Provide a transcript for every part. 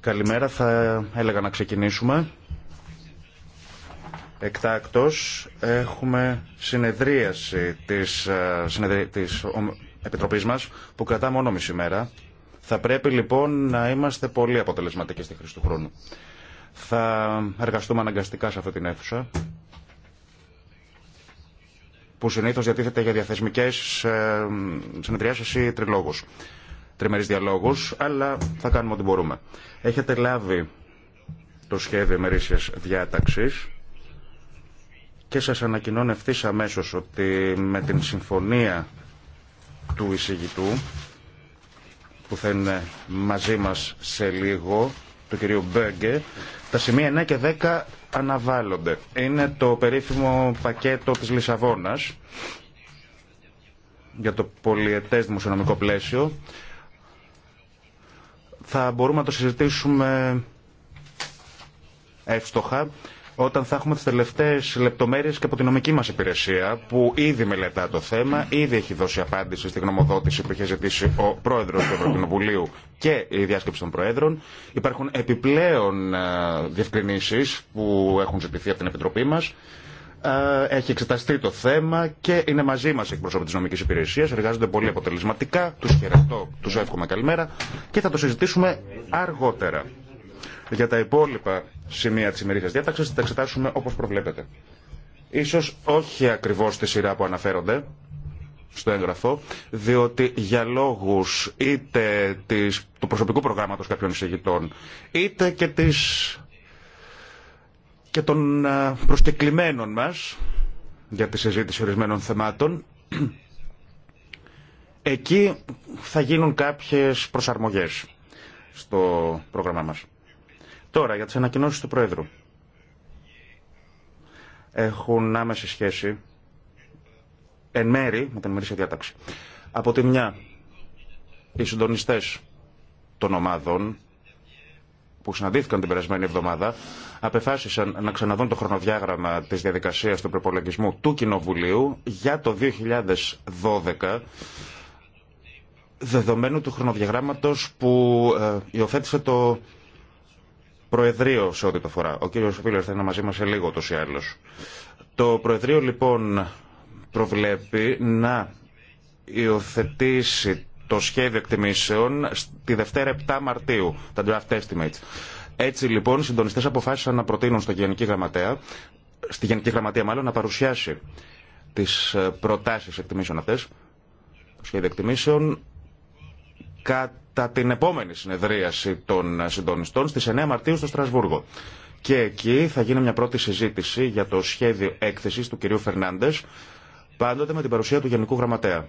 Καλημέρα, θα έλεγα να ξεκινήσουμε. Εκτάκτος, έχουμε συνεδρίαση της, ε, συνεδρι... της Επιτροπής μας που κρατά μόνο μισή μέρα. Θα πρέπει λοιπόν να είμαστε πολύ αποτελεσματικοί στη χρήση του χρόνου. Θα εργαστούμε αναγκαστικά σε αυτή την αίθουσα που συνήθω διατίθεται για διαθεσμικέ ε, συνεδριάσει ή τριλόγου. Τριμερεί διαλόγου, αλλά θα κάνουμε ό,τι μπορούμε. Έχετε λάβει το σχέδιο ημερήσια διάταξη και σα ανακοινώνω ευθύ αμέσω ότι με την συμφωνία του εισηγητού που θα είναι μαζί μας σε λίγο, του κυρίου Μπέγκε, τα σημεία 9 και 10 αναβάλλονται. Είναι το περίφημο πακέτο της Λισαβόνας για το πολιετές δημοσιονομικό πλαίσιο. Θα μπορούμε να το συζητήσουμε εύστοχα όταν θα έχουμε τι τελευταίε λεπτομέρειε και από την νομική μα υπηρεσία που ήδη μελετά το θέμα, ήδη έχει δώσει απάντηση στη γνωμοδότηση που είχε ζητήσει ο Πρόεδρο του Ευρωκοινοβουλίου και η διάσκεψη των προέδρων. Υπάρχουν επιπλέον ε, διευκρινήσει που έχουν ζητηθεί από την Επιτροπή μα, ε, έχει εξεταστεί το θέμα και είναι μαζί μα εκπρόσωποι τη νομική υπηρεσία. Εργάζονται πολύ αποτελεσματικά. Του χαιρετώ, του εύχομαι καλημέρα και θα το συζητήσουμε αργότερα. Για τα υπόλοιπα σημεία τη ημερήσια διάταξη, θα τα εξετάσουμε όπω προβλέπετε. Ίσως όχι ακριβώ τη σειρά που αναφέρονται στο έγγραφο, διότι για λόγους είτε της, του προσωπικού προγράμματο κάποιων εισηγητών, είτε και, και των προσκεκλημένων μας για τη συζήτηση ορισμένων θεμάτων, εκεί θα γίνουν κάποιες προσαρμογές στο πρόγραμμά μας. Τώρα, για τις ανακοινώσεις του Πρόεδρου. Έχουν άμεση σχέση, εν μέρη, με την ημερήσια διάταξη. Από τη μια, οι συντονιστές των ομάδων που συναντήθηκαν την περασμένη εβδομάδα, απεφάσισαν να ξαναδούν το χρονοδιάγραμμα της διαδικασίας του προπολογισμού του Κοινοβουλίου για το 2012, δεδομένου του χρονοδιαγράμματος που ε, υιοθέτησε το Προεδρείο σε ό,τι το φορά. Ο κύριος Φίλερ θα είναι μαζί μας σε λίγο ούτω ή Το Προεδρείο λοιπόν προβλέπει να υιοθετήσει το σχέδιο εκτιμήσεων τη Δευτέρα 7 Μαρτίου, τα draft estimates. Έτσι λοιπόν οι συντονιστές αποφάσισαν να προτείνουν στο Γενική Γραμματέα, στη Γενική Γραμματεία μάλλον, να παρουσιάσει τι ε, προτάσει εκτιμήσεων αυτέ, το σχέδιο εκτιμήσεων, κατά κατά την επόμενη συνεδρίαση των συντονιστών στις 9 Μαρτίου στο Στρασβούργο. Και εκεί θα γίνει μια πρώτη συζήτηση για το σχέδιο έκθεσης του κυρίου Φερνάντες, πάντοτε με την παρουσία του Γενικού Γραμματέα.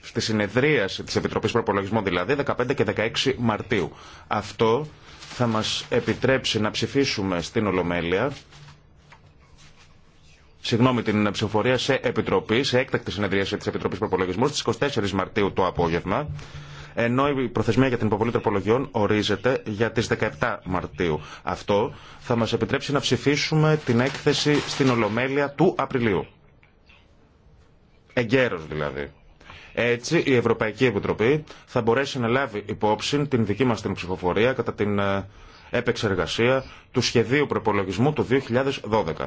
Στη συνεδρίαση της Επιτροπής Προπολογισμών δηλαδή, 15 και 16 Μαρτίου. Αυτό θα μας επιτρέψει να ψηφίσουμε στην Ολομέλεια συγγνώμη, την ψηφοφορία σε επιτροπή, σε έκτακτη συνεδρίαση τη Επιτροπή Προπολογισμού στι 24 Μαρτίου το απόγευμα ενώ η προθεσμία για την υποβολή τροπολογιών ορίζεται για τις 17 Μαρτίου. Αυτό θα μας επιτρέψει να ψηφίσουμε την έκθεση στην Ολομέλεια του Απριλίου. Εγκαίρος δηλαδή. Έτσι η Ευρωπαϊκή Επιτροπή θα μπορέσει να λάβει υπόψη την δική μας την ψηφοφορία κατά την ε, επεξεργασία του σχεδίου προπολογισμού του 2012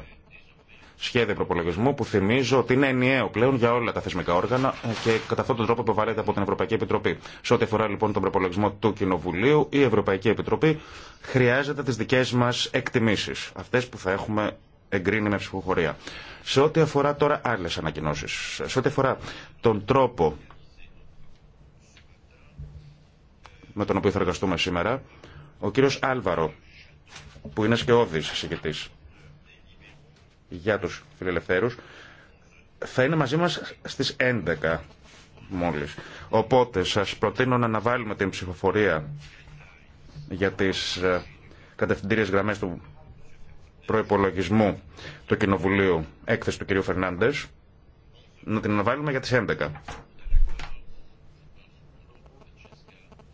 σχέδιο προπολογισμού που θυμίζω ότι είναι ενιαίο πλέον για όλα τα θεσμικά όργανα ε, και κατά αυτόν τον τρόπο υποβάλλεται από την Ευρωπαϊκή Επιτροπή. Σε ό,τι αφορά λοιπόν τον προπολογισμό του Κοινοβουλίου, η Ευρωπαϊκή Επιτροπή χρειάζεται τι δικέ μα εκτιμήσει, αυτέ που θα έχουμε εγκρίνει με ψηφοφορία. Σε ό,τι αφορά τώρα άλλε ανακοινώσει, σε ό,τι αφορά τον τρόπο με τον οποίο θα εργαστούμε σήμερα, ο κύριος Άλβαρο, που είναι σκεώδης συγκεκριτής, για τους φιλελευθέρους θα είναι μαζί μας στις 11 μόλις. Οπότε σας προτείνω να αναβάλουμε την ψηφοφορία για τις ε, κατευθυντήριες γραμμές του προϋπολογισμού του Κοινοβουλίου έκθεση του κυρίου Φερνάντες να την αναβάλουμε για τις 11.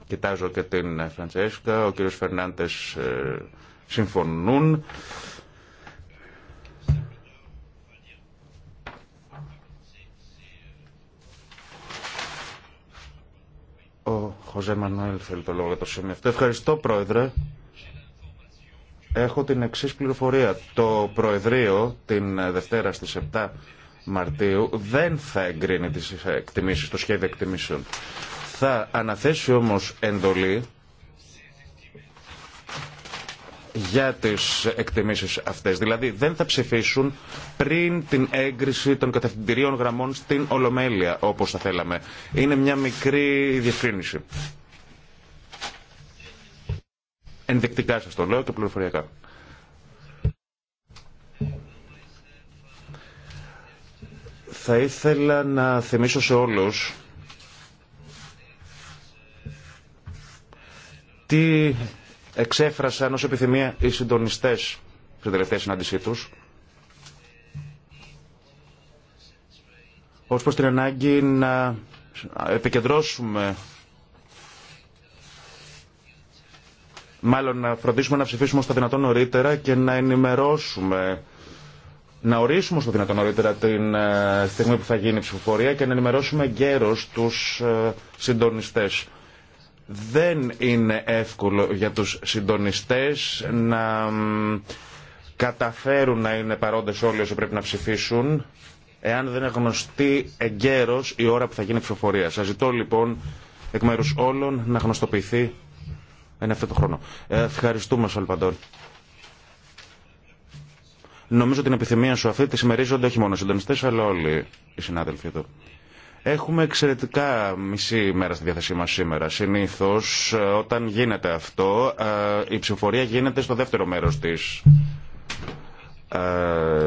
Κοιτάζω και την ε, Φραντσέσκα, ο κύριος Φερνάντες ε, συμφωνούν. Χωζέ Μανουέλ θέλει το λόγο για το σημείο αυτό. Ευχαριστώ, Πρόεδρε. Έχω την εξή πληροφορία. Το Προεδρείο την Δευτέρα στις 7 Μαρτίου δεν θα εγκρίνει τις εκτιμήσεις, το σχέδιο εκτιμήσεων. Θα αναθέσει όμως εντολή για τις εκτιμήσεις αυτές. Δηλαδή δεν θα ψηφίσουν πριν την έγκριση των κατευθυντηρίων γραμμών στην Ολομέλεια, όπως θα θέλαμε. Είναι μια μικρή διευκρίνηση. Ενδεικτικά σας το λέω και πληροφοριακά. Θα ήθελα να θυμίσω σε όλους τι εξέφρασαν ως επιθυμία οι συντονιστές στην τελευταία συνάντησή τους ως προς την ανάγκη να επικεντρώσουμε μάλλον να φροντίσουμε να ψηφίσουμε στο δυνατόν νωρίτερα και να ενημερώσουμε να ορίσουμε στο δυνατόν νωρίτερα την ε, στιγμή που θα γίνει η ψηφοφορία και να ενημερώσουμε γέρος τους ε, συντονιστές. Δεν είναι εύκολο για τους συντονιστές να καταφέρουν να είναι παρόντες όλοι όσοι πρέπει να ψηφίσουν εάν δεν είναι γνωστή η ώρα που θα γίνει η ψηφοφορία. Σας ζητώ λοιπόν εκ μέρους όλων να γνωστοποιηθεί εν αυτό το χρόνο. Ε, ευχαριστούμε, Σαλπαντόρ. Νομίζω την επιθυμία σου αυτή τη συμμερίζονται όχι μόνο οι συντονιστέ, αλλά όλοι οι συνάδελφοι εδώ. Έχουμε εξαιρετικά μισή μέρα στη διάθεσή μας σήμερα. Συνήθως όταν γίνεται αυτό ε, η ψηφοφορία γίνεται στο δεύτερο μέρος της ε,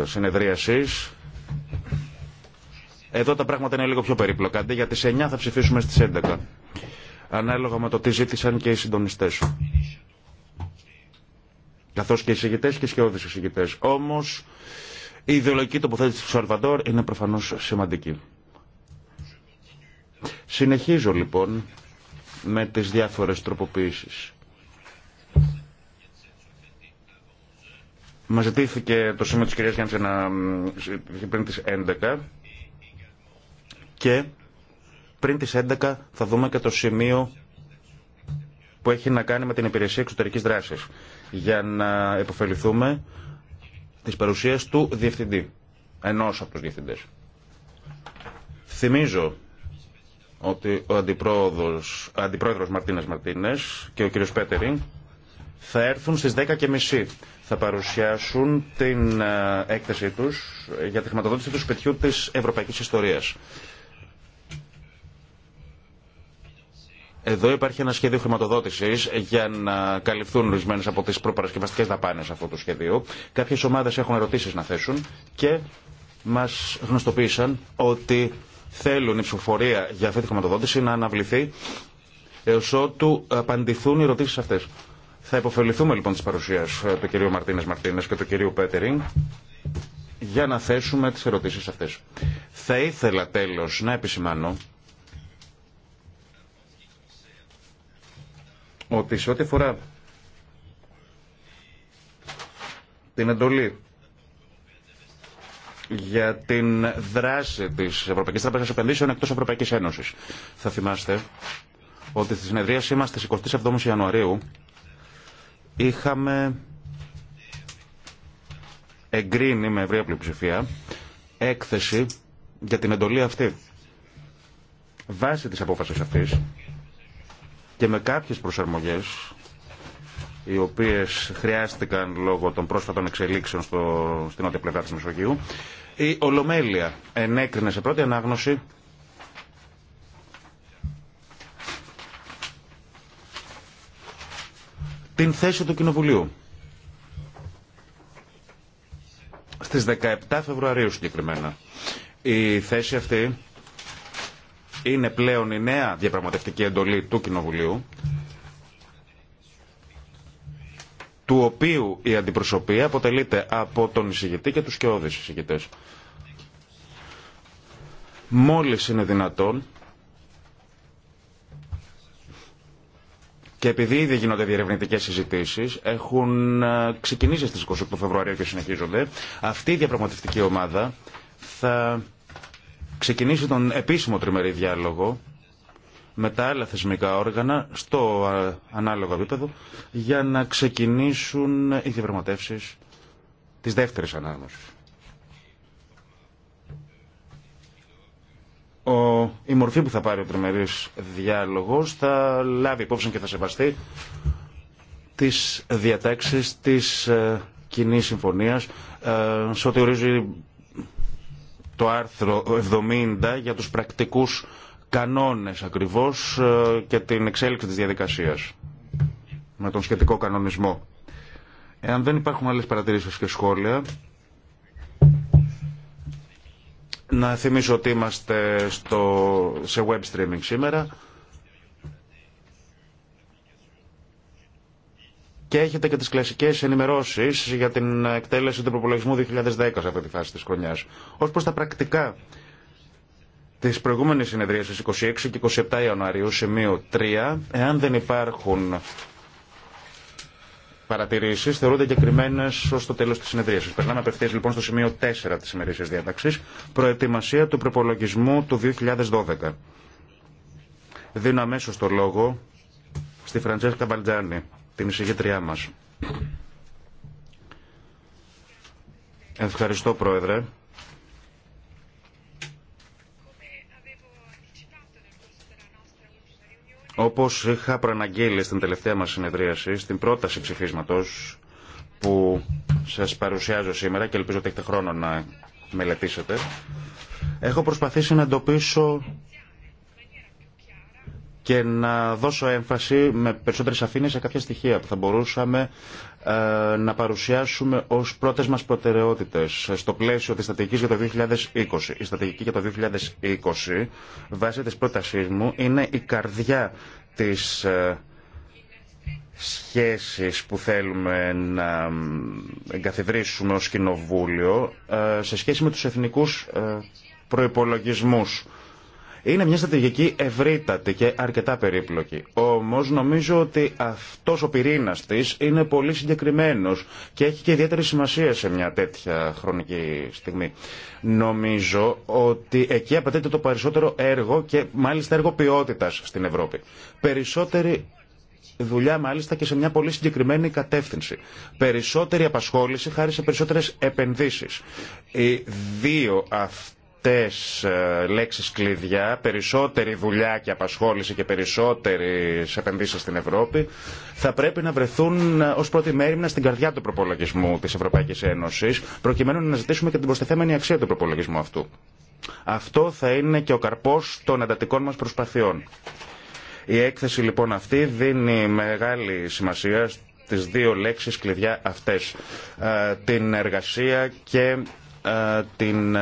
συνεδρίασης. Εδώ τα πράγματα είναι λίγο πιο περίπλοκα. Αντί για τις 9 θα ψηφίσουμε στις 11. Ανάλογα με το τι ζήτησαν και οι συντονιστές. Καθώς και οι συγκητέ και οι σκιώδεις συγκητέ. Όμως η ιδεολογική τοποθέτηση του Σαλβαντόρ είναι προφανώς σημαντική. Συνεχίζω λοιπόν με τις διάφορες τροποποίησεις. Μα ζητήθηκε το σημείο της κυρίας Γιάννης να πριν τις 11 και πριν τις 11 θα δούμε και το σημείο που έχει να κάνει με την υπηρεσία εξωτερικής δράσης για να υποφεληθούμε της παρουσίας του διευθυντή, ενός από τους διευθυντές. Θυμίζω ότι ο αντιπρόεδρος, αντιπρόεδρος Μαρτίνες Μαρτίνες και ο κύριος Πέτερη θα έρθουν στις 10.30. Θα παρουσιάσουν την ε, έκθεσή τους για τη χρηματοδότηση του σπιτιού της Ευρωπαϊκής Ιστορίας. Εδώ υπάρχει ένα σχέδιο χρηματοδότηση για να καλυφθούν ορισμένε από τι προπαρασκευαστικέ δαπάνε αυτού του σχεδίου. Κάποιε ομάδε έχουν ερωτήσει να θέσουν και μα γνωστοποίησαν ότι θέλουν η ψηφοφορία για αυτή τη χρηματοδότηση να αναβληθεί έω ότου απαντηθούν οι ερωτήσει αυτέ. Θα υποφεληθούμε λοιπόν τη παρουσία ε, του κυρίου Μαρτίνε Μαρτίνε και του κυρίου Πέτεριν για να θέσουμε τι ερωτήσει αυτέ. Θα ήθελα τέλο να επισημάνω ότι σε ό,τι αφορά την εντολή για την δράση τη Ευρωπαϊκή Τράπεζα Επενδύσεων εκτό Ευρωπαϊκή Ένωση. Θα θυμάστε ότι στη συνεδρίασή μα στι 27 Ιανουαρίου είχαμε εγκρίνει με ευρία πλειοψηφία έκθεση για την εντολή αυτή. Βάσει της απόφασης αυτής και με κάποιες προσαρμογές οι οποίες χρειάστηκαν λόγω των πρόσφατων εξελίξεων στο, στην νότια πλευρά της Μεσογείου. Η Ολομέλεια ενέκρινε σε πρώτη ανάγνωση την θέση του Κοινοβουλίου. Στις 17 Φεβρουαρίου συγκεκριμένα. Η θέση αυτή είναι πλέον η νέα διαπραγματευτική εντολή του Κοινοβουλίου του οποίου η αντιπροσωπεία αποτελείται από τον εισηγητή και τους όδες εισηγητές. Μόλις είναι δυνατόν, Και επειδή ήδη γίνονται διερευνητικέ συζητήσει, έχουν ε, ξεκινήσει στις 28 Φεβρουαρίου και συνεχίζονται, αυτή η διαπραγματευτική ομάδα θα ξεκινήσει τον επίσημο τριμερή διάλογο με τα άλλα θεσμικά όργανα στο ανάλογο επίπεδο για να ξεκινήσουν οι διαπραγματεύσεις της δεύτερης ανάγνωσης. Ο, η μορφή που θα πάρει ο τριμερής διάλογος θα λάβει υπόψη και θα σεβαστεί τις διατάξεις της ε, κοινή συμφωνίας ε, σε ό,τι ορίζει το άρθρο 70 για τους πρακτικούς κανόνες ακριβώς ε, και την εξέλιξη της διαδικασίας με τον σχετικό κανονισμό. Εάν δεν υπάρχουν άλλες παρατηρήσεις και σχόλια, να θυμίσω ότι είμαστε στο, σε web streaming σήμερα και έχετε και τις κλασικές ενημερώσεις για την εκτέλεση του προπολογισμού 2010 σε αυτή τη φάση της χρονιάς. Ως προς τα πρακτικά Τις προηγούμενες συνεδρίες στις 26 και 27 Ιανουαρίου, σημείο 3, εάν δεν υπάρχουν παρατηρήσεις, θεωρούνται εγκεκριμένε ως το τέλος της συνεδρίας. Περνάμε απευθείας λοιπόν στο σημείο 4 της ημερήσιας διάταξης, προετοιμασία του προπολογισμού του 2012. Δίνω αμέσως το λόγο στη Φραντζέσκα Μπαλτζάνη, την εισηγήτριά μας. Ευχαριστώ Πρόεδρε. Όπως είχα προαναγγείλει στην τελευταία μα συνεδρίαση, στην πρόταση ψηφίσματο που σας παρουσιάζω σήμερα και ελπίζω ότι έχετε χρόνο να μελετήσετε, έχω προσπαθήσει να εντοπίσω και να δώσω έμφαση με περισσότερη σαφήνεια σε κάποια στοιχεία που θα μπορούσαμε ε, να παρουσιάσουμε ως πρώτες μας προτεραιότητες στο πλαίσιο της στρατηγικής για το 2020. Η στρατηγική για το 2020, βάσει της πρότασή μου, είναι η καρδιά της ε, σχέσεις που θέλουμε να εγκαθιδρύσουμε ως κοινοβούλιο ε, σε σχέση με τους εθνικούς προϋπολογισμούς είναι μια στρατηγική ευρύτατη και αρκετά περίπλοκη. Όμω νομίζω ότι αυτό ο πυρήνα τη είναι πολύ συγκεκριμένο και έχει και ιδιαίτερη σημασία σε μια τέτοια χρονική στιγμή. Νομίζω ότι εκεί απαιτείται το περισσότερο έργο και μάλιστα έργο ποιότητα στην Ευρώπη. Περισσότερη δουλειά μάλιστα και σε μια πολύ συγκεκριμένη κατεύθυνση. Περισσότερη απασχόληση χάρη σε περισσότερε επενδύσει. Οι δύο αυτοί αυτές ε, λέξει κλειδιά, περισσότερη δουλειά και απασχόληση και περισσότερε επενδύσει στην Ευρώπη, θα πρέπει να βρεθούν ε, ω πρώτη μέρημνα στην καρδιά του προπολογισμού τη Ευρωπαϊκή Ένωση, προκειμένου να ζητήσουμε και την προστιθέμενη αξία του προπολογισμού αυτού. Αυτό θα είναι και ο καρπό των εντατικών μα προσπαθειών. Η έκθεση λοιπόν αυτή δίνει μεγάλη σημασία στις δύο λέξεις κλειδιά αυτές. Ε, την εργασία και ε, την, ε,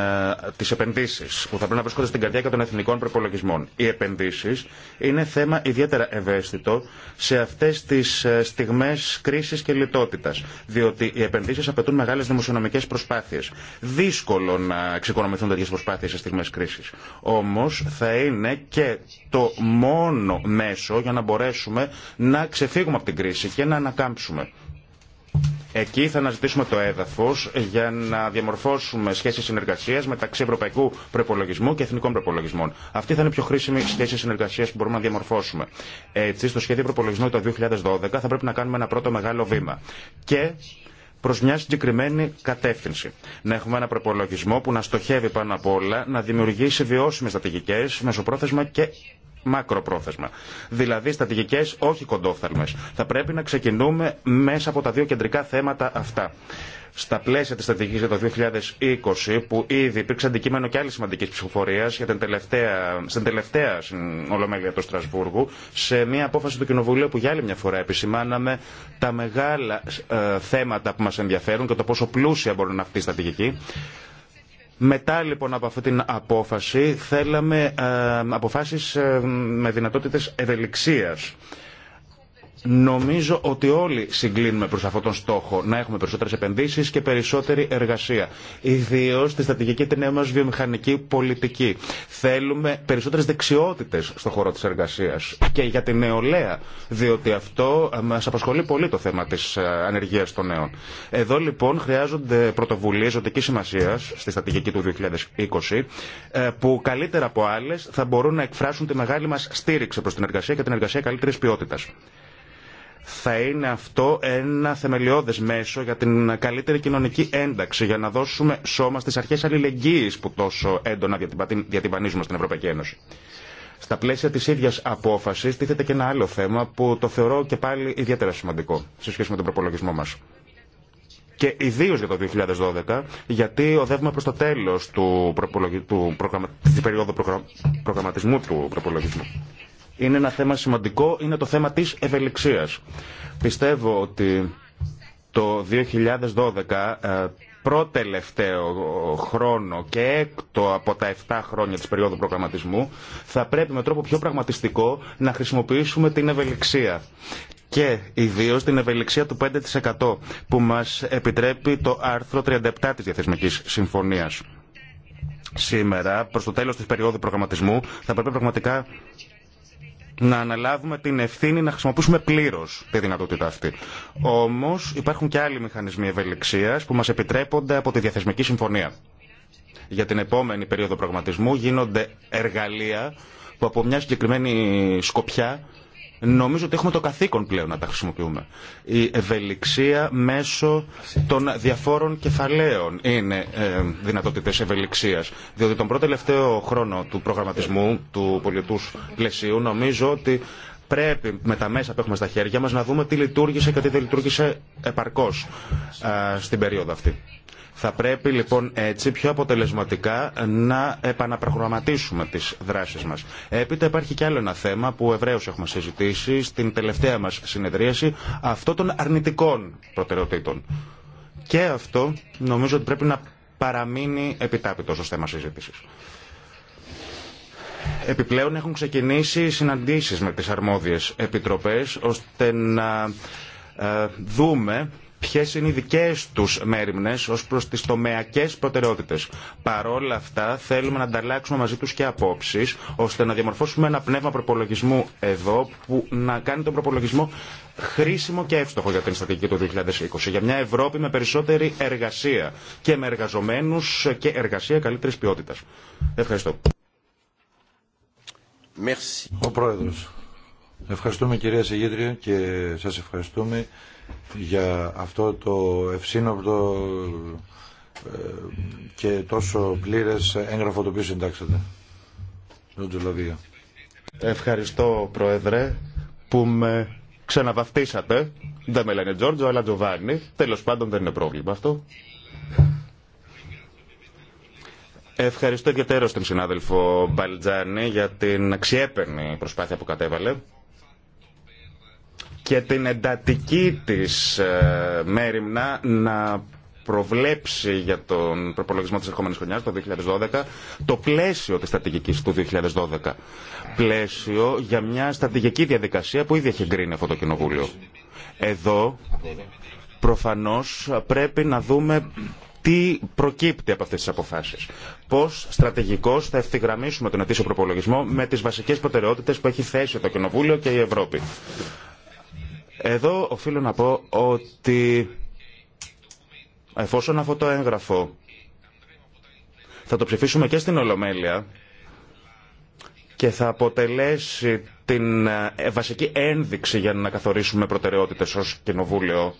τις επενδύσεις που θα πρέπει να βρίσκονται στην καρδιά και των εθνικών προπολογισμών. Οι επενδύσει είναι θέμα ιδιαίτερα ευαίσθητο σε αυτές τις ε, στιγμές κρίσης και λιτότητας, διότι οι επενδύσεις απαιτούν μεγάλες δημοσιονομικές προσπάθειες. Δύσκολο να εξοικονομηθούν τέτοιε προσπάθειες σε στιγμές κρίση. Όμω θα είναι και το μόνο μέσο για να μπορέσουμε να ξεφύγουμε από την κρίση και να ανακάμψουμε. Εκεί θα αναζητήσουμε το έδαφο για να διαμορφώσουμε σχέσει συνεργασία μεταξύ ευρωπαϊκού προπολογισμού και εθνικών προπολογισμών. Αυτή θα είναι η πιο χρήσιμη σχέση συνεργασία που μπορούμε να διαμορφώσουμε. Έτσι, στο σχέδιο προπολογισμού το 2012 θα πρέπει να κάνουμε ένα πρώτο μεγάλο βήμα. Και προ μια συγκεκριμένη κατεύθυνση. Να έχουμε ένα προπολογισμό που να στοχεύει πάνω απ' όλα να δημιουργήσει βιώσιμε στρατηγικέ μεσοπρόθεσμα και μακροπρόθεσμα. Δηλαδή στατηγικέ, όχι κοντόφθαλμε. Θα πρέπει να ξεκινούμε μέσα από τα δύο κεντρικά θέματα αυτά. Στα πλαίσια τη στρατηγική για το 2020, που ήδη υπήρξε αντικείμενο και άλλη σημαντική ψηφοφορία στην τελευταία ολομέλεια του Στρασβούργου, σε μια απόφαση του Κοινοβουλίου που για άλλη μια φορά επισημάναμε τα μεγάλα ε, θέματα που μα ενδιαφέρουν και το πόσο πλούσια μπορεί να αυτή η στρατηγική, μετά λοιπόν από αυτή την απόφαση θέλαμε ε, αποφάσεις ε, με δυνατότητες ευελιξίας Νομίζω ότι όλοι συγκλίνουμε προ αυτόν τον στόχο να έχουμε περισσότερε επενδύσει και περισσότερη εργασία. Ιδίω στη στρατηγική τη νέα μα βιομηχανική πολιτική. Θέλουμε περισσότερε δεξιότητε στον χώρο τη εργασία και για την νεολαία, διότι αυτό ε, μα απασχολεί πολύ το θέμα τη ε, ανεργία των νέων. Εδώ λοιπόν χρειάζονται πρωτοβουλίε ζωτική σημασία στη στρατηγική του 2020 ε, που καλύτερα από άλλε θα μπορούν να εκφράσουν τη μεγάλη μα στήριξη προ την εργασία και την εργασία καλύτερη ποιότητα θα είναι αυτό ένα θεμελιώδε μέσο για την καλύτερη κοινωνική ένταξη, για να δώσουμε σώμα στις αρχέ αλληλεγγύη που τόσο έντονα διατυμπανίζουμε στην Ευρωπαϊκή Ένωση. Στα πλαίσια τη ίδια απόφαση τίθεται και ένα άλλο θέμα που το θεωρώ και πάλι ιδιαίτερα σημαντικό σε σχέση με τον προπολογισμό μα. και ιδίω για το 2012, γιατί οδεύουμε προ το τέλο του, του τη περίοδου προγραμματισμού του προπολογισμού είναι ένα θέμα σημαντικό, είναι το θέμα της ευελιξίας. Πιστεύω ότι το 2012 ε, προτελευταίο χρόνο και έκτο από τα 7 χρόνια της περίοδου προγραμματισμού θα πρέπει με τρόπο πιο πραγματιστικό να χρησιμοποιήσουμε την ευελιξία και ιδίω την ευελιξία του 5% που μας επιτρέπει το άρθρο 37 της Διαθεσμικής Συμφωνίας. Σήμερα, προς το τέλος της περίοδου προγραμματισμού, θα πρέπει πραγματικά να αναλάβουμε την ευθύνη να χρησιμοποιήσουμε πλήρω τη δυνατότητα αυτή. Όμω υπάρχουν και άλλοι μηχανισμοί ευελιξία που μα επιτρέπονται από τη διαθεσμική συμφωνία. Για την επόμενη περίοδο πραγματισμού γίνονται εργαλεία που από μια συγκεκριμένη σκοπιά Νομίζω ότι έχουμε το καθήκον πλέον να τα χρησιμοποιούμε. Η ευελιξία μέσω των διαφόρων κεφαλαίων είναι ε, δυνατότητε ευελιξία. Διότι τον πρώτο τελευταίο χρόνο του προγραμματισμού, του πολιτού πλαισίου, νομίζω ότι πρέπει με τα μέσα που έχουμε στα χέρια μα να δούμε τι λειτουργήσε και τι δεν λειτουργήσε επαρκώ ε, στην περίοδο αυτή. Θα πρέπει λοιπόν έτσι πιο αποτελεσματικά να επαναπρογραμματίσουμε τις δράσεις μας. Έπειτα υπάρχει και άλλο ένα θέμα που ευρέως έχουμε συζητήσει στην τελευταία μας συνεδρίαση, αυτό των αρνητικών προτεραιοτήτων. Και αυτό νομίζω ότι πρέπει να παραμείνει επιτάπητο ως θέμα συζήτηση. Επιπλέον έχουν ξεκινήσει συναντήσεις με τις αρμόδιες επιτροπές ώστε να ε, δούμε ποιε είναι οι δικέ του μέρημνε ω προ τι τομεακέ προτεραιότητε. Παρόλα αυτά, θέλουμε να ανταλλάξουμε μαζί του και απόψει, ώστε να διαμορφώσουμε ένα πνεύμα προπολογισμού εδώ που να κάνει τον προπολογισμό χρήσιμο και εύστοχο για την στρατηγική του 2020. Για μια Ευρώπη με περισσότερη εργασία και με εργαζομένου και εργασία καλύτερη ποιότητα. Ευχαριστώ. Merci. Ο Πρόεδρος. Ευχαριστούμε κυρία Συγγέντρια και σας ευχαριστούμε για αυτό το ευσύνοπτο ε, και τόσο πλήρες έγγραφο το οποίο συντάξατε. Ευχαριστώ Πρόεδρε που με ξαναβαφτίσατε. Δεν με λένε Τζόρτζο αλλά Τζοβάνι. Τέλος πάντων δεν είναι πρόβλημα αυτό. Ευχαριστώ ιδιαίτερα τον συνάδελφο Μπαλτζάνη για την αξιέπαινη προσπάθεια που κατέβαλε και την εντατική της ε, μέρημνα να προβλέψει για τον προπολογισμό της ερχόμενης χρονιάς, το 2012, το πλαίσιο της στρατηγικής του 2012. Πλαίσιο για μια στρατηγική διαδικασία που ήδη έχει γκρίνει αυτό το Κοινοβούλιο. Εδώ προφανώς πρέπει να δούμε τι προκύπτει από αυτές τις αποφάσεις. Πώς στρατηγικώς θα ευθυγραμμίσουμε τον ετήσιο προπολογισμό με τις βασικές προτεραιότητες που έχει θέσει το Κοινοβούλιο και η Ευρώπη. Εδώ οφείλω να πω ότι εφόσον αυτό το έγγραφο θα το ψηφίσουμε και στην Ολομέλεια και θα αποτελέσει την ε, βασική ένδειξη για να καθορίσουμε προτεραιότητες ως Κοινοβούλιο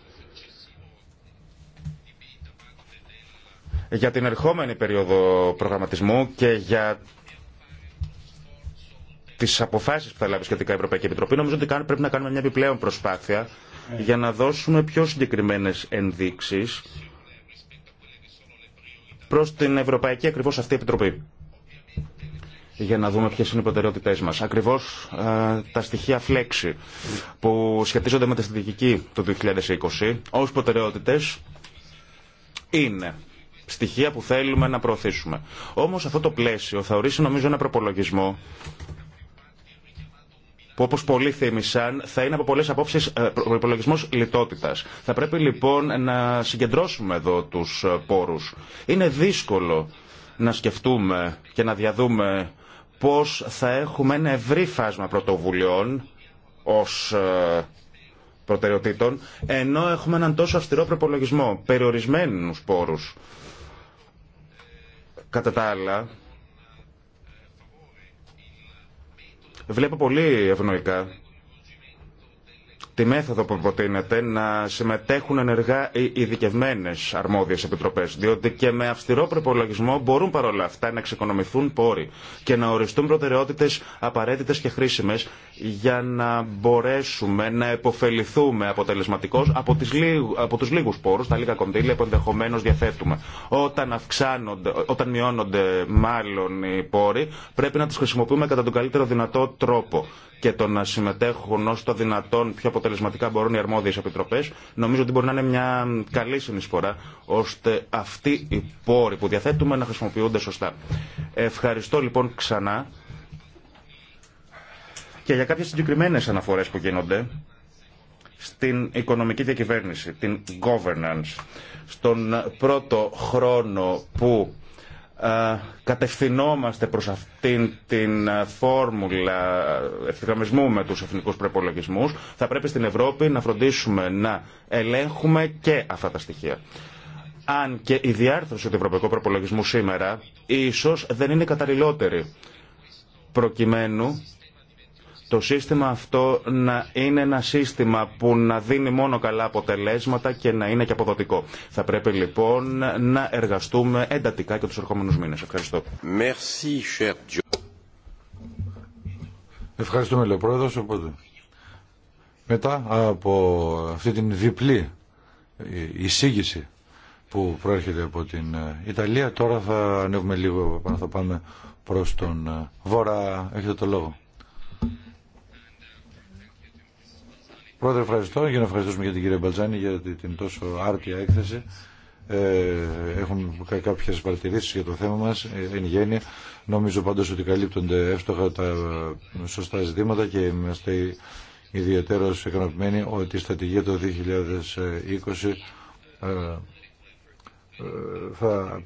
για την ερχόμενη περίοδο προγραμματισμού και για τι αποφάσει που θα λάβει σχετικά η Ευρωπαϊκή Επιτροπή, νομίζω ότι πρέπει να κάνουμε μια επιπλέον προσπάθεια ναι. για να δώσουμε πιο συγκεκριμένε ενδείξει προ την Ευρωπαϊκή ακριβώ αυτή Επιτροπή. Για να δούμε ποιε είναι οι προτεραιότητέ μα. Ακριβώ ε, τα στοιχεία φλέξη που σχετίζονται με τη στρατηγική του 2020 ω προτεραιότητε είναι στοιχεία που θέλουμε να προωθήσουμε. Όμω αυτό το πλαίσιο θα ορίσει νομίζω ένα προπολογισμό που όπω πολλοί θύμισαν θα είναι από πολλέ απόψει ε, προπολογισμό λιτότητα. Θα πρέπει λοιπόν να συγκεντρώσουμε εδώ του ε, πόρου. Είναι δύσκολο να σκεφτούμε και να διαδούμε πώς θα έχουμε ένα ευρύ φάσμα πρωτοβουλειών ως ε, προτεραιοτήτων, ενώ έχουμε έναν τόσο αυστηρό προπολογισμό, περιορισμένους πόρους. Κατά τα άλλα, βλέπω πολύ ευνοϊκά τη μέθοδο που προτείνεται να συμμετέχουν ενεργά οι ειδικευμένε αρμόδιε επιτροπέ. Διότι και με αυστηρό προπολογισμό μπορούν παρόλα αυτά να εξοικονομηθούν πόροι και να οριστούν προτεραιότητε απαραίτητε και χρήσιμε για να μπορέσουμε να επωφεληθούμε αποτελεσματικώ από, από του λίγου πόρου, τα λίγα κονδύλια που ενδεχομένω διαθέτουμε. Όταν, αυξάνονται, όταν μειώνονται μάλλον οι πόροι, πρέπει να τι χρησιμοποιούμε κατά τον καλύτερο δυνατό τρόπο και το να συμμετέχουν ω το δυνατόν πιο αποτελεσματικά μπορούν οι αρμόδιε επιτροπέ, νομίζω ότι μπορεί να είναι μια καλή συνεισφορά ώστε αυτοί οι πόροι που διαθέτουμε να χρησιμοποιούνται σωστά. Ευχαριστώ λοιπόν ξανά και για κάποιες συγκεκριμένε αναφορές που γίνονται στην οικονομική διακυβέρνηση, την governance, στον πρώτο χρόνο που ε, κατευθυνόμαστε προς αυτήν την ε, φόρμουλα ευθυγραμμισμού με τους εθνικούς προπολογισμού, θα πρέπει στην Ευρώπη να φροντίσουμε να ελέγχουμε και αυτά τα στοιχεία. Αν και η διάρθρωση του ευρωπαϊκού προπολογισμού σήμερα ίσως δεν είναι καταλληλότερη προκειμένου το σύστημα αυτό να είναι ένα σύστημα που να δίνει μόνο καλά αποτελέσματα και να είναι και αποδοτικό. Θα πρέπει λοιπόν να εργαστούμε εντατικά και τους ερχόμενους μήνες. Ευχαριστώ. Merci, cher Ευχαριστούμε, Λεπρόεδρος. Οπότε, μετά από αυτή την διπλή ε, εισήγηση που προέρχεται από την ε, Ιταλία, τώρα θα ανέβουμε λίγο, θα πάμε προς τον ε, Βόρα. Έχετε το λόγο. Πρόεδρε, ευχαριστώ για να ευχαριστήσουμε για την κυρία Μπαλτζάνη για την τόσο άρτια έκθεση. Ε, έχουν κάποιε παρατηρήσει για το θέμα μα ε, εν γέννη. Νομίζω πάντω ότι καλύπτονται εύστοχα τα ε, σωστά ζητήματα και είμαστε ιδιαίτερω ικανοποιημένοι ότι η στρατηγία το 2020 ε, ε θα,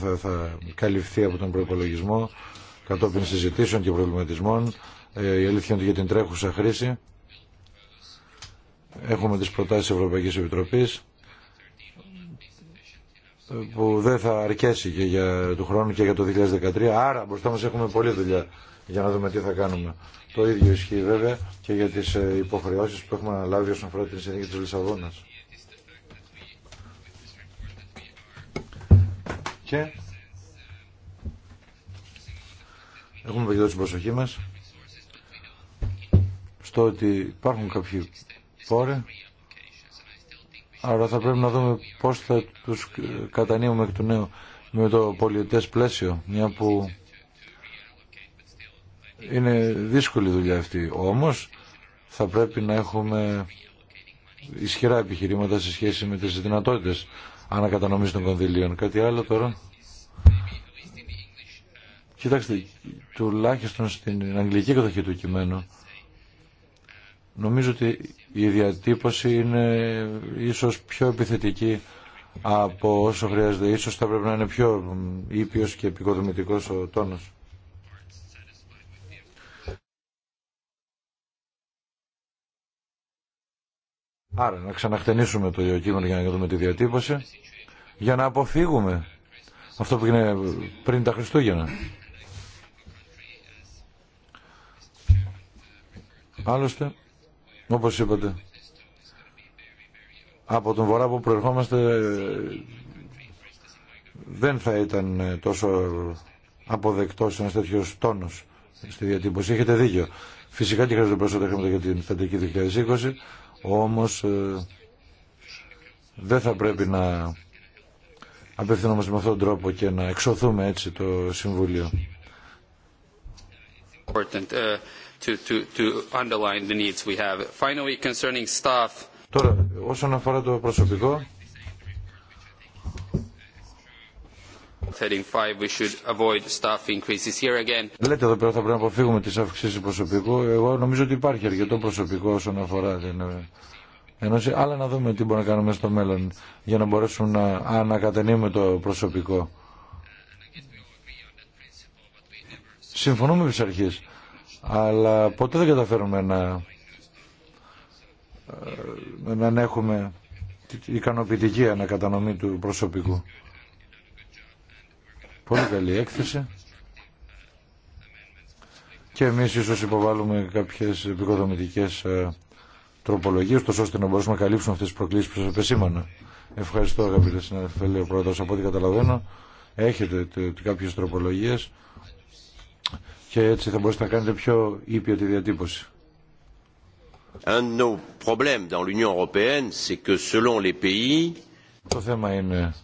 θα, θα καλυφθεί από τον προπολογισμό κατόπιν συζητήσεων και προβληματισμών. Η αλήθεια είναι ότι για την τρέχουσα χρήση έχουμε τις προτάσεις Ευρωπαϊκής Επιτροπής που δεν θα αρκέσει και για το χρόνο και για το 2013. Άρα μπροστά μας έχουμε πολλή δουλειά για να δούμε τι θα κάνουμε. Το ίδιο ισχύει βέβαια και για τις ε, υποχρεώσεις που έχουμε αναλάβει όσον αφορά την συνθήκη της Λισαβόνας. Και έχουμε επικεντρώσει την προσοχή μας στο ότι υπάρχουν κάποιοι πόρε. Άρα θα πρέπει να δούμε πώς θα τους κατανείμουμε εκ του νέου με το πολυετές πλαίσιο, μια που είναι δύσκολη δουλειά αυτή. Όμως θα πρέπει να έχουμε ισχυρά επιχειρήματα σε σχέση με τις δυνατότητες ανακατανομής των κονδυλίων. Κάτι άλλο τώρα. Κοιτάξτε, τουλάχιστον στην αγγλική κατοχή του κειμένου, νομίζω ότι η διατύπωση είναι ίσως πιο επιθετική από όσο χρειάζεται. Ίσως θα πρέπει να είναι πιο ήπιος και επικοδομητικός ο τόνος. Άρα να ξαναχτενίσουμε το κείμενο για να δούμε τη διατύπωση για να αποφύγουμε αυτό που είναι πριν τα Χριστούγεννα. Άλλωστε, όπως είπατε, από τον βορρά που προερχόμαστε δεν θα ήταν τόσο αποδεκτός ένας τέτοιος τόνος στη διατύπωση. Έχετε δίκιο. Φυσικά και χρειάζονται περισσότερα χρήματα για την θετική 2020, όμως ε, δεν θα πρέπει να απευθυνόμαστε με αυτόν τον τρόπο και να εξωθούμε έτσι το Συμβούλιο. Τώρα, όσον αφορά το προσωπικό. δεν we should Λέτε εδώ πέρα θα πρέπει να αποφύγουμε τις αυξήσεις προσωπικού. Εγώ νομίζω ότι υπάρχει αρκετό προσωπικό όσον αφορά την ενώση. Αλλά να δούμε τι μπορούμε να κάνουμε στο μέλλον για να μπορέσουμε να ανακατενύουμε το προσωπικό. Συμφωνούμε με τις αρχές αλλά ποτέ δεν καταφέρουμε να, ε, να έχουμε ικανοποιητική ανακατανομή του προσωπικού. Πολύ καλή έκθεση. Και εμείς ίσως υποβάλλουμε κάποιες επικοδομητικές ε, τροπολογίες, τόσο ώστε να μπορούμε να καλύψουμε αυτές τις προκλήσεις που σας επεσήμανα. Ευχαριστώ αγαπητέ συνάδελφε, λέει ο πρόεδρος, από ό,τι καταλαβαίνω. Έχετε κάποιες τροπολογίες και έτσι θα μπορούσατε να κάνετε πιο ήπια τη διατύπωση. Το θέμα είναι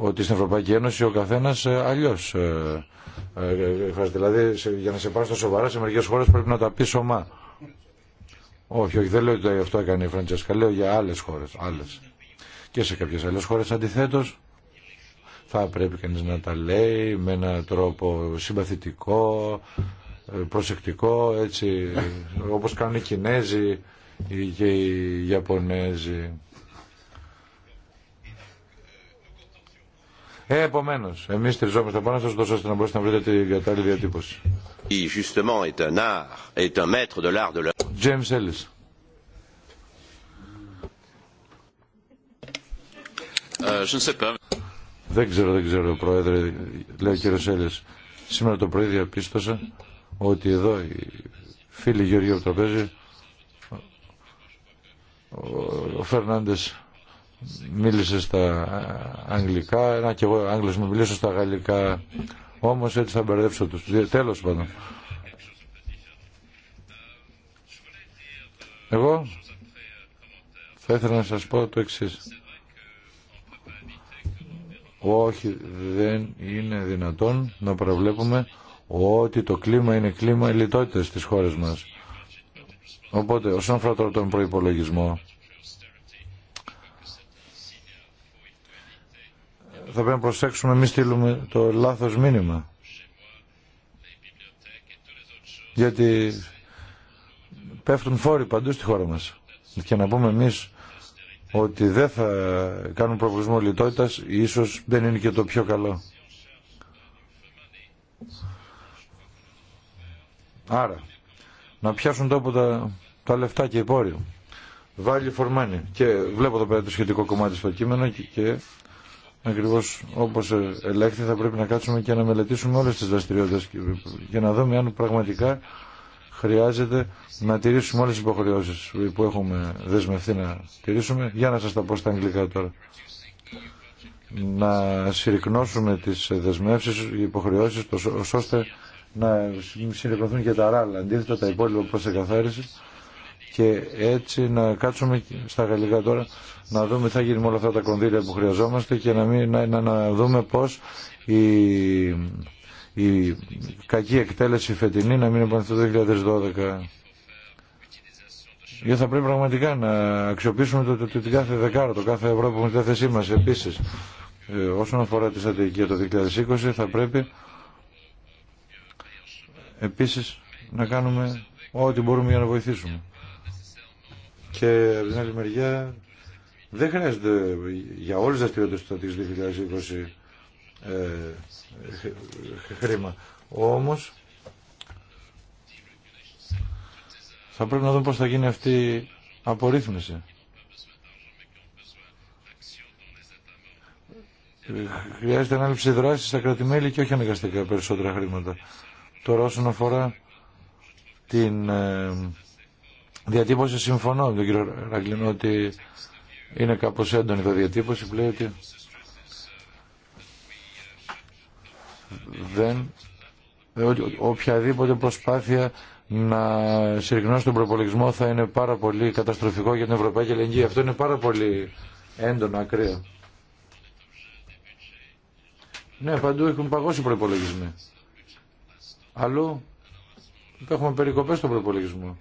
ότι στην Ευρωπαϊκή Ένωση ο καθένα ε, αλλιώ εκφράζεται. Ε, δηλαδή, για να σε πάρει στα σοβαρά, σε μερικές χώρε πρέπει να τα πει σωμά. Όχι, όχι, δεν λέω ότι αυτό έκανε η Φραντζέσκα, Λέω για άλλε χώρε. Άλλες. Και σε κάποιε άλλε χώρε, αντιθέτω, θα πρέπει κανείς να τα λέει με έναν τρόπο συμπαθητικό, προσεκτικό, έτσι, όπως κάνουν οι Κινέζοι και οι Ιαπωνέζοι. Ε, Επομένω, εμεί τριζόμαστε πάνω σα, τόσο ώστε να μπορέσετε να βρείτε την κατάλληλη διατύπωση. James Ellis. Euh, δεν ξέρω, δεν ξέρω, Πρόεδρε, λέει ο κύριο Έλλη. Σήμερα το πρωί διαπίστωσα ότι εδώ οι φίλοι Γεωργίου Τραπέζη, ο Φερνάντε μίλησε στα αγγλικά, ένα και εγώ Άγγλο μου μιλήσω στα γαλλικά, όμως έτσι θα μπερδέψω του. Τέλος πάντων. Εγώ θα ήθελα να σας πω το εξής. Όχι, δεν είναι δυνατόν να παραβλέπουμε ότι το κλίμα είναι κλίμα λιτότητας στις χώρες μας. Οπότε, όσον αφορά τώρα τον προϋπολογισμό, θα πρέπει να προσέξουμε μην στείλουμε το λάθος μήνυμα. Γιατί πέφτουν φόροι παντού στη χώρα μας. Και να πούμε εμείς ότι δεν θα κάνουν προβλησμό λιτότητας, ίσως δεν είναι και το πιο καλό. Άρα, να πιάσουν τόπο τα, τα λεφτά και υπόριο. Βάλει φορμάνι. Και βλέπω εδώ πέρα το σχετικό κομμάτι στο κείμενο και, και ακριβώ όπω ελέγχθη, θα πρέπει να κάτσουμε και να μελετήσουμε όλες τις δραστηριότητε και, και να δούμε αν πραγματικά χρειάζεται να τηρήσουμε όλες τις υποχρεώσεις που έχουμε δεσμευτεί να τηρήσουμε. Για να σας τα πω στα αγγλικά τώρα. Να συρρυκνώσουμε τις δεσμεύσεις, οι υποχρεώσεις, ώστε να συρρυκνωθούν και τα ράλα, αντίθετα τα υπόλοιπα προς εκαθάριση και έτσι να κάτσουμε στα γαλλικά τώρα να δούμε θα γίνει με όλα αυτά τα κονδύλια που χρειαζόμαστε και να, να, να, να δούμε πώς η η κακή εκτέλεση φετινή να μην παντού το 2012. Γιατί θα πρέπει πραγματικά να αξιοποιήσουμε το, το, το, κάθε δεκάρο, το κάθε ευρώ που έχουμε στη μα. Επίση, ε, όσον αφορά τη στρατηγική το 2020, θα πρέπει επίση να κάνουμε ό,τι μπορούμε για να βοηθήσουμε. Και από την άλλη μεριά, δεν χρειάζεται για όλε τι δραστηριότητε του 2020 ε, χρήμα. Όμως θα πρέπει να δούμε πώς θα γίνει αυτή η απορρίθμιση. Χρειάζεται ανάληψη δράση στα κρατημέλη και όχι αναγκαστικά περισσότερα χρήματα. Τώρα όσον αφορά την ε, διατύπωση συμφωνώ με τον κύριο Ραγκλίνο ότι είναι κάπως έντονη η διατύπωση. Λέει ότι δεν οποιαδήποτε προσπάθεια να συρρυκνώσει τον προπολογισμό θα είναι πάρα πολύ καταστροφικό για την Ευρωπαϊκή Ελληνική. Αυτό είναι πάρα πολύ έντονο, ακραίο. Ναι, παντού έχουν παγώσει οι προπολογισμοί. Αλλού έχουμε περικοπές στον προπολογισμό.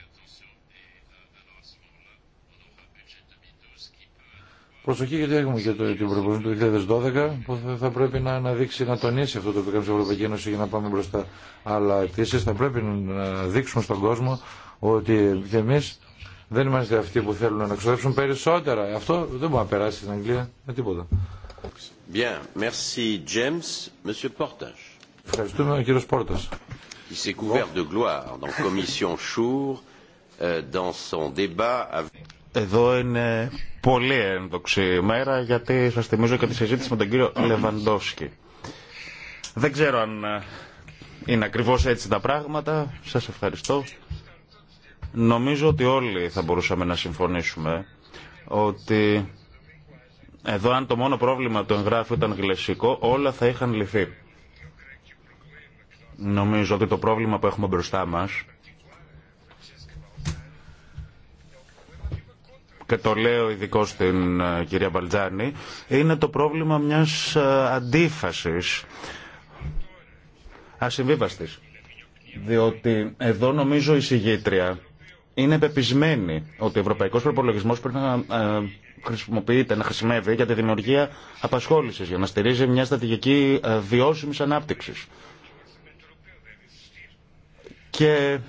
Προσοχή γιατί έχουμε και το, την προπονή του 2012 που θα, πρέπει να αναδείξει, να τονίσει αυτό το οποίο κάνει η Ευρωπαϊκή Ένωση για να πάμε μπροστά. Αλλά επίση θα πρέπει να δείξουμε στον κόσμο ότι και εμεί δεν είμαστε αυτοί που θέλουν να ξοδέψουν περισσότερα. Αυτό δεν μπορεί να περάσει στην Αγγλία με τίποτα. Bien, merci James. Monsieur Portage. Ευχαριστούμε ο κύριος Πόρτας. Il s'est couvert de gloire dans Commission Chour, euh, dans son débat avec... Εδώ είναι πολύ ένδοξη ημέρα γιατί σα θυμίζω και τη συζήτηση με τον κύριο Λεβαντόσκη. Δεν ξέρω αν ε, είναι ακριβώς έτσι τα πράγματα. Σας ευχαριστώ. Νομίζω ότι όλοι θα μπορούσαμε να συμφωνήσουμε ότι εδώ αν το μόνο πρόβλημα του εγγράφου ήταν γλαισίκο, όλα θα είχαν λυθεί. Νομίζω ότι το πρόβλημα που έχουμε μπροστά μας και το λέω ειδικό στην ε, κυρία Μπαλτζάνη, είναι το πρόβλημα μιας ε, αντίφασης ασυμβίβαστης. Διότι εδώ νομίζω η συγγήτρια είναι πεπισμένη ότι ο ευρωπαϊκός προπολογισμός πρέπει να ε, χρησιμοποιείται, να χρησιμεύει για τη δημιουργία απασχόλησης, για να στηρίζει μια στρατηγική βιώσιμης ανάπτυξης. Και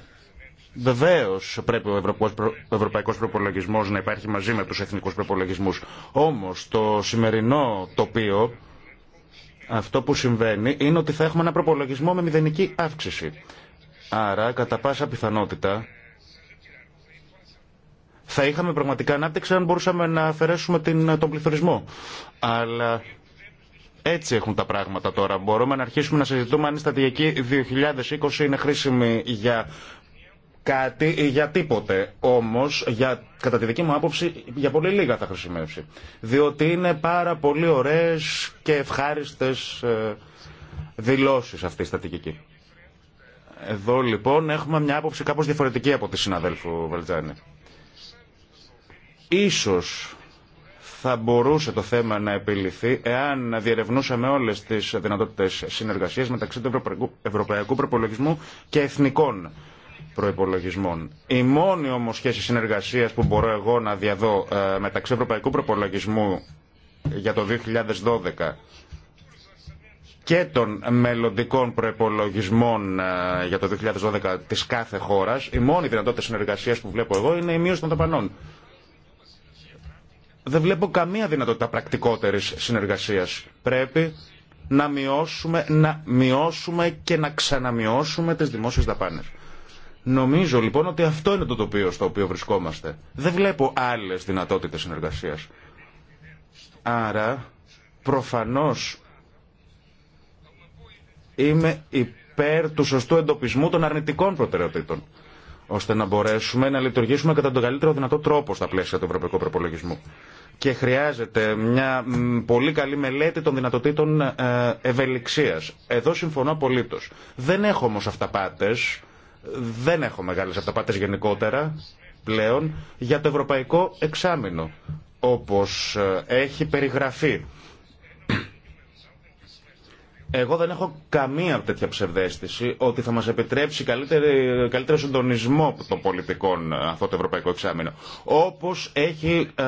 Βεβαίω πρέπει ο ευρωπαϊκό προπολογισμό να υπάρχει μαζί με του εθνικού προπολογισμού. Όμω το σημερινό τοπίο αυτό που συμβαίνει είναι ότι θα έχουμε ένα προπολογισμό με μηδενική αύξηση. Άρα, κατά πάσα πιθανότητα, θα είχαμε πραγματικά ανάπτυξη αν μπορούσαμε να αφαιρέσουμε την, τον πληθωρισμό. Αλλά έτσι έχουν τα πράγματα τώρα. Μπορούμε να αρχίσουμε να συζητούμε αν η στατιακή 2020 είναι χρήσιμη για κάτι ή για τίποτε. Όμω, κατά τη δική μου άποψη, για πολύ λίγα θα χρησιμεύσει. Διότι είναι πάρα πολύ ωραίε και ευχάριστε ε, δηλώσει αυτή στατικική. Εδώ λοιπόν έχουμε μια άποψη κάπως διαφορετική από τη συναδέλφου Βαλτζάνη. Ίσως θα μπορούσε το θέμα να επιληθεί εάν διερευνούσαμε όλες τις δυνατότητες συνεργασίας μεταξύ του Ευρωπαϊκού Προπολογισμού και Εθνικών προπολογισμών. Η μόνη όμω σχέση συνεργασία που μπορώ εγώ να διαδώ ε, μεταξύ ευρωπαϊκού προπολογισμού για το 2012 και των μελλοντικών προπολογισμών ε, για το 2012 της κάθε χώρας, η μόνη δυνατότητα συνεργασίας που βλέπω εγώ είναι η μείωση των δαπανών. Δεν βλέπω καμία δυνατότητα πρακτικότερης συνεργασίας. Πρέπει να μειώσουμε, να μειώσουμε και να ξαναμειώσουμε τις δημόσιες δαπάνες. Νομίζω λοιπόν ότι αυτό είναι το τοπίο στο οποίο βρισκόμαστε. Δεν βλέπω άλλες δυνατότητες συνεργασίας. Άρα, προφανώς είμαι υπέρ του σωστού εντοπισμού των αρνητικών προτεραιοτήτων ώστε να μπορέσουμε να λειτουργήσουμε κατά τον καλύτερο δυνατό τρόπο στα πλαίσια του ευρωπαϊκού προπολογισμού. Και χρειάζεται μια πολύ καλή μελέτη των δυνατοτήτων ε, ευελιξίας. Εδώ συμφωνώ απολύτω. Δεν έχω όμω αυταπάτε δεν έχω μεγάλες αυταπάτες γενικότερα πλέον για το ευρωπαϊκό εξάμεινο, όπως ε, έχει περιγραφεί. Εγώ δεν έχω καμία τέτοια ψευδέστηση ότι θα μας επιτρέψει καλύτερο, καλύτερο συντονισμό των πολιτικών ε, αυτό το ευρωπαϊκό εξάμεινο. Όπως έχει ε,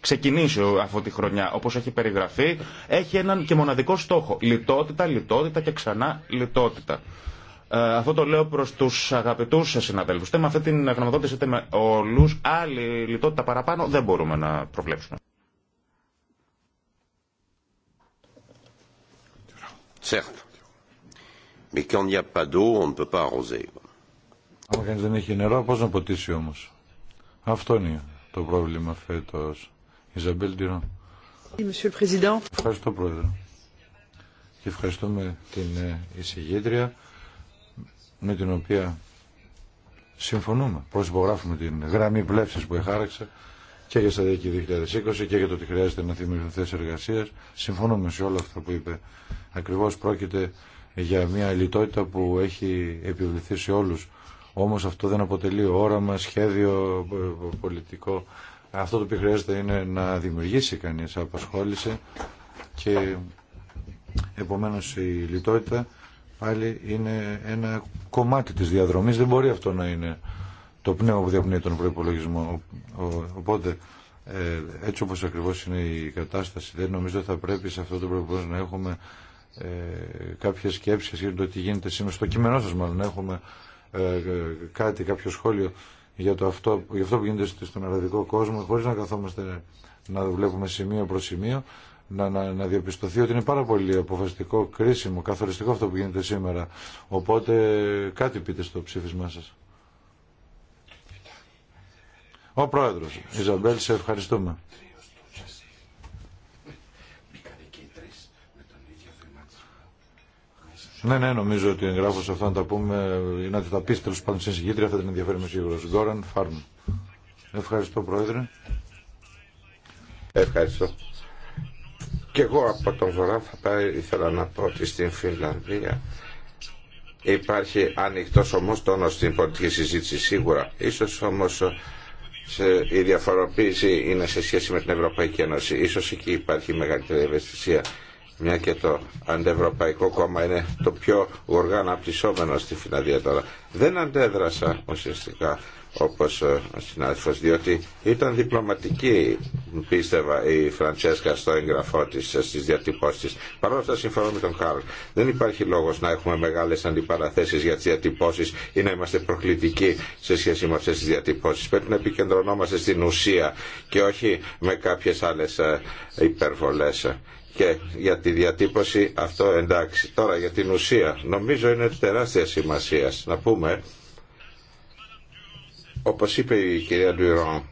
ξεκινήσει αυτή τη χρονιά, όπως έχει περιγραφεί, έχει έναν και μοναδικό στόχο. Λιτότητα, λιτότητα και ξανά λιτότητα. Ε, αυτό το λέω προ του αγαπητού σα συναδέλφου. Είτε αυτή την γνωμοδότηση είτε με όλου. Άλλη λιτότητα παραπάνω δεν μπορούμε να προβλέψουμε. Certes. Αν κανεί δεν έχει νερό, πώ να ποτίσει όμω. Αυτό είναι το πρόβλημα φέτο. Ιζαμπέλ Τυρό. Ευχαριστώ, Πρόεδρε. Και ευχαριστούμε την ε, εισηγήτρια με την οποία συμφωνούμε. Προσυπογράφουμε την γραμμή πλεύσης που εχάραξε και για σταδιακή 2020 και για το ότι χρειάζεται να δημιουργηθούν θέσει εργασία. Συμφωνούμε σε όλα αυτά που είπε. Ακριβώ πρόκειται για μια λιτότητα που έχει επιβληθεί σε όλου. Όμω αυτό δεν αποτελεί όραμα, σχέδιο πολιτικό. Αυτό το οποίο χρειάζεται είναι να δημιουργήσει κανεί απασχόληση και επομένω η λιτότητα πάλι είναι ένα κομμάτι της διαδρομής. Δεν μπορεί αυτό να είναι το πνεύμα που διαπνέει τον προϋπολογισμό. Οπότε, ε, έτσι όπως ακριβώς είναι η κατάσταση, δεν νομίζω θα πρέπει σε αυτό το προϋπολογισμό να έχουμε ε, κάποιες σκέψεις για το τι γίνεται σήμερα. Στο κείμενό σας μάλλον έχουμε ε, κάτι, κάποιο σχόλιο για, το αυτό, που γίνεται στον αραβικό κόσμο, χωρίς να καθόμαστε να βλέπουμε σημείο προς σημείο, να, να, να διαπιστωθεί ότι είναι πάρα πολύ αποφασιστικό, κρίσιμο, καθοριστικό αυτό που γίνεται σήμερα. Οπότε κάτι πείτε στο ψήφισμά σας. Ο Πρόεδρος, Ιζαμπέλ, σε ευχαριστούμε. Ναι, ναι, νομίζω ότι εγγράφω σε αυτό να τα πούμε, να τα πεις τέλος πάντων στην συγκήτρια, θα την ενδιαφέρει με Γκόραν Ευχαριστώ, Πρόεδρε. Ευχαριστώ. Και εγώ από τον Βορρά θα πάει, ήθελα να πω ότι στην Φιλανδία υπάρχει ανοιχτό όμως τόνο στην πολιτική συζήτηση σίγουρα. Ίσως όμω ε, η διαφοροποίηση είναι σε σχέση με την Ευρωπαϊκή Ένωση. Ίσως εκεί υπάρχει μεγαλύτερη ευαισθησία μια και το αντευρωπαϊκό κόμμα είναι το πιο γοργά αναπτυσσόμενο στη Φιλανδία τώρα. Δεν αντέδρασα ουσιαστικά όπως ε, ο συνάδελφος διότι ήταν διπλωματική πίστευα η Φραντσέσκα στο εγγραφό της ε, στις διατυπώσεις της παρόλα αυτά συμφωνώ με τον Χάρλ δεν υπάρχει λόγος να έχουμε μεγάλες αντιπαραθέσεις για τις διατυπώσεις ή να είμαστε προκλητικοί σε σχέση με αυτές τις διατυπώσεις πρέπει να επικεντρωνόμαστε στην ουσία και όχι με κάποιες άλλες ε, υπερβολές και για τη διατύπωση αυτό εντάξει τώρα για την ουσία νομίζω είναι τεράστια σημασία να πούμε όπως είπε η κυρία Ντουιρόν,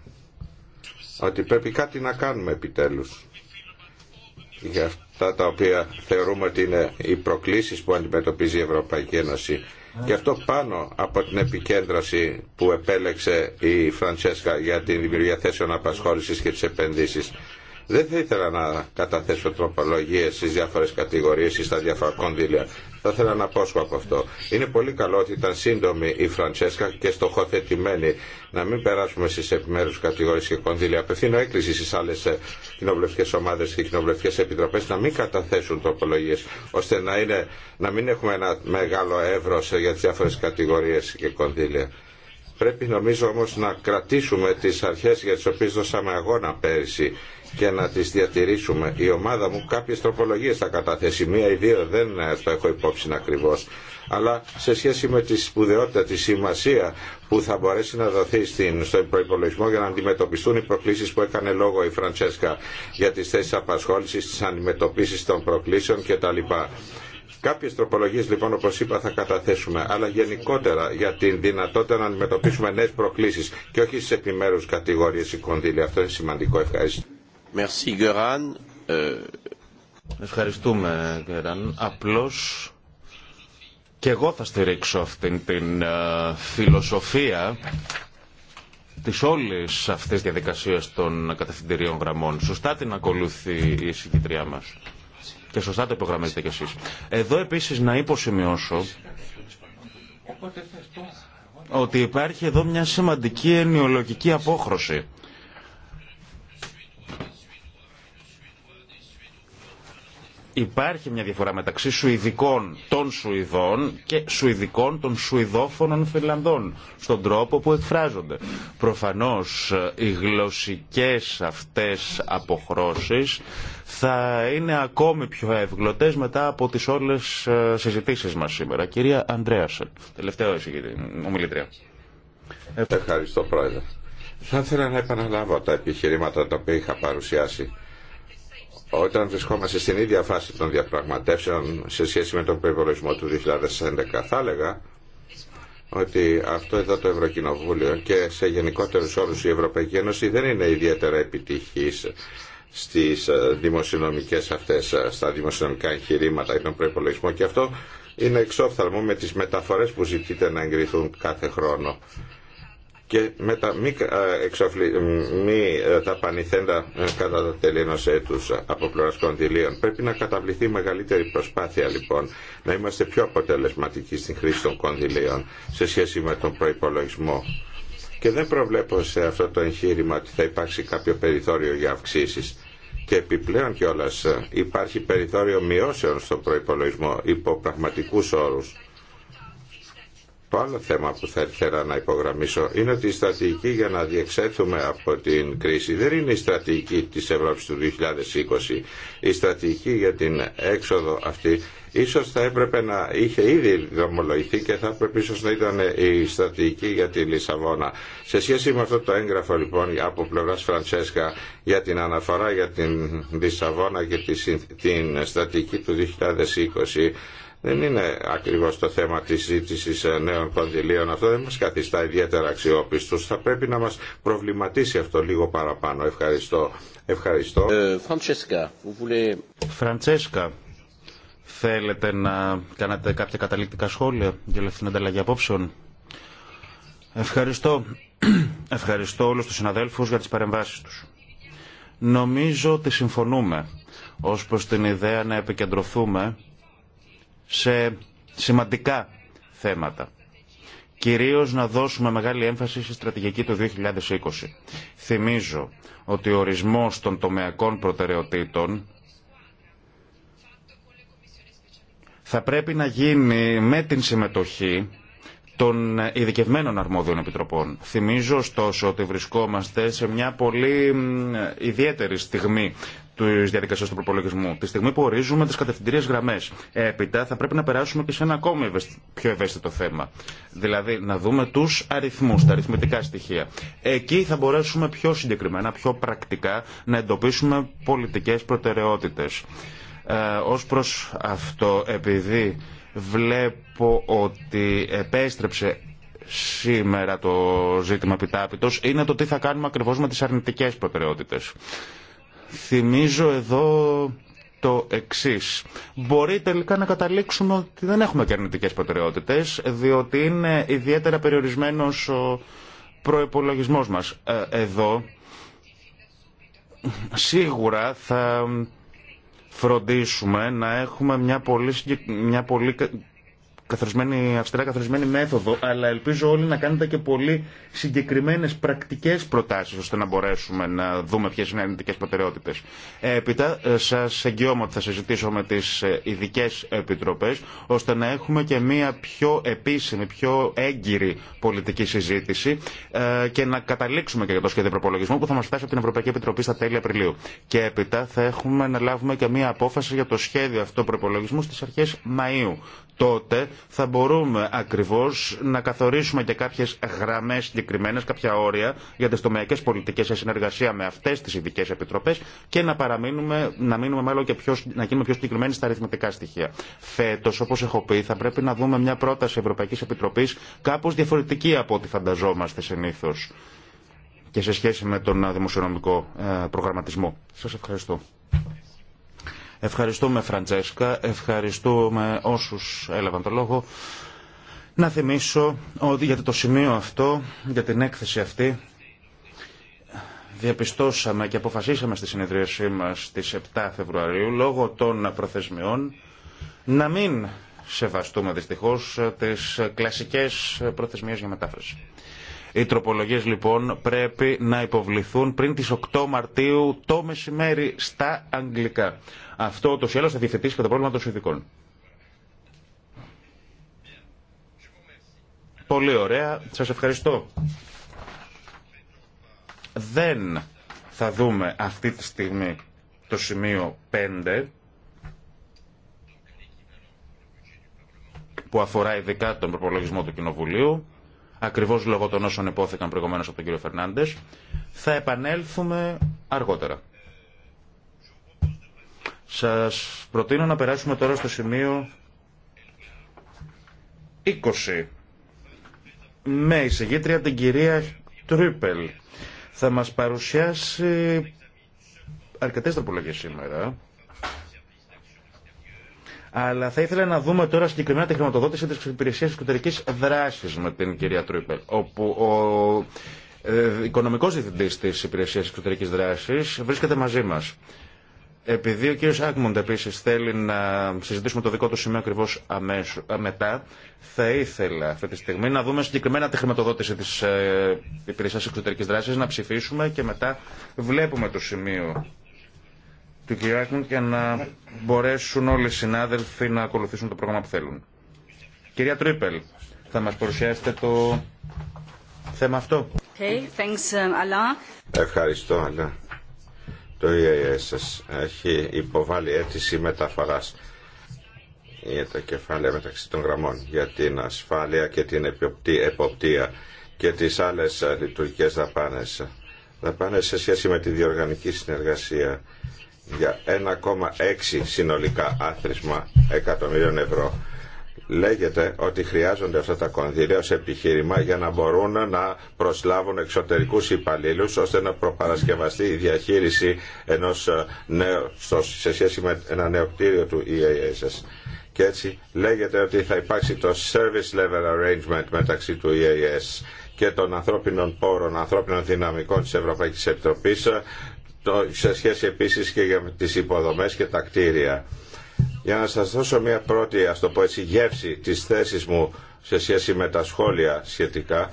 ότι πρέπει κάτι να κάνουμε επιτέλους για αυτά τα οποία θεωρούμε ότι είναι οι προκλήσεις που αντιμετωπίζει η Ευρωπαϊκή Ένωση. Γι' αυτό πάνω από την επικέντρωση που επέλεξε η Φραντσέσκα για την δημιουργία θέσεων απασχόλησης και τις επενδύσεις, δεν θα ήθελα να καταθέσω τροπολογίες στις διάφορες κατηγορίες ή στα διάφορα κονδύλια θα ήθελα να πόσχω από αυτό. Είναι πολύ καλό ότι ήταν σύντομη η Φραντσέσκα και στοχοθετημένη. Να μην περάσουμε στι επιμέρου κατηγορίε και κονδύλια. Απευθύνω έκκληση στι άλλε κοινοβουλευτικέ ομάδε και κοινοβουλευτικέ επιτροπέ να μην καταθέσουν τροπολογίε, ώστε να, είναι, να μην έχουμε ένα μεγάλο εύρο ε, για τι διάφορε κατηγορίε και κονδύλια. Πρέπει νομίζω όμως να κρατήσουμε τις αρχές για τις οποίες δώσαμε αγώνα πέρυσι και να τις διατηρήσουμε. Η ομάδα μου κάποιες τροπολογίες θα καταθέσει, μία ή δύο δεν ε, το έχω υπόψη ακριβώς. Αλλά σε σχέση με τη σπουδαιότητα, τη σημασία που θα μπορέσει να δοθεί στην, στον προπολογισμό για να αντιμετωπιστούν οι προκλήσει που έκανε λόγο η Φραντσέσκα για τι θέσει απασχόληση, τι αντιμετωπίσει των προκλήσεων κτλ. Κάποιες τροπολογίες λοιπόν όπως είπα θα καταθέσουμε, αλλά γενικότερα για την δυνατότητα να αντιμετωπίσουμε νέες προκλήσεις και όχι στι επιμέρους κατηγορίες ή κονδύλια. Αυτό είναι σημαντικό. Ευχαριστώ. Merci, Göran. Ε, Ευχαριστούμε, Γκέραν. Απλώς και εγώ θα στηρίξω αυτήν την ε, φιλοσοφία της όλης αυτής διαδικασίας των κατευθυντηρίων γραμμών. Σωστά την ακολουθεί η κονδυλια αυτο ειναι σημαντικο ευχαριστω merci ευχαριστουμε γκεραν απλως και εγω θα στηριξω αυτην την φιλοσοφια της ολης αυτης διαδικασιας των κατευθυντηριων γραμμων σωστα την ακολούθη η συγκεντριά μας. Και σωστά το υπογραμμίζετε κι εσείς. Εδώ επίσης να υποσημειώσω ότι υπάρχει εδώ μια σημαντική ενοιολογική απόχρωση. Υπάρχει μια διαφορά μεταξύ Σουηδικών των Σουηδών και Σουηδικών των Σουηδόφωνων Φιλανδών, στον τρόπο που εκφράζονται. Προφανώς ε, οι γλωσσικές αυτές αποχρώσεις θα είναι ακόμη πιο εύγλωτες μετά από τις όλες ε, συζητήσεις μας σήμερα. Κυρία Αντρέασεν, τελευταίο ομιλητρία. Ευχαριστώ πρόεδρε. Θα ήθελα να επαναλάβω τα επιχειρήματα τα οποία είχα παρουσιάσει όταν βρισκόμαστε στην ίδια φάση των διαπραγματεύσεων σε σχέση με τον περιβολισμό του 2011 θα έλεγα ότι αυτό εδώ το Ευρωκοινοβούλιο και σε γενικότερους όρους η Ευρωπαϊκή Ένωση δεν είναι ιδιαίτερα επιτυχής στις ε, δημοσιονομικές αυτές, ε, στα δημοσιονομικά εγχειρήματα ή τον προπολογισμό και αυτό είναι εξόφθαλμο με τις μεταφορές που ζητείτε να εγκριθούν κάθε χρόνο και με τα μη, ε, εξοφλη, μη τα πανηθέντα κατά τα τέλη ενός έτους από πλευράς κονδυλίων. Πρέπει να καταβληθεί μεγαλύτερη προσπάθεια λοιπόν να είμαστε πιο αποτελεσματικοί στην χρήση των κονδυλίων σε σχέση με τον προϋπολογισμό και δεν προβλέπω σε αυτό το εγχείρημα ότι θα υπάρξει κάποιο περιθώριο για αυξήσει. Και επιπλέον κιόλα υπάρχει περιθώριο μειώσεων στον προπολογισμό υπό πραγματικού όρου. Το άλλο θέμα που θα ήθελα να υπογραμμίσω είναι ότι η στρατηγική για να διεξέλθουμε από την κρίση δεν είναι η στρατηγική της Ευρώπης του 2020. Η στρατηγική για την έξοδο αυτή Ίσως θα έπρεπε να είχε ήδη δομολογηθεί και θα έπρεπε ίσως να ήταν η στρατηγική για τη Λισαβόνα. Σε σχέση με αυτό το έγγραφο λοιπόν από πλευρά Φραντσέσκα για την αναφορά για την Λισαβόνα και την στρατηγική του 2020, δεν είναι ακριβώς το θέμα της ζήτηση ε, νέων κονδυλίων. Αυτό δεν μας καθιστά ιδιαίτερα αξιόπιστος. Θα πρέπει να μας προβληματίσει αυτό λίγο παραπάνω. Ευχαριστώ. Ευχαριστώ. Ε, Φραντσέσκα, Θέλετε να κάνετε κάποια καταληκτικά σχόλια για αυτή την ανταλλαγή απόψεων. Ευχαριστώ. Ευχαριστώ όλους τους συναδέλφους για τις παρεμβάσεις τους. Νομίζω ότι συμφωνούμε ως προς την ιδέα να επικεντρωθούμε σε σημαντικά θέματα. Κυρίως να δώσουμε μεγάλη έμφαση στη στρατηγική του 2020. Θυμίζω ότι ο ορισμός των τομεακών προτεραιοτήτων θα πρέπει να γίνει με την συμμετοχή των ειδικευμένων αρμόδιων επιτροπών. Θυμίζω ωστόσο ότι βρισκόμαστε σε μια πολύ ιδιαίτερη στιγμή τη διαδικασία του προπολογισμού, τη στιγμή που ορίζουμε τι κατευθυντηρίε γραμμέ. Έπειτα θα πρέπει να περάσουμε και σε ένα ακόμη πιο ευαίσθητο θέμα. Δηλαδή να δούμε του αριθμού, τα αριθμητικά στοιχεία. Εκεί θα μπορέσουμε πιο συγκεκριμένα, πιο πρακτικά να εντοπίσουμε πολιτικέ προτεραιότητε. Ε, ως προς αυτό, επειδή βλέπω ότι επέστρεψε σήμερα το ζήτημα επιτάπητος, είναι το τι θα κάνουμε ακριβώς με τις αρνητικές προτεραιότητες. Θυμίζω εδώ το εξή. Μπορεί τελικά να καταλήξουμε ότι δεν έχουμε και αρνητικέ προτεραιότητε, διότι είναι ιδιαίτερα περιορισμένος ο μας μα. Ε, εδώ σίγουρα θα φροντίσουμε να έχουμε μια πολύ, μια πολύ καθορισμένη, αυστηρά καθορισμένη μέθοδο, αλλά ελπίζω όλοι να κάνετε και πολύ συγκεκριμένε πρακτικέ προτάσει ώστε να μπορέσουμε να δούμε ποιε είναι οι αρνητικέ προτεραιότητε. Ε, έπειτα, ε, σα εγγυώμαι ότι θα συζητήσω με τι ε, ειδικέ επιτροπέ, ώστε να έχουμε και μια πιο επίσημη, πιο έγκυρη πολιτική συζήτηση και να καταλήξουμε και για το σχέδιο προπολογισμού που θα μα φτάσει από την Ευρωπαϊκή Επιτροπή στα τέλη Απριλίου. Και έπειτα θα έχουμε να λάβουμε και μια απόφαση για το σχέδιο αυτό προπολογισμού στι αρχέ Μαΐου τότε θα μπορούμε ακριβώς να καθορίσουμε και κάποιες γραμμές συγκεκριμένε, κάποια όρια για τις τομεακές πολιτικές σε συνεργασία με αυτές τις ειδικέ επιτροπές και να παραμείνουμε, να μείνουμε μάλλον και πιο, να γίνουμε πιο συγκεκριμένοι στα αριθμητικά στοιχεία. Φέτος, όπως έχω πει, θα πρέπει να δούμε μια πρόταση Ευρωπαϊκής Επιτροπής κάπως διαφορετική από ό,τι φανταζόμαστε συνήθω και σε σχέση με τον δημοσιονομικό ε, προγραμματισμό. Σας ευχαριστώ. Ευχαριστούμε Φραντζέσκα, ευχαριστούμε όσους έλαβαν το λόγο. Να θυμίσω ότι για το σημείο αυτό, για την έκθεση αυτή, διαπιστώσαμε και αποφασίσαμε στη συνεδρίασή μας στις 7 Φεβρουαρίου, λόγω των προθεσμιών, να μην σεβαστούμε δυστυχώς τις κλασικές προθεσμίες για μετάφραση. Οι τροπολογίες λοιπόν πρέπει να υποβληθούν πριν τις 8 Μαρτίου το μεσημέρι στα αγγλικά. Αυτό ούτως ή άλλως θα διευθετήσει και το πρόβλημα των συνδικών. Πολύ ωραία. Σας ευχαριστώ. Δεν θα δούμε αυτή τη στιγμή το σημείο 5 που αφορά ειδικά τον προπολογισμό του Κοινοβουλίου ακριβώς λόγω των όσων υπόθηκαν προηγουμένω από τον κύριο Φερνάντε, Θα επανέλθουμε αργότερα. Σας προτείνω να περάσουμε τώρα στο σημείο 20 με εισηγήτρια την κυρία Τρίπελ. Θα μας παρουσιάσει αρκετές τροπολογίες σήμερα αλλά θα ήθελα να δούμε τώρα συγκεκριμένα τη χρηματοδότηση τη υπηρεσία εξωτερικής δράση με την κυρία Τρούπελ, όπου ο ε, οικονομικός διευθυντής της υπηρεσίας εξωτερικής δράσης βρίσκεται μαζί μα. Επειδή ο κύριος Άκμοντ επίσης θέλει να συζητήσουμε το δικό του σημείο ακριβώ μετά, θα ήθελα αυτή τη στιγμή να δούμε συγκεκριμένα τη χρηματοδότηση της ε, υπηρεσίας εξωτερικής δράσης, να ψηφίσουμε και μετά βλέπουμε το σημείο κ. και να μπορέσουν όλοι οι συνάδελφοι να ακολουθήσουν το πρόγραμμα που θέλουν. Κυρία Τρίπελ, θα μας παρουσιάσετε το θέμα αυτό. Okay, thanks, um, Allah. Ευχαριστώ, αλλά το EAS έχει υποβάλει αίτηση μεταφοράς για τα κεφάλαια μεταξύ των γραμμών για την ασφάλεια και την εποπτεία και τις άλλες ε, λειτουργικές δαπάνες. Δαπάνες σε σχέση με τη διοργανική συνεργασία για 1,6 συνολικά άθροισμα εκατομμύριων ευρώ. Λέγεται ότι χρειάζονται αυτά τα κονδύλια ως επιχείρημα για να μπορούν να προσλάβουν εξωτερικούς υπαλλήλους ώστε να προπαρασκευαστεί η διαχείριση ενός ε, νέου, σε σχέση με ένα νέο κτίριο του EASS. Και έτσι λέγεται ότι θα υπάρξει το Service Level Arrangement μεταξύ του EAS και των ανθρώπινων πόρων, ανθρώπινων δυναμικών της Ευρωπαϊκής Επιτροπής σε σχέση επίσης και για τις υποδομές και τα κτίρια. Για να σας δώσω μια πρώτη, ας το πω έτσι, γεύση της θέσης μου σε σχέση με τα σχόλια σχετικά,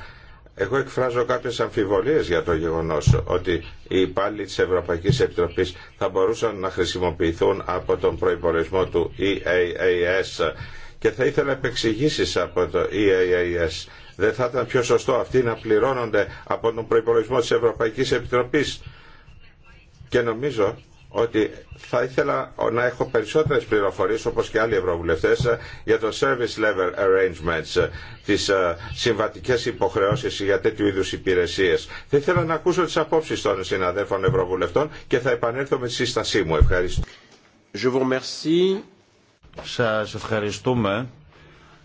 εγώ εκφράζω κάποιες αμφιβολίες για το γεγονός ότι οι υπάλληλοι της Ευρωπαϊκής Επιτροπής θα μπορούσαν να χρησιμοποιηθούν από τον προϋπολογισμό του EAAS και θα ήθελα επεξηγήσεις από το EAAS. Δεν θα ήταν πιο σωστό αυτοί να πληρώνονται από τον προϋπολογισμό της Ευρωπαϊκής Επιτροπής και νομίζω ότι θα ήθελα να έχω περισσότερες πληροφορίες όπως και άλλοι ευρωβουλευτές για το service level arrangements, τις ε, συμβατικές υποχρεώσεις για τέτοιου είδους υπηρεσίες. Θα ήθελα να ακούσω τις απόψεις των συναδέλφων ευρωβουλευτών και θα επανέλθω με τη σύστασή μου. Ευχαριστώ. Je Σας ευχαριστούμε.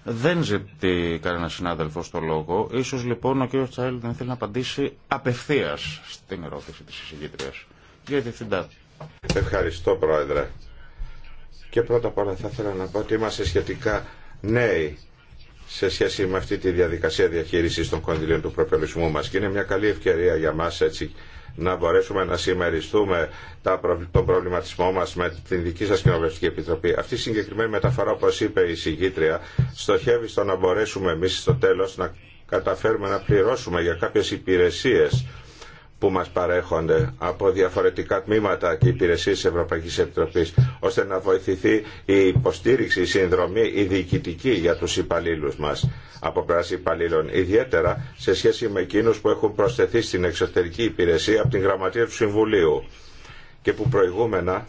Δεν ζητεί κανένα συνάδελφο το λόγο. Ίσως λοιπόν ο κ. Τσάιλ δεν θέλει να απαντήσει απευθείας στην ερώτηση της εισηγήτριας. Διευθυντά. Ευχαριστώ Πρόεδρε. Και πρώτα απ' όλα θα ήθελα να πω ότι είμαστε σχετικά νέοι σε σχέση με αυτή τη διαδικασία διαχείρισης των κονδυλίων του προπερισμού μας και είναι μια καλή ευκαιρία για μας έτσι να μπορέσουμε να συμμεριστούμε τον προβληματισμό μας με την δική σας κοινοβουλευτική επιτροπή. Αυτή η συγκεκριμένη μεταφορά, όπως είπε η συγκήτρια, στοχεύει στο να μπορέσουμε εμείς στο τέλος να καταφέρουμε να πληρώσουμε για κάποιες υπηρεσίες που μας παρέχονται από διαφορετικά τμήματα και υπηρεσίες της Ευρωπαϊκής Επιτροπής ώστε να βοηθηθεί η υποστήριξη, η συνδρομή, η διοικητική για τους υπαλλήλους μας από πλευράς υπαλλήλων, ιδιαίτερα σε σχέση με εκείνους που έχουν προσθεθεί στην εξωτερική υπηρεσία από την Γραμματεία του Συμβουλίου και που προηγούμενα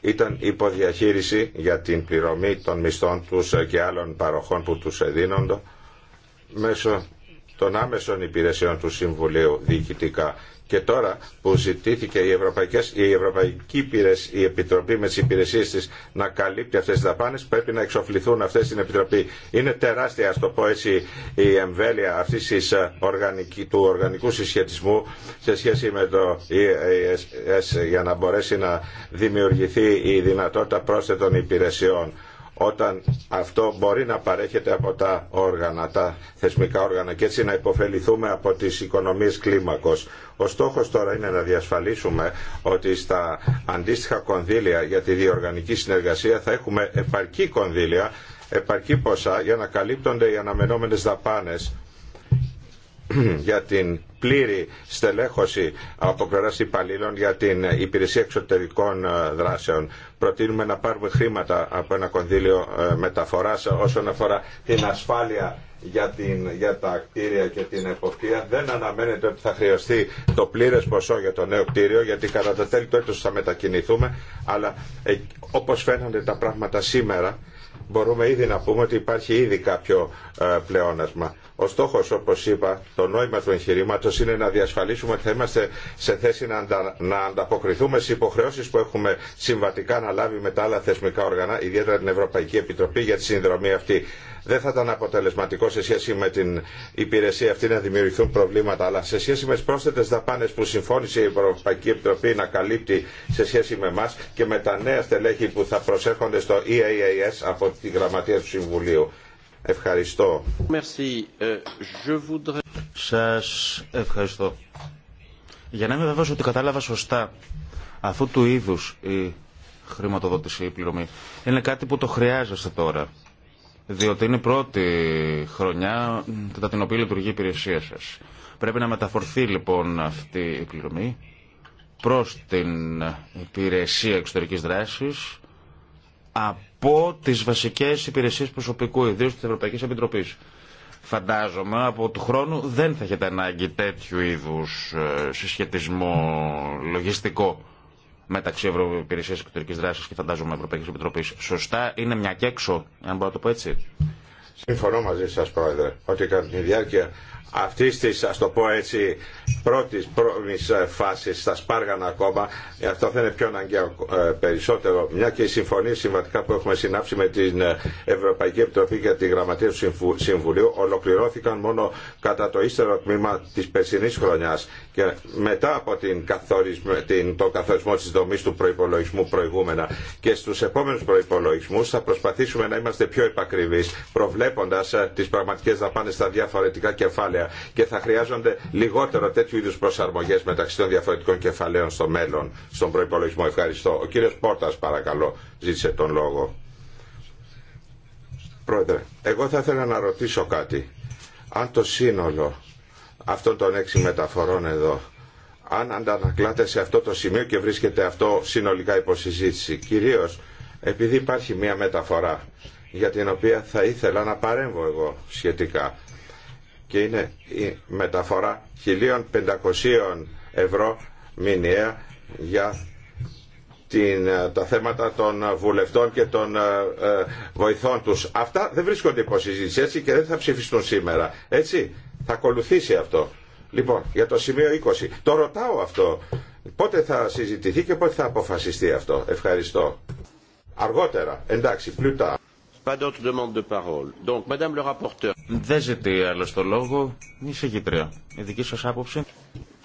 ήταν υποδιαχείριση για την πληρωμή των μισθών τους και άλλων παροχών που τους δίνονται μέσω των άμεσων υπηρεσιών του Συμβουλίου διοικητικά. Και τώρα που ζητήθηκε η, η Ευρωπαϊκή υπηρεσία, η Επιτροπή με τι υπηρεσίε τη να καλύπτει αυτέ τι δαπάνε, πρέπει να εξοφληθούν αυτέ στην Επιτροπή. Είναι τεράστια, α το πω έτσι, η εμβέλεια αυτή ε, του οργανικού συσχετισμού σε σχέση με το e για να μπορέσει να δημιουργηθεί η δυνατότητα πρόσθετων υπηρεσιών όταν αυτό μπορεί να παρέχεται από τα όργανα, τα θεσμικά όργανα και έτσι να υποφεληθούμε από τις οικονομίες κλίμακος. Ο στόχος τώρα είναι να διασφαλίσουμε ότι στα αντίστοιχα κονδύλια για τη διοργανική συνεργασία θα έχουμε επαρκή κονδύλια, επαρκή ποσά για να καλύπτονται οι αναμενόμενες δαπάνες για την πλήρη στελέχωση από πλευρά υπαλλήλων για την υπηρεσία εξωτερικών ε, δράσεων προτείνουμε να πάρουμε χρήματα από ένα κονδύλιο ε, μεταφοράς όσον αφορά την ασφάλεια για, την, για τα κτίρια και την εποπτεία. Δεν αναμένεται ότι θα χρειαστεί το πλήρε ποσό για το νέο κτίριο, γιατί κατά το τέλειο του θα μετακινηθούμε. Αλλά ε, όπω φαίνονται τα πράγματα σήμερα, μπορούμε ήδη να πούμε ότι υπάρχει ήδη κάποιο ε, πλεόνασμα. Ο στόχο, όπω είπα, το νόημα του εγχειρήματο είναι να διασφαλίσουμε ότι θα είμαστε σε θέση να, ανταποκριθούμε στι υποχρεώσει που έχουμε συμβατικά να λάβει με τα άλλα θεσμικά όργανα, ιδιαίτερα την Ευρωπαϊκή Επιτροπή για τη συνδρομή αυτή. Δεν θα ήταν αποτελεσματικό σε σχέση με την υπηρεσία αυτή να δημιουργηθούν προβλήματα, αλλά σε σχέση με τι πρόσθετε δαπάνε που συμφώνησε η Ευρωπαϊκή Επιτροπή να καλύπτει σε σχέση με εμά και με τα νέα στελέχη που θα προσέρχονται στο EAAS από τη Γραμματεία του Συμβουλίου. Ευχαριστώ. Merci. Ε, σας ευχαριστώ. Για να είμαι βέβαιος ότι κατάλαβα σωστά, αυτού του είδους η χρηματοδότηση, η πληρωμή, είναι κάτι που το χρειάζεστε τώρα. Διότι είναι η πρώτη χρονιά κατά την οποία λειτουργεί η υπηρεσία σας. Πρέπει να μεταφορθεί λοιπόν αυτή η πληρωμή προς την υπηρεσία εξωτερικής δράσης από από τι βασικές υπηρεσίες προσωπικού, ιδίω τη Ευρωπαϊκής Επιτροπής. Φαντάζομαι από του χρόνου δεν θα έχετε ανάγκη τέτοιου είδους ε, συσχετισμό λογιστικό μεταξύ Ευρωπαϊκή Επιτροπή δράση και φαντάζομαι Ευρωπαϊκής Επιτροπής. Σωστά είναι μια και έξω, αν μπορώ να το πω έτσι. Συμφωνώ μαζί σα Πρόεδρε, ότι κατά τη διάρκεια αυτή τη ας το πω έτσι, πρώτης πρώτη ε, φάσης στα σπάργανα ακόμα, ε, αυτό θα είναι πιο αναγκαίο ε, περισσότερο, μια και οι συμφωνίε συμβατικά που έχουμε συνάψει με την Ευρωπαϊκή Επιτροπή για τη Γραμματεία του Συμβουλίου ολοκληρώθηκαν μόνο κατά το ύστερο τμήμα τη περσινής χρονιά και μετά από την την, τον καθορισμό τη δομή του προπολογισμού προηγούμενα και στου επόμενου προπολογισμού θα προσπαθήσουμε να είμαστε πιο επακριβείς προβλέποντας τι πραγματικέ δαπάνε στα διαφορετικά κεφάλαια και θα χρειάζονται λιγότερο τέτοιου είδου προσαρμογέ μεταξύ των διαφορετικών κεφαλαίων στο μέλλον, στον προπολογισμό. Ευχαριστώ. Ο κύριο Πόρτα, παρακαλώ, ζήτησε τον λόγο. Πρόεδρε, εγώ θα ήθελα να ρωτήσω κάτι. Αν το σύνολο αυτών των έξι μεταφορών εδώ, αν αντανακλάται σε αυτό το σημείο και βρίσκεται αυτό συνολικά συζήτηση κυρίως επειδή υπάρχει μία μεταφορά για την οποία θα ήθελα να παρέμβω εγώ σχετικά και είναι η μεταφορά 1.500 ευρώ μηνιαία για την, ε, τα θέματα των ε, βουλευτών και των ε, βοηθών τους. Αυτά δεν βρίσκονται υπό έτσι και δεν θα ψηφιστούν σήμερα. Έτσι θα ακολουθήσει αυτό. Λοιπόν, για το σημείο 20. Το ρωτάω αυτό. Πότε θα συζητηθεί και πότε θα αποφασιστεί αυτό. Ευχαριστώ. Αργότερα. Εντάξει, πλούτα. Δεν ζητεί άλλο το λόγο. Εισηγήτρια, η δική σας άποψη.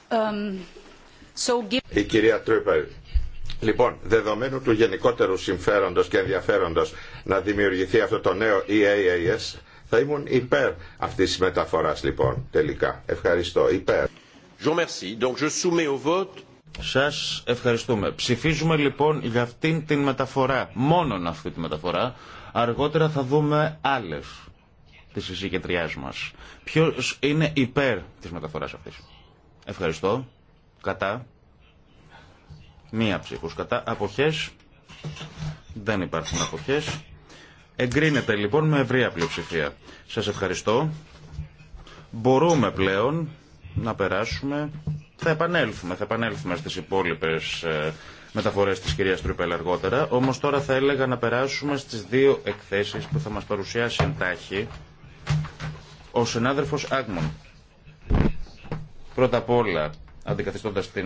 Um, η κυρία Τρίπερ. Λοιπόν, δεδομένου του γενικότερου συμφέροντο και ενδιαφέροντο να δημιουργηθεί αυτό το νέο EAAS, θα ήμουν υπέρ αυτή τη μεταφορά, λοιπόν τελικά. Ευχαριστώ. Υπέρ. Σα ευχαριστούμε. Ψηφίζουμε λοιπόν για αυτήν την μεταφορά, μόνον αυτή τη μεταφορά. Αργότερα θα δούμε άλλε τη συζητητριά μα. Ποιο είναι υπέρ τη μεταφορά αυτή. Ευχαριστώ. Κατά. Μία ψήφο κατά. Αποχές. Δεν υπάρχουν αποχές. Εγκρίνεται λοιπόν με ευρία πλειοψηφία. Σας ευχαριστώ. Μπορούμε πλέον να περάσουμε. Θα επανέλθουμε, θα επανέλθουμε στις υπόλοιπες ε, Μεταφορέ τη κυρία Τρούπελ αργότερα. Όμω τώρα θα έλεγα να περάσουμε στι δύο εκθέσει που θα μα παρουσιάσει εντάχει ο συνάδελφο Άγμον. Πρώτα απ' όλα, αντικαθιστώντα την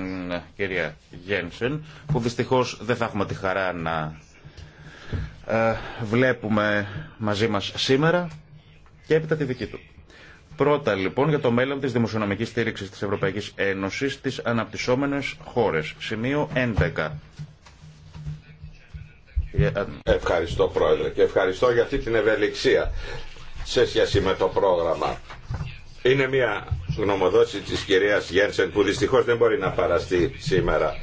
κυρία Γένσεν, που δυστυχώ δεν θα έχουμε τη χαρά να ε, βλέπουμε μαζί μα σήμερα και έπειτα τη δική του. Πρώτα λοιπόν για το μέλλον της δημοσιονομικής στήριξης της Ευρωπαϊκής Ένωσης στις αναπτυσσόμενες χώρες. Σημείο 11. Ευχαριστώ Πρόεδρε και ευχαριστώ για αυτή την ευελιξία σε σχέση με το πρόγραμμα. Είναι μια γνωμοδότηση της κυρίας Γένσεν που δυστυχώς δεν μπορεί να παραστεί σήμερα.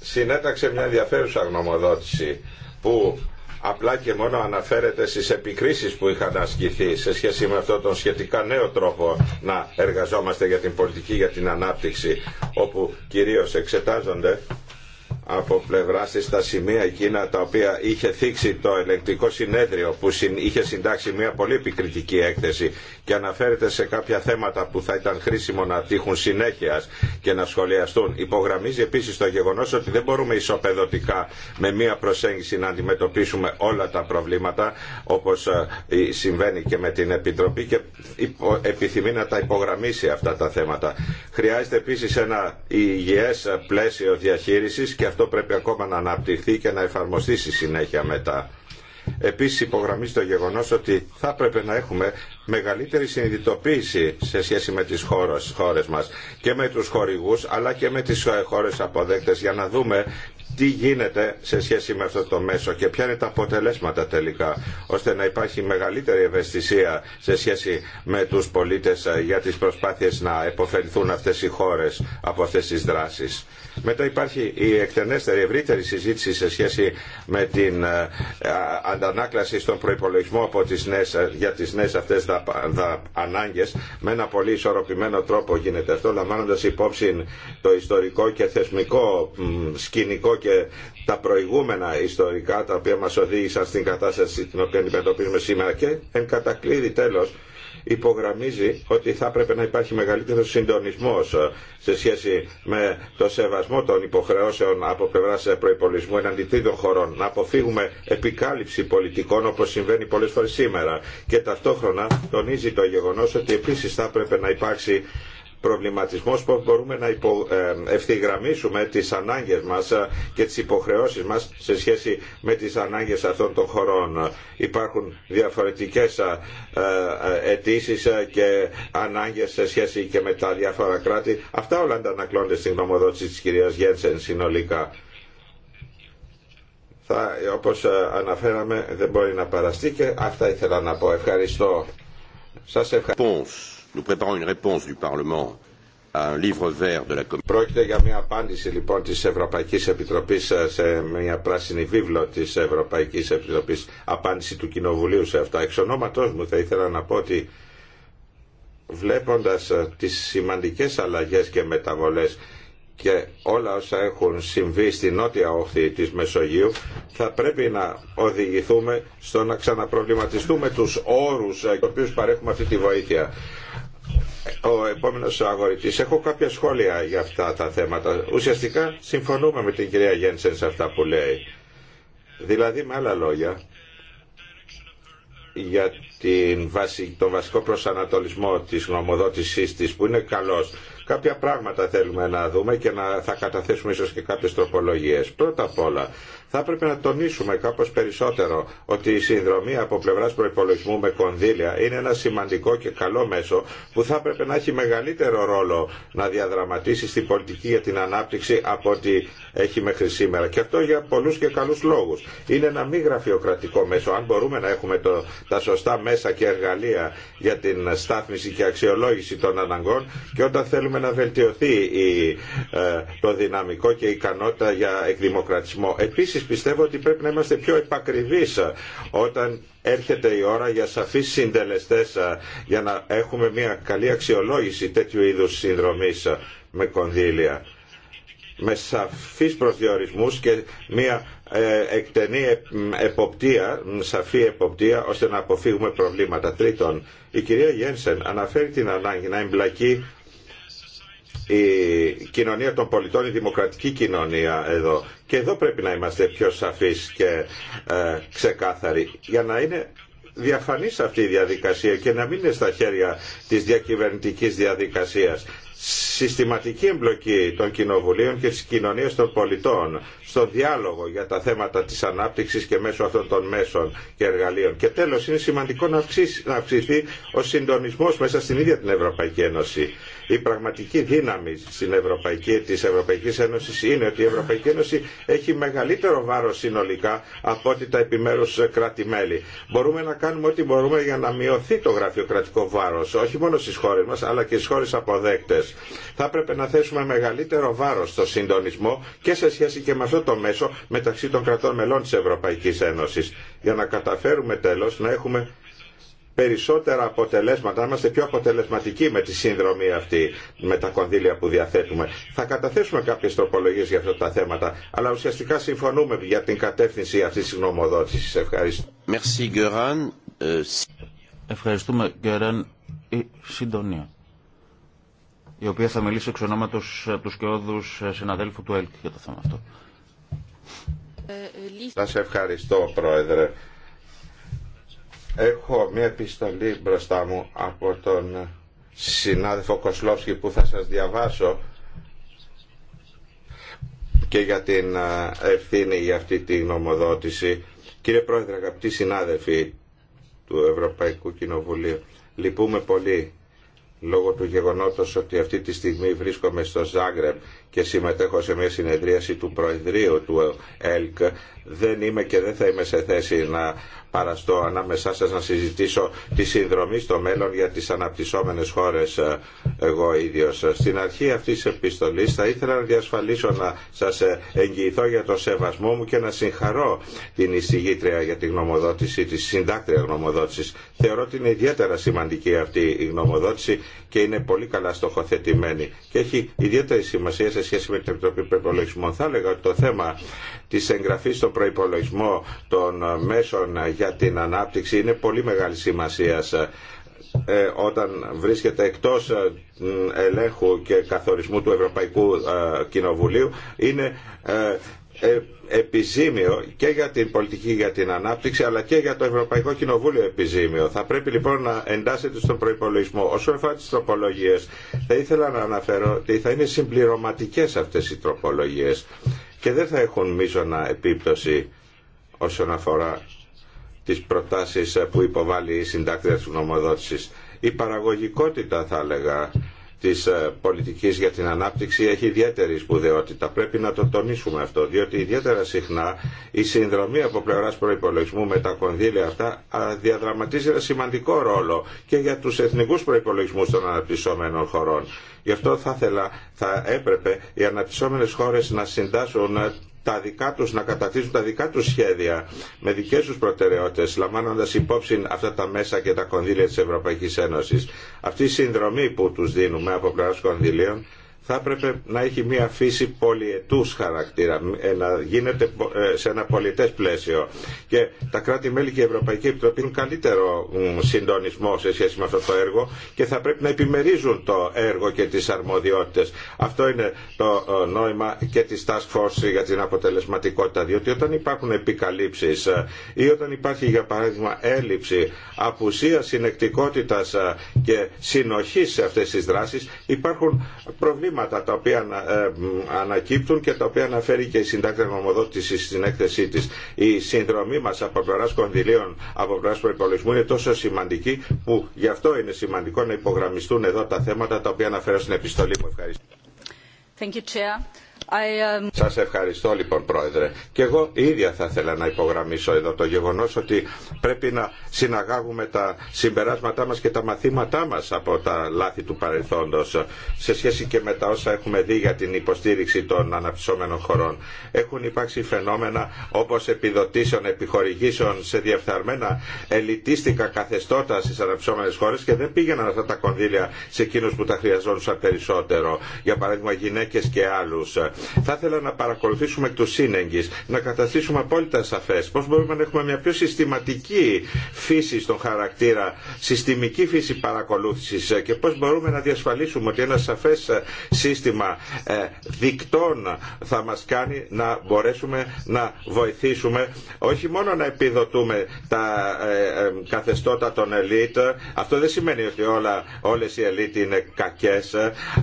Συνέταξε μια ενδιαφέρουσα γνωμοδότηση που απλά και μόνο αναφέρεται στις επικρίσεις που είχαν ασκηθεί σε σχέση με αυτόν τον σχετικά νέο τρόπο να εργαζόμαστε για την πολιτική για την ανάπτυξη όπου κυρίως εξετάζονται από πλευρά τη τα σημεία εκείνα τα οποία είχε θίξει το ελεγκτικό συνέδριο που είχε συντάξει μια πολύ επικριτική έκθεση και αναφέρεται σε κάποια θέματα που θα ήταν χρήσιμο να τύχουν συνέχεια και να σχολιαστούν. Υπογραμμίζει επίση το γεγονό ότι δεν μπορούμε ισοπεδωτικά με μια προσέγγιση να αντιμετωπίσουμε όλα τα προβλήματα όπω ε, συμβαίνει και με την Επιτροπή και επιθυμεί να τα υπογραμμίσει αυτά τα θέματα. Χρειάζεται επίση ένα υγιέ πλαίσιο διαχείριση αυτό πρέπει ακόμα να αναπτυχθεί και να εφαρμοστεί στη συνέχεια μετά. Επίσης υπογραμμίζει το γεγονός ότι θα έπρεπε να έχουμε μεγαλύτερη συνειδητοποίηση σε σχέση με τι χώρε μα μας και με τους χορηγούς αλλά και με τις ε, χώρες αποδέκτες για να δούμε τι γίνεται σε σχέση με αυτό το μέσο και ποια είναι τα αποτελέσματα τελικά ώστε να υπάρχει μεγαλύτερη ευαισθησία σε σχέση με τους πολίτες ε, για τις προσπάθειες να επωφεληθούν αυτές οι χώρες από αυτές τις δράσεις. Μετά υπάρχει η εκτενέστερη ευρύτερη συζήτηση σε σχέση με την ε, αντανάκλαση στον προϋπολογισμό από τις νέες, ε, για τις νέες αυτές τα, ανάγκες με ένα πολύ ισορροπημένο τρόπο γίνεται αυτό λαμβάνοντας υπόψη το ιστορικό και θεσμικό σκηνικό και τα προηγούμενα ιστορικά τα οποία μας οδήγησαν στην κατάσταση την οποία αντιμετωπίζουμε σήμερα και εν κατακλείδη τέλος υπογραμμίζει ότι θα πρέπει να υπάρχει μεγαλύτερος συντονισμός ε, σε σχέση με το σεβασμό των υποχρεώσεων από πλευρά ε, προπολογισμού εναντί τρίτων χωρών. Να αποφύγουμε επικάλυψη πολιτικών όπως συμβαίνει πολλές φορές σήμερα. Και ταυτόχρονα τονίζει το γεγονός ότι επίσης θα έπρεπε να υπάρξει προβληματισμός που μπορούμε να υπο, ε, ευθυγραμμίσουμε τις ανάγκες μας ε, και τις υποχρεώσεις μας σε σχέση με τις ανάγκες αυτών των χωρών. Υπάρχουν διαφορετικές ε, αιτήσει και ανάγκες σε σχέση και με τα διάφορα κράτη. Αυτά όλα αντανακλώνται στην γνωμοδότηση της κυρίας Γένσεν συνολικά. Θα, όπως αναφέραμε δεν μπορεί να παραστεί και αυτά ήθελα να πω. Ευχαριστώ. Σας ευχαριστώ. Nous préparons une réponse du Parlement Πρόκειται για μια απάντηση λοιπόν της Ευρωπαϊκής ε, σε μια πράσινη βίβλο της Ευρωπαϊκής Επιτροπής απάντηση του Κοινοβουλίου σε αυτά. Εξ ονόματός μου θα ήθελα να πω ότι βλέποντας ε, τις σημαντικές αλλαγές και μεταβολές και όλα όσα έχουν συμβεί στη νότια όχθη της Μεσογείου θα πρέπει να οδηγηθούμε στο να ξαναπροβληματιστούμε τους όρους ε, τους οποίους παρέχουμε αυτή τη βοήθεια ο επόμενο αγορητής. Έχω κάποια σχόλια για αυτά τα θέματα. Ουσιαστικά συμφωνούμε με την κυρία Γένσεν σε αυτά που λέει. Δηλαδή με άλλα λόγια για την βασι... τον βασικό προσανατολισμό της γνωμοδότησής της που είναι καλός. Κάποια πράγματα θέλουμε να δούμε και να θα καταθέσουμε ίσως και κάποιες τροπολογίες. Πρώτα απ' όλα θα έπρεπε να τονίσουμε κάπως περισσότερο ότι η συνδρομή από πλευράς προϋπολογισμού με κονδύλια είναι ένα σημαντικό και καλό μέσο που θα έπρεπε να έχει μεγαλύτερο ρόλο να διαδραματίσει στην πολιτική για την ανάπτυξη από ό,τι έχει μέχρι σήμερα. Και αυτό για πολλούς και καλούς λόγους. Είναι ένα μη γραφειοκρατικό μέσο. Αν μπορούμε να έχουμε το, τα σωστά μέσα και εργαλεία για την στάθμιση και αξιολόγηση των αναγκών και όταν θέλουμε να βελτιωθεί ε, το δυναμικό και η ικανότητα για εκδημοκρατισμό πιστεύω ότι πρέπει να είμαστε πιο επακριβείς όταν έρχεται η ώρα για σαφείς συντελεστές για να έχουμε μια καλή αξιολόγηση τέτοιου είδους συνδρομής με κονδύλια με σαφείς προσδιορισμούς και μια ε, εκτενή ε, εποπτεία, σαφή εποπτεία, ώστε να αποφύγουμε προβλήματα. Τρίτον, η κυρία Γένσεν αναφέρει την ανάγκη να εμπλακεί η κοινωνία των πολιτών, η δημοκρατική κοινωνία εδώ. Και εδώ πρέπει να είμαστε πιο σαφείς και ε, ξεκάθαροι για να είναι διαφανής αυτή η διαδικασία και να μην είναι στα χέρια της διακυβερνητικής διαδικασίας συστηματική εμπλοκή των κοινοβουλίων και της κοινωνίας των πολιτών στο διάλογο για τα θέματα της ανάπτυξης και μέσω αυτών των μέσων και εργαλείων. Και τέλος, είναι σημαντικό να, αυξήσει, αυξηθεί ο συντονισμός μέσα στην ίδια την Ευρωπαϊκή Ένωση. Η πραγματική δύναμη στην Ευρωπαϊκή, της Ευρωπαϊκής Ένωσης είναι ότι η Ευρωπαϊκή Ένωση έχει μεγαλύτερο βάρος συνολικά από ότι τα επιμέρους κράτη-μέλη. Μπορούμε να κάνουμε ό,τι μπορούμε για να μειωθεί το γραφειοκρατικό βάρος, όχι μόνο στις χώρες μας, αλλά και στις χώρες αποδέκτες θα έπρεπε να θέσουμε μεγαλύτερο βάρος στο συντονισμό και σε σχέση και με αυτό το μέσο μεταξύ των κρατών μελών της Ευρωπαϊκής Ένωσης για να καταφέρουμε τέλος να έχουμε περισσότερα αποτελέσματα, να είμαστε πιο αποτελεσματικοί με τη σύνδρομη αυτή, με τα κονδύλια που διαθέτουμε. Θα καταθέσουμε κάποιε τροπολογίε για αυτά τα θέματα, αλλά ουσιαστικά συμφωνούμε για την κατεύθυνση αυτή τη γνωμοδότηση. Ευχαριστώ. Merci, ε, Ευχαριστούμε, Γκέραν. Η συντονία η οποία θα μιλήσει εξ ονόματο ε, του ε, συναδέλφου του ΕΛΚ για το θέμα αυτό. σε ευχαριστώ Πρόεδρε. Έχω μια επιστολή μπροστά μου από τον συνάδελφο Κοσλόφσκι που θα σας διαβάσω και για την ε, ευθύνη για αυτή τη νομοδότηση. Κύριε Πρόεδρε, αγαπητοί συνάδελφοι του Ευρωπαϊκού Κοινοβουλίου, λυπούμε πολύ λόγω του γεγονότος ότι αυτή τη στιγμή βρίσκομαι στο Ζάγκρεπ και συμμετέχω σε μια συνεδρίαση του Προεδρείου του ΕΛΚ, δεν είμαι και δεν θα είμαι σε θέση να παραστώ ανάμεσά σας να συζητήσω τη συνδρομή στο μέλλον για τις αναπτυσσόμενες χώρες ε, εγώ ίδιος. Στην αρχή αυτής της επιστολής θα ήθελα να διασφαλίσω να σας ε, εγγυηθώ για το σεβασμό μου και να συγχαρώ την εισηγήτρια για τη γνωμοδότηση, τη συντάκτρια γνωμοδότηση. Θεωρώ ότι είναι ιδιαίτερα σημαντική αυτή η γνωμοδότηση και είναι πολύ καλά στοχοθετημένη και έχει ιδιαίτερη σημασία σε σχέση με την Επιτροπή Προπολογισμών. Θα έλεγα ότι το θέμα τη εγγραφή στο προπολογισμό των μέσων για την ανάπτυξη είναι πολύ μεγάλη σημασία ε, όταν βρίσκεται εκτός ε, ελέγχου και καθορισμού του Ευρωπαϊκού ε, Κοινοβουλίου είναι ε, επιζήμιο και για την πολιτική για την ανάπτυξη αλλά και για το Ευρωπαϊκό Κοινοβούλιο επιζήμιο. Θα πρέπει λοιπόν να εντάσσεται στον προπολογισμό. Όσον αφορά τι τροπολογίε, θα ήθελα να αναφέρω ότι θα είναι συμπληρωματικέ αυτέ οι τροπολογίε και δεν θα έχουν μείζωνα επίπτωση όσον αφορά τις προτάσεις που υποβάλλει η συντάκτρια της Η παραγωγικότητα θα έλεγα της ε, πολιτικής για την ανάπτυξη έχει ιδιαίτερη σπουδαιότητα. Πρέπει να το τονίσουμε αυτό, διότι ιδιαίτερα συχνά η συνδρομή από πλευράς προϋπολογισμού με τα κονδύλια αυτά διαδραματίζει ένα σημαντικό ρόλο και για τους εθνικούς προϋπολογισμούς των αναπτυσσόμενων χωρών. Γι' αυτό θα, θέλα θα έπρεπε οι αναπτυσσόμενες χώρες να συντάσσουν ε, τα δικά τους, να καταρτίζουν τα δικά τους σχέδια με δικές τους προτεραιότητες, λαμβάνοντας υπόψη αυτά τα μέσα και τα κονδύλια της Ευρωπαϊκής Ένωσης. Αυτή η συνδρομή που τους δίνουμε από πλευράς κονδυλίων θα έπρεπε να έχει μια φύση πολιετούς χαρακτήρα, ε, να γίνεται ε, σε ένα πολιτές πλαίσιο. Και τα κράτη-μέλη και η Ευρωπαϊκή Επιτροπή είναι καλύτερο συντονισμό σε σχέση με αυτό το έργο και θα πρέπει να επιμερίζουν το έργο και τις αρμοδιότητες. Αυτό είναι το ε, νόημα και της Task Force για την αποτελεσματικότητα, διότι όταν υπάρχουν επικαλύψεις ή όταν υπάρχει για παράδειγμα έλλειψη, απουσία συνεκτικότητας και συνοχής σε αυτές τις δράσεις, υπάρχουν προβλήματα προβλήματα τα οποία ε, ανακύπτουν και τα οποία αναφέρει και η συντάκτρια νομοδότηση στην έκθεσή τη. Η συνδρομή μα από πλευρά κονδυλίων, από πλευρά προπολογισμού είναι τόσο σημαντική που γι' αυτό είναι σημαντικό να υπογραμμιστούν εδώ τα θέματα τα οποία αναφέρω στην επιστολή μου. Ευχαριστώ. Σα um, Σας ευχαριστώ λοιπόν πρόεδρε και εγώ ίδια θα ήθελα να υπογραμμίσω εδώ το γεγονός ότι πρέπει να συναγάγουμε τα συμπεράσματά μας και τα μαθήματά μας από τα λάθη του παρελθόντος σε σχέση και με τα όσα έχουμε δει για την υποστήριξη των αναπτυσσόμενων χωρών. Έχουν υπάρξει φαινόμενα όπως επιδοτήσεων, επιχορηγήσεων σε διεφθαρμένα ελιτίστικα καθεστώτα στις αναπτυσσόμενες χώρες και δεν πήγαιναν αυτά τα κονδύλια σε εκείνου που τα χρειαζόντουσαν περισσότερο, για παράδειγμα γυναίκες και άλλους θα ήθελα να παρακολουθήσουμε του σύνεγγυ, να καταστήσουμε απόλυτα σαφέ πώ μπορούμε να έχουμε μια πιο συστηματική φύση στον χαρακτήρα, συστημική φύση παρακολούθηση ε, και πώ μπορούμε να διασφαλίσουμε ότι ένα σαφέ ε, σύστημα ε, δικτών θα μα κάνει να μπορέσουμε να βοηθήσουμε όχι μόνο να επιδοτούμε τα καθεστώτα των ελίτ, αυτό δεν σημαίνει ότι όλε οι ελίτ είναι κακές,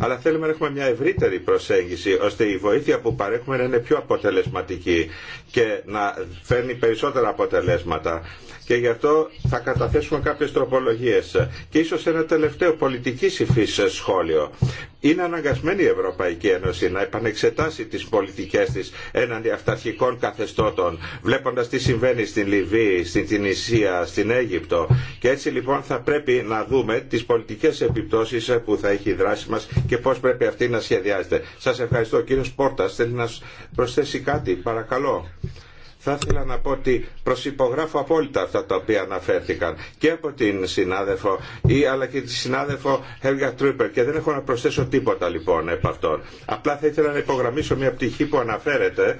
αλλά θέλουμε να έχουμε μια ευρύτερη προσέγγιση ώστε η βοήθεια που παρέχουμε να είναι πιο αποτελεσματική και να φέρνει περισσότερα αποτελέσματα. Και γι' αυτό θα καταθέσουμε κάποιες τροπολογίες. Και ίσως ένα τελευταίο πολιτικής υφής σχόλιο. Είναι αναγκασμένη η Ευρωπαϊκή Ένωση να επανεξετάσει τις πολιτικές της έναντι αυταρχικών καθεστώτων, βλέποντας τι συμβαίνει στην Λιβύη, στην Τινησία, στην Αίγυπτο. Και έτσι λοιπόν θα πρέπει να δούμε τις πολιτικές επιπτώσεις που θα έχει η δράση μας και πώς πρέπει αυτή να σχεδιάζεται. Σας ευχαριστώ. Κύριος Πόρτας θέλει να προσθέσει κάτι. Παρακαλώ. Θα ήθελα να πω ότι προσυπογράφω απόλυτα αυτά τα οποία αναφέρθηκαν και από την συνάδελφο ή αλλά και τη συνάδελφο Helga Τρούπερ και δεν έχω να προσθέσω τίποτα λοιπόν από αυτόν. Απλά θα ήθελα να υπογραμμίσω μια πτυχή που αναφέρεται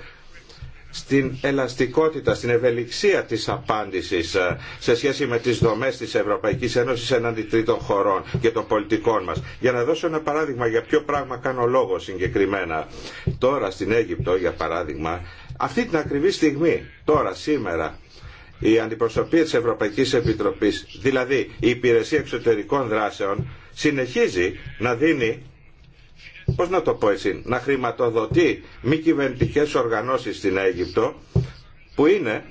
στην ελαστικότητα, στην ευελιξία της απάντησης ε, σε σχέση με τις δομές της Ευρωπαϊκής Ένωσης εναντί τρίτων χωρών και των πολιτικών μας. Για να δώσω ένα παράδειγμα για ποιο πράγμα κάνω λόγο συγκεκριμένα. Τώρα στην Αίγυπτο, για παράδειγμα, αυτή την ακριβή στιγμή, τώρα, σήμερα, η αντιπροσωπεία της Ευρωπαϊκής Επιτροπής, δηλαδή η Υπηρεσία Εξωτερικών Δράσεων, συνεχίζει να δίνει πώς να το πω εσύ να χρηματοδοτεί μη κυβερνητικέ οργανώσεις στην Αίγυπτο, που είναι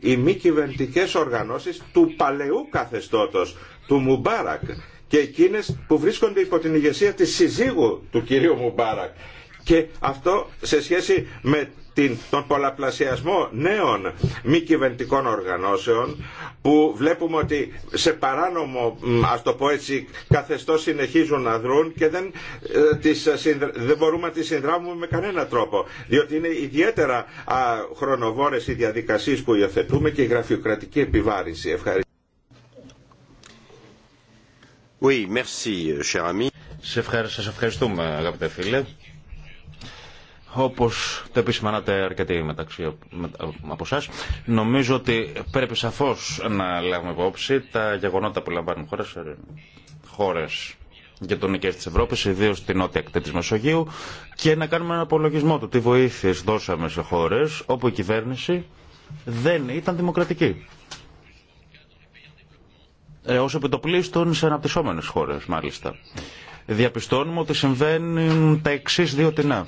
οι μη κυβερνητικέ οργανώσεις του παλαιού καθεστώτος, του Μουμπάρακ, και εκείνες που βρίσκονται υπό την ηγεσία της συζύγου του κυρίου Μουμπάρακ. Και αυτό σε σχέση με τον πολλαπλασιασμό νέων μη κυβερνητικών οργανώσεων που βλέπουμε ότι σε παράνομο ας το πω έτσι καθεστώς συνεχίζουν να δρούν και δεν, ε, τις, ε, δεν μπορούμε να τις συνδράμουμε με κανένα τρόπο διότι είναι ιδιαίτερα α, χρονοβόρες οι διαδικασίες που υιοθετούμε και η γραφειοκρατική επιβάρηση. Ευχαριστώ. Oui, merci, cher σας ευχαριστούμε αγαπητέ φίλε όπως το επισημάνατε αρκετοί μεταξύ από εσά, νομίζω ότι πρέπει σαφώ να λάβουμε υπόψη τα γεγονότα που λαμβάνουν χώρες, τον γειτονικές της Ευρώπης, ιδίως στην νότια ακτή της Μεσογείου και να κάνουμε ένα απολογισμό του τι βοήθειες δώσαμε σε χώρες όπου η κυβέρνηση δεν ήταν δημοκρατική. Ε, ως επιτοπλίστων σε αναπτυσσόμενες χώρες μάλιστα. Διαπιστώνουμε ότι συμβαίνουν τα εξής δύο τεινά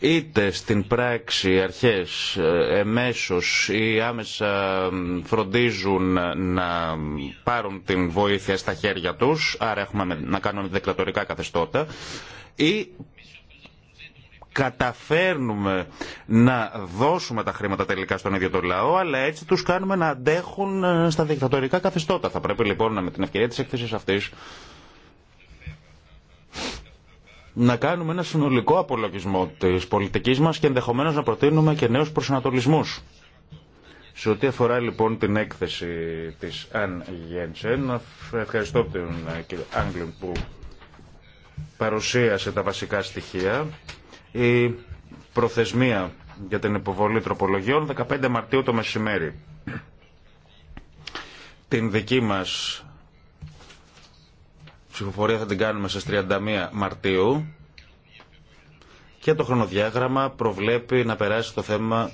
είτε στην πράξη αρχές ε, εμέσως ή άμεσα φροντίζουν να πάρουν την βοήθεια στα χέρια τους, άρα έχουμε να κάνουμε δικτατορικά καθεστώτα, ή καταφέρνουμε να δώσουμε τα χρήματα τελικά στον ίδιο τον λαό, αλλά έτσι τους κάνουμε να αντέχουν ε, στα δικτατορικά καθεστώτα. Θα πρέπει λοιπόν με την ευκαιρία της έκθεσης αυτής να κάνουμε ένα συνολικό απολογισμό της πολιτικής μας και ενδεχομένως να προτείνουμε και νέους προσανατολισμούς. Σε ό,τι αφορά λοιπόν την έκθεση της Αν Γένσεν, ευχαριστώ τον ε, κύριο Άγγλιν που παρουσίασε τα βασικά στοιχεία. Η προθεσμία για την υποβολή τροπολογιών 15 Μαρτίου το μεσημέρι. Την δική μας ψηφοφορία θα την κάνουμε στις 31 Μαρτίου και το χρονοδιάγραμμα προβλέπει να περάσει το θέμα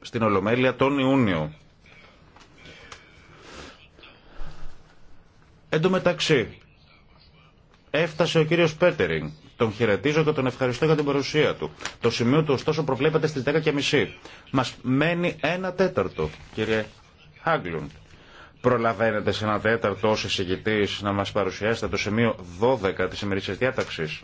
στην Ολομέλεια τον Ιούνιο. Εν τω μεταξύ, έφτασε ο κύριος Πέτερινγκ. Τον χαιρετίζω και τον ευχαριστώ για την παρουσία του. Το σημείο του ωστόσο προβλέπεται στις 10.30. Μας μένει ένα τέταρτο, κύριε Χάγκλουντ προλαβαίνετε σε ένα τέταρτο ως εισηγητής να μας παρουσιάσετε το σημείο 12 της ημερήσιας διάταξης.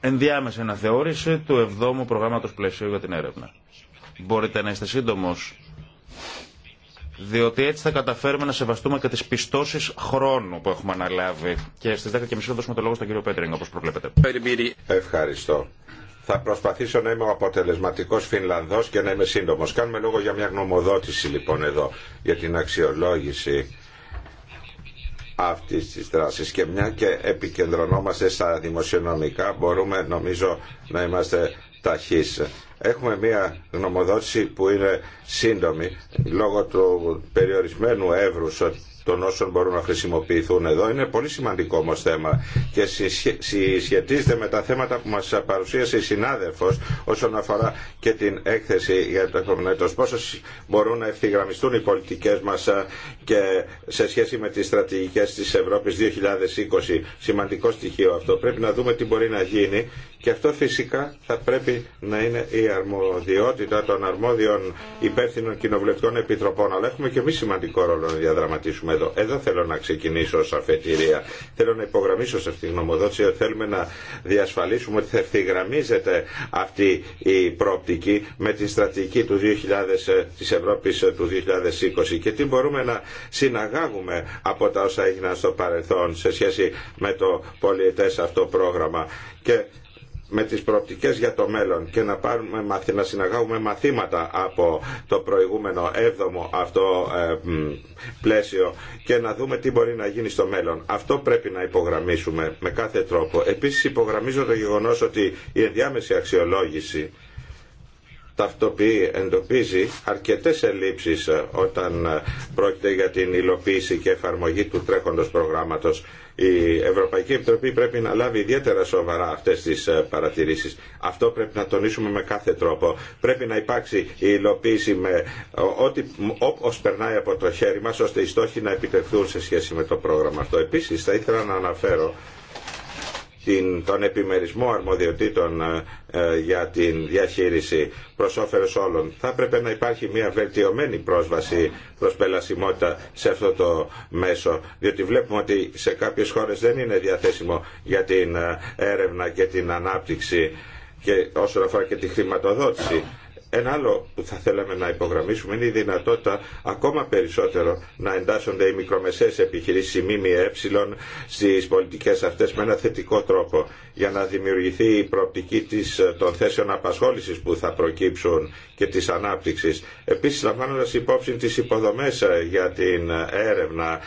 Ενδιάμεσα αναθεώρηση του 7ου προγράμματος πλαισίου για την έρευνα. Μπορείτε να είστε σύντομος, διότι έτσι θα καταφέρουμε να σεβαστούμε και τις πιστώσεις χρόνου που έχουμε αναλάβει. Και στις 10.30 θα δώσουμε το λόγο στον κύριο Πέτρινγκ, όπως προβλέπετε. Ευχαριστώ. Θα προσπαθήσω να είμαι ο αποτελεσματικό Φινλανδό και να είμαι σύντομο. Κάνουμε λόγο για μια γνωμοδότηση λοιπόν εδώ για την αξιολόγηση αυτή τη δράση και μια και επικεντρωνόμαστε στα δημοσιονομικά μπορούμε νομίζω να είμαστε ταχεί. Έχουμε μια γνωμοδότηση που είναι σύντομη λόγω του περιορισμένου εύρου των όσων μπορούν να χρησιμοποιηθούν εδώ. Είναι πολύ σημαντικό όμω θέμα και συσχετίζεται με τα θέματα που μα παρουσίασε η συνάδελφο όσον αφορά και την έκθεση για το επόμενο έτο. Πόσο μπορούν να ευθυγραμμιστούν οι πολιτικέ μα ε, και σε σχέση με τι στρατηγικέ τη Ευρώπη 2020. Σημαντικό στοιχείο αυτό. Πρέπει να δούμε τι μπορεί να γίνει και αυτό φυσικά θα πρέπει να είναι η αρμοδιότητα των αρμόδιων υπεύθυνων κοινοβουλευτικών επιτροπών. Αλλά έχουμε και εμεί σημαντικό ρόλο να διαδραματίσουμε εδώ. Εδώ θέλω να ξεκινήσω ω αφετηρία. Θέλω να υπογραμμίσω σε αυτή τη γνωμοδότηση ότι θέλουμε να διασφαλίσουμε ότι θα ευθυγραμμίζεται αυτή η πρόπτικη με τη στρατηγική του 2000, της Ευρώπης του 2020 και τι μπορούμε να συναγάγουμε από τα όσα έγιναν στο παρελθόν σε σχέση με το πολιετές αυτό πρόγραμμα. Και με τις προοπτικές για το μέλλον και να, πάρουμε, να συναγάγουμε μαθήματα από το προηγούμενο έβδομο αυτό ε, πλαίσιο και να δούμε τι μπορεί να γίνει στο μέλλον. Αυτό πρέπει να υπογραμμίσουμε με κάθε τρόπο. Επίσης υπογραμμίζω το γεγονός ότι η ενδιάμεση αξιολόγηση ταυτοποιεί, εντοπίζει αρκετές ελλείψεις ε, όταν ε, πρόκειται για την υλοποίηση και εφαρμογή του τρέχοντος προγράμματος η Ευρωπαϊκή Επιτροπή πρέπει να λάβει ιδιαίτερα σοβαρά αυτές τις ε, παρατηρήσεις. Αυτό πρέπει να τονίσουμε με κάθε τρόπο. Πρέπει να υπάρξει η υλοποίηση με ό,τι όπως περνάει από το χέρι μας ώστε οι στόχοι να επιτευχθούν σε σχέση με το πρόγραμμα αυτό. Επίσης θα ήθελα να αναφέρω την, τον επιμερισμό αρμοδιοτήτων ε, ε, για την διαχείριση προ όφελο όλων. Θα έπρεπε να υπάρχει μια βελτιωμένη πρόσβαση προ πελασιμότητα σε αυτό το μέσο, διότι βλέπουμε ότι σε κάποιε χώρες δεν είναι διαθέσιμο για την ε, έρευνα και την ανάπτυξη και όσον αφορά και τη χρηματοδότηση ένα άλλο που θα θέλαμε να υπογραμμίσουμε είναι η δυνατότητα ακόμα περισσότερο να εντάσσονται οι μικρομεσαίες επιχειρήσεις, οι ΜΜΕ, στις πολιτικές αυτές με ένα θετικό τρόπο για να δημιουργηθεί η προοπτική της, των θέσεων απασχόλησης που θα προκύψουν και της ανάπτυξης. Επίσης λαμβάνοντας υπόψη τις υποδομές ε, για την έρευνα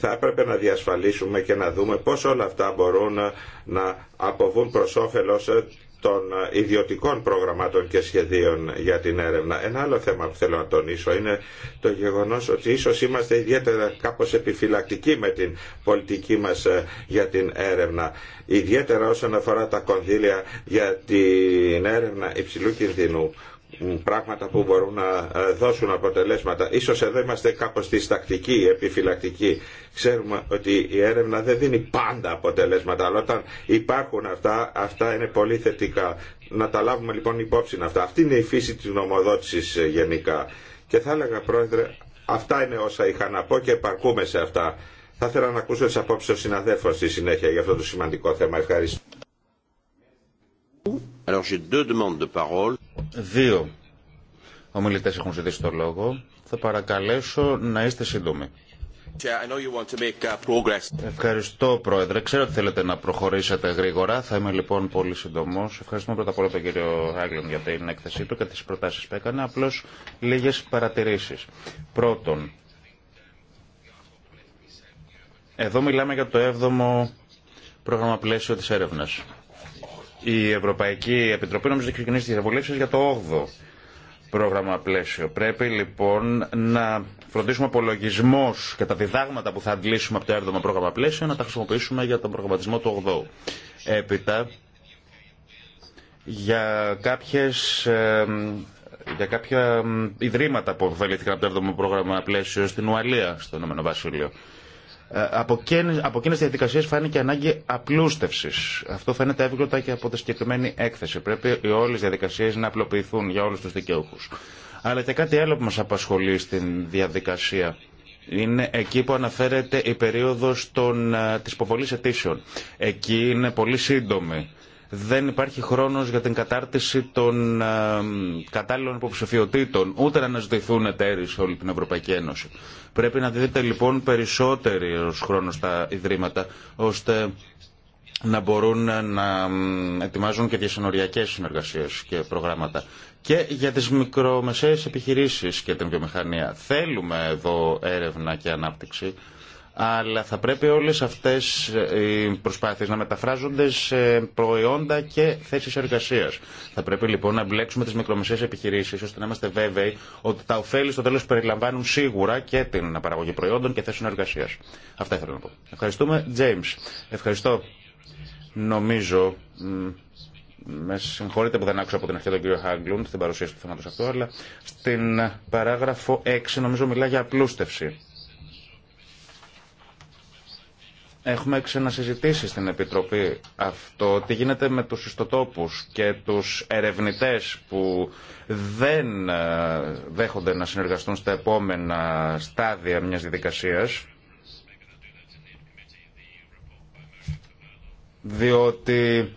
θα έπρεπε να διασφαλίσουμε και να δούμε πώς όλα αυτά μπορούν ε, να αποβούν προς όφελος ε, των ιδιωτικών προγραμμάτων και σχεδίων για την έρευνα. Ένα άλλο θέμα που θέλω να τονίσω είναι το γεγονός ότι ίσως είμαστε ιδιαίτερα κάπως επιφυλακτικοί με την πολιτική μας ε, για την έρευνα. Ιδιαίτερα όσον αφορά τα κονδύλια για την έρευνα υψηλού κινδυνού πράγματα που μπορούν να ε, δώσουν αποτελέσματα. Ίσως εδώ είμαστε κάπως διστακτικοί, επιφυλακτικοί. Ξέρουμε ότι η έρευνα δεν δίνει πάντα αποτελέσματα, αλλά όταν υπάρχουν αυτά, αυτά είναι πολύ θετικά. Να τα λάβουμε λοιπόν υπόψη αυτά. Αυτή είναι η φύση της νομοδότησης ε, γενικά. Και θα έλεγα πρόεδρε, αυτά είναι όσα είχα να πω και επαρκούμε σε αυτά. Θα ήθελα να ακούσω τις απόψεις των συναδέλφων στη συνέχεια για αυτό το σημαντικό θέμα. Ευχαριστώ. Δύο ομιλητέ έχουν ζητήσει το λόγο. Θα παρακαλέσω να είστε σύντομοι. Uh, Ευχαριστώ, Πρόεδρε. Ξέρω ότι θέλετε να προχωρήσετε γρήγορα. Θα είμαι λοιπόν πολύ σύντομο. Ευχαριστούμε πρώτα απ' όλα τον κύριο Άγγλον για την έκθεσή του και τι προτάσει που έκανε. Απλώ λίγε παρατηρήσει. Πρώτον, εδώ μιλάμε για το 7ο πρόγραμμα πλαίσιο τη έρευνα. Η Ευρωπαϊκή Επιτροπή νομίζω έχει ξεκινήσει τι διαβολεύσει για το 8ο πρόγραμμα πλαίσιο. Πρέπει λοιπόν να φροντίσουμε απολογισμό και τα διδάγματα που θα αντλήσουμε από το 7ο πρόγραμμα πλαίσιο να τα χρησιμοποιήσουμε για τον προγραμματισμό του 8ου. Έπειτα, για κάποιες για κάποια ιδρύματα που ωφελήθηκαν από το 7ο πρόγραμμα πλαίσιο στην Ουαλία, στο Ηνωμένο Βασίλειο. Ε, από εκείνε τι διαδικασίε φάνηκε ανάγκη απλούστευση. Αυτό φαίνεται εύκολα και από τη συγκεκριμένη έκθεση. Πρέπει οι όλε οι διαδικασίε να απλοποιηθούν για όλου του δικαιούχου. Αλλά και κάτι άλλο που μα απασχολεί στην διαδικασία είναι εκεί που αναφέρεται η περίοδο ε, τη υποβολή αιτήσεων. Εκεί είναι πολύ σύντομη δεν υπάρχει χρόνος για την κατάρτιση των ε, κατάλληλων υποψηφιωτήτων, ούτε να αναζητηθούν εταίροι σε όλη την Ευρωπαϊκή Ένωση. Πρέπει να δείτε λοιπόν περισσότερο χρόνο στα Ιδρύματα, ώστε να μπορούν να ετοιμάζουν και διασυνοριακές συνεργασίες και προγράμματα. Και για τις μικρομεσαίες επιχειρήσεις και την βιομηχανία. Θέλουμε εδώ έρευνα και ανάπτυξη αλλά θα πρέπει όλες αυτές ε, οι προσπάθειες να μεταφράζονται σε προϊόντα και θέσεις εργασίας. Θα πρέπει λοιπόν να εμπλέξουμε τις μικρομεσαίες επιχειρήσεις ώστε να είμαστε βέβαιοι ότι τα ωφέλη στο τέλος περιλαμβάνουν σίγουρα και την παραγωγή προϊόντων και θέσεων εργασίας. Αυτά ήθελα να πω. Ευχαριστούμε. James. Ευχαριστώ. Νομίζω... Με συγχωρείτε που δεν άκουσα από την αρχή τον κύριο Χάγκλουντ στην παρουσίαση του θέματος αυτού, αλλά στην παράγραφο 6 νομίζω μιλά για απλούστευση Έχουμε ξανασυζητήσει στην Επιτροπή αυτό, τι γίνεται με τους ιστοτόπους και τους ερευνητές που δεν ε, δέχονται να συνεργαστούν στα επόμενα στάδια μιας διαδικασίας, διότι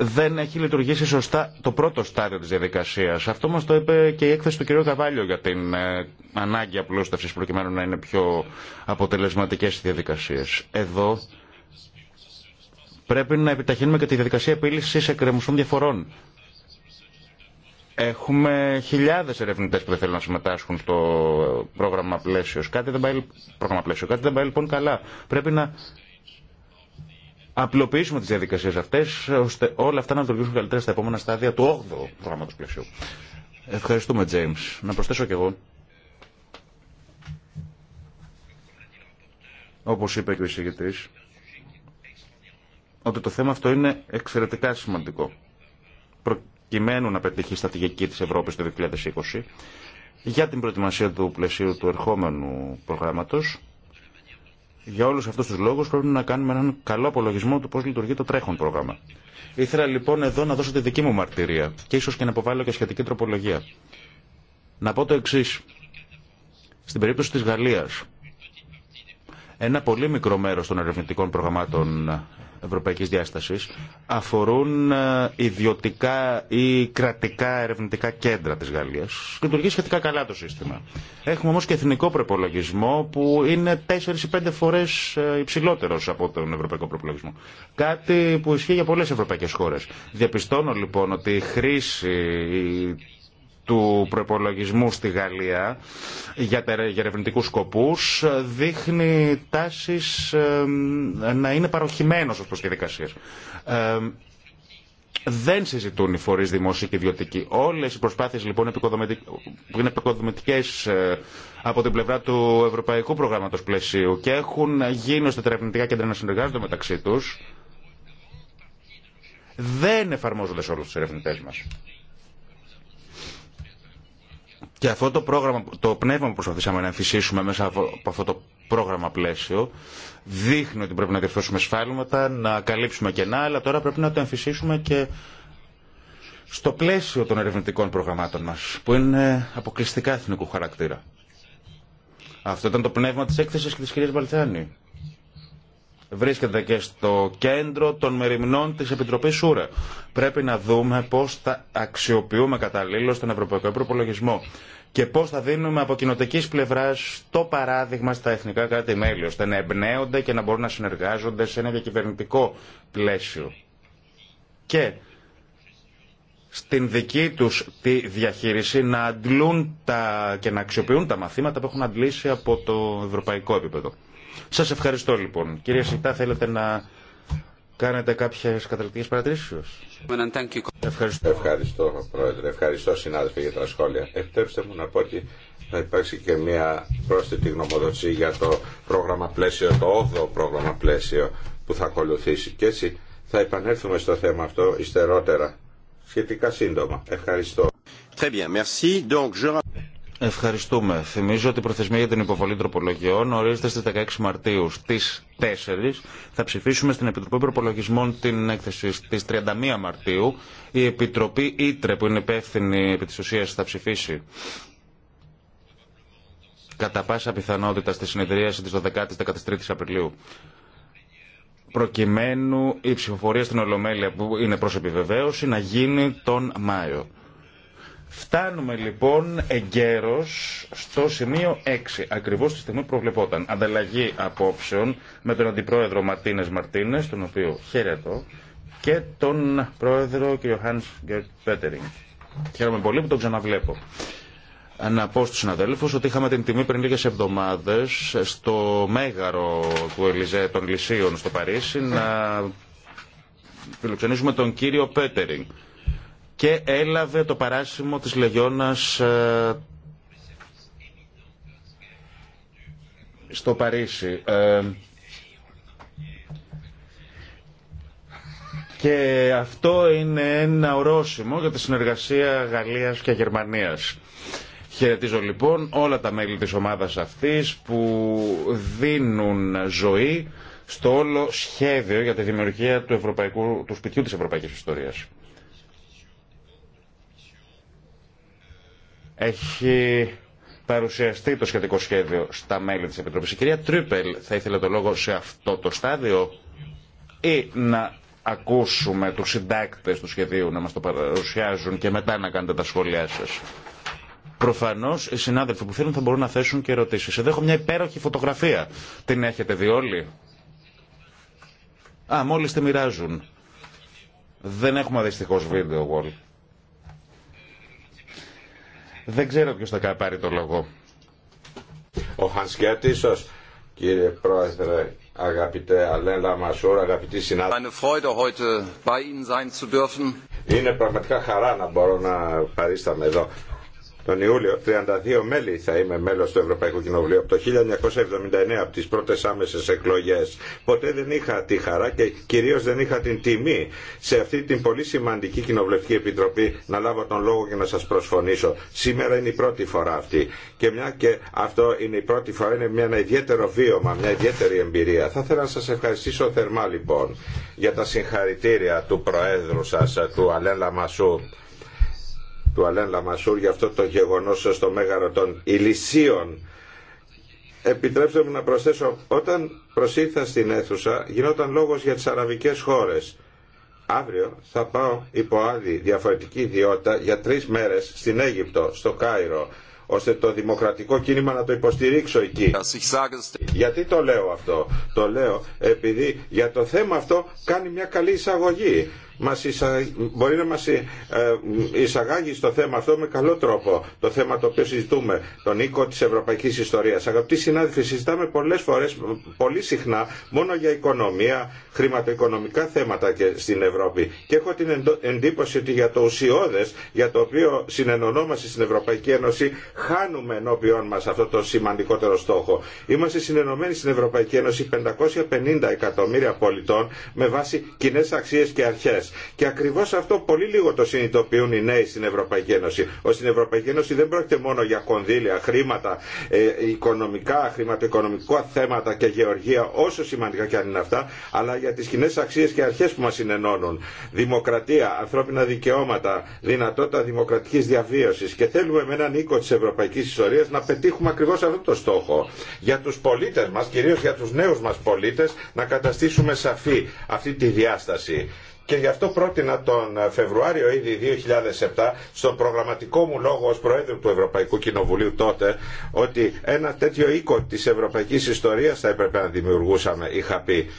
δεν έχει λειτουργήσει σωστά το πρώτο στάδιο της διαδικασίας. Αυτό μας το είπε και η έκθεση του κ. Καβάλιο για την ε, ανάγκη απλούστευσης προκειμένου να είναι πιο αποτελεσματικές οι διαδικασίες. Εδώ πρέπει να επιταχύνουμε και τη διαδικασία επίλυσης εκκρεμουσών διαφορών. Έχουμε χιλιάδε ερευνητέ που δεν θέλουν να συμμετάσχουν στο πρόγραμμα πλαίσιο. Κάτι, πρόγραμμα πλαίσιο. Κάτι δεν πάει λοιπόν καλά. Πρέπει να απλοποιήσουμε τι διαδικασίε αυτέ, ώστε όλα αυτά να λειτουργήσουν καλύτερα στα επόμενα στάδια του 8ου προγράμματο πλαισίου. Ευχαριστούμε, Τζέιμ. Να προσθέσω κι εγώ. Όπω είπε και ο εισηγητή, ότι το θέμα αυτό είναι εξαιρετικά σημαντικό. Προκειμένου να πετύχει η στρατηγική τη Ευρώπη το 2020 για την προετοιμασία του πλαισίου του ερχόμενου προγράμματος για όλου αυτού του λόγου πρέπει να κάνουμε έναν καλό απολογισμό του πώ λειτουργεί το τρέχον πρόγραμμα. Ήθελα λοιπόν εδώ να δώσω τη δική μου μαρτυρία και ίσω και να αποβάλω και σχετική τροπολογία. Να πω το εξή. Στην περίπτωση τη Γαλλία, ένα πολύ μικρό μέρο των ερευνητικών προγραμμάτων ευρωπαϊκής διάστασης αφορούν ε, ιδιωτικά ή κρατικά ερευνητικά κέντρα της Γαλλίας. Γαλλία. Κειμιλήσει σχετικά καλά το σύστημα. Έχουμε όμω και εθνικό που είναι 4 ή 5 φορές ε, υψηλότερος από τον ευρωπαϊκό προπολογισμό. Κάτι που ισχύει για πολλές ευρωπαϊκές χώρες. Διαπιστώνω λοιπόν ότι η χρήση, του προπολογισμού στη Γαλλία για ερευνητικού σκοπού δείχνει τάσει ε, να είναι παροχημένο ω προ τη δικασία. Ε, δεν συζητούν οι φορεί δημόσιοι και ιδιωτικοί. Όλε οι προσπάθειε λοιπόν που είναι επικοδομητικέ ε, από την πλευρά του Ευρωπαϊκού Προγράμματο Πλαισίου και έχουν γίνει ώστε τα ερευνητικά κέντρα να συνεργάζονται μεταξύ του, δεν εφαρμόζονται σε όλου του ερευνητέ μα. Και αυτό το, πρόγραμμα, το πνεύμα που προσπαθήσαμε να εμφυσίσουμε μέσα από αυτό το πρόγραμμα πλαίσιο δείχνει ότι πρέπει να διορθώσουμε σφάλματα, να καλύψουμε κενά, αλλά τώρα πρέπει να το εμφυσίσουμε και στο πλαίσιο των ερευνητικών προγραμμάτων μας, που είναι αποκλειστικά εθνικού χαρακτήρα. Αυτό ήταν το πνεύμα της έκθεσης και της κυρίας Μπαλτιάνη βρίσκεται και στο κέντρο των μεριμνών της Επιτροπής Σούρα. Πρέπει να δούμε πώς θα αξιοποιούμε καταλήλως στον Ευρωπαϊκό Προπολογισμό και πώς θα δίνουμε από κοινοτική πλευράς το παράδειγμα στα εθνικά κράτη-μέλη, ώστε να εμπνέονται και να μπορούν να συνεργάζονται σε ένα διακυβερνητικό πλαίσιο. Και στην δική τους τη διαχείριση να αντλούν τα, και να αξιοποιούν τα μαθήματα που έχουν αντλήσει από το ευρωπαϊκό επίπεδο. Σας ευχαριστώ λοιπόν. Κυρία Σιτά, θέλετε να κάνετε κάποιες καταληκτικές παρατηρήσεις. Ευχαριστώ. Ευχαριστώ, Πρόεδρε. Ευχαριστώ, συνάδελφοι, για τα σχόλια. Επιτρέψτε μου να πω ότι θα υπάρξει και μια πρόσθετη γνωμοδοσία για το πρόγραμμα πλαίσιο, το 8ο πρόγραμμα πλαίσιο που θα ακολουθήσει. Και έτσι θα επανέλθουμε στο θέμα αυτό υστερότερα, σχετικά σύντομα. Ευχαριστώ. Très bien, merci. Donc, je... Ευχαριστούμε. Θυμίζω ότι η προθεσμία για την υποβολή τροπολογιών ορίζεται στι 16 Μαρτίου στι 4. Θα ψηφίσουμε στην Επιτροπή Προπολογισμών την έκθεση στι 31 Μαρτίου. Η Επιτροπή Ήτρε, που είναι υπεύθυνη επί τη ουσία, θα ψηφίσει κατά πάσα πιθανότητα στη συνεδρίαση τη 12η-13η Απριλίου. Προκειμένου η ψηφοφορία στην Ολομέλεια, που είναι προ επιβεβαίωση, να γίνει τον Μάιο. Φτάνουμε λοιπόν εγκαίρως στο σημείο 6, ακριβώς τη στιγμή που προβλεπόταν. Ανταλλαγή απόψεων με τον Αντιπρόεδρο Μαρτίνες Μαρτίνες, τον οποίο χαιρετώ, και τον Πρόεδρο κ. Χάνς Γκέρτ Πέτερινγκ. Χαίρομαι πολύ που τον ξαναβλέπω. Να πω στους συναδέλφους ότι είχαμε την τιμή πριν λίγες εβδομάδες στο μέγαρο του Ελιζέ των Λυσίων στο Παρίσι να φιλοξενήσουμε τον κύριο Πέτερινγκ και έλαβε το παράσημο της Λεγιώνας ε, στο Παρίσι. Ε, και αυτό είναι ένα ορόσημο για τη συνεργασία Γαλλίας και Γερμανίας. Χαιρετίζω λοιπόν όλα τα μέλη της ομάδας αυτής που δίνουν ζωή στο όλο σχέδιο για τη δημιουργία του, του σπιτιού της Ευρωπαϊκής Ιστορίας. Έχει παρουσιαστεί το σχετικό σχέδιο στα μέλη της Επιτροπής. Η κυρία Τρίπελ θα ήθελε το λόγο σε αυτό το στάδιο ή να ακούσουμε τους συντάκτες του σχεδίου να μας το παρουσιάζουν και μετά να κάνετε τα σχόλιά σας. Προφανώ οι συνάδελφοι που θέλουν θα μπορούν να θέσουν και ερωτήσει. Εδώ έχω μια υπέροχη φωτογραφία. Την έχετε δει όλοι. Α, μόλι τη μοιράζουν. Δεν έχουμε δυστυχώ βίντεο wall. Δεν ξέρω ποιος θα πάρει το λόγο. Ο Χανσκέτη ίσω. Κύριε Πρόεδρε, αγαπητέ Αλέλα Μασούρα, αγαπητοί συνάδελφοι. Είναι πραγματικά χαρά να μπορώ να παρίσταμαι εδώ. Τον Ιούλιο 32 μέλη θα είμαι μέλος του Ευρωπαϊκού Κοινοβουλίου από το 1979 από τις πρώτες άμεσες εκλογές. Ποτέ δεν είχα τη χαρά και κυρίως δεν είχα την τιμή σε αυτή την πολύ σημαντική Κοινοβουλευτική Επιτροπή να λάβω τον λόγο και να σας προσφωνήσω. Σήμερα είναι η πρώτη φορά αυτή και μια και αυτό είναι η πρώτη φορά είναι μια, ένα ιδιαίτερο βίωμα, μια ιδιαίτερη εμπειρία. Θα ήθελα να σας ευχαριστήσω θερμά λοιπόν για τα συγχαρητήρια του Προέδρου σας, του Αλέλα Μασού του Αλέν Λαμασούρ για αυτό το γεγονός στο μέγαρο των ηλισίων. Επιτρέψτε μου να προσθέσω, όταν προσήλθα στην αίθουσα γινόταν λόγος για τις αραβικές χώρες. Αύριο θα πάω υπό άλλη διαφορετική ιδιότητα για τρεις μέρες στην Αίγυπτο, στο Κάιρο, ώστε το δημοκρατικό κίνημα να το υποστηρίξω εκεί. Γιατί το λέω αυτό. Το λέω επειδή για το θέμα αυτό κάνει μια καλή εισαγωγή μας εισα... μπορεί να μας ε, ε, εισαγάγει στο θέμα αυτό με καλό τρόπο, το θέμα το οποίο συζητούμε, τον οίκο της ευρωπαϊκής ιστορίας. Αγαπητοί συνάδελφοι, συζητάμε πολλές φορές, πολύ συχνά, μόνο για οικονομία, χρηματοοικονομικά θέματα και στην Ευρώπη. Και έχω την εντύπωση ότι για το ουσιώδες, για το οποίο συνενωνόμαστε στην Ευρωπαϊκή Ένωση, χάνουμε ενώπιόν μας αυτό το σημαντικότερο στόχο. Είμαστε συνενωμένοι στην Ευρωπαϊκή Ένωση 550 εκατομμύρια πολιτών με βάση κοινέ αξίες και αρχές και ακριβώ αυτό πολύ λίγο το συνειδητοποιούν οι νέοι στην Ευρωπαϊκή Ένωση. Ω στην Ευρωπαϊκή Ένωση δεν πρόκειται μόνο για κονδύλια, χρήματα, ε, οικονομικά, χρηματοοικονομικά θέματα και γεωργία, όσο σημαντικά και αν είναι αυτά, αλλά για τι κοινέ αξίε και αρχέ που μα συνενώνουν. Δημοκρατία, ανθρώπινα δικαιώματα, δυνατότητα δημοκρατική διαβίωση. Και θέλουμε με έναν οίκο τη Ευρωπαϊκή Ιστορία να πετύχουμε ακριβώ αυτό το στόχο. Για του πολίτε μα, κυρίω για του νέου μα πολίτε, να καταστήσουμε σαφή αυτή τη διάσταση. Και γι' αυτό πρότεινα τον ε, Φεβρουάριο ήδη 2007 στον προγραμματικό μου λόγο ως Προέδρου του Ευρωπαϊκού Κοινοβουλίου τότε ότι ένα τέτοιο οίκο της ευρωπαϊκής ιστορίας θα έπρεπε να δημιουργούσαμε, είχα πει.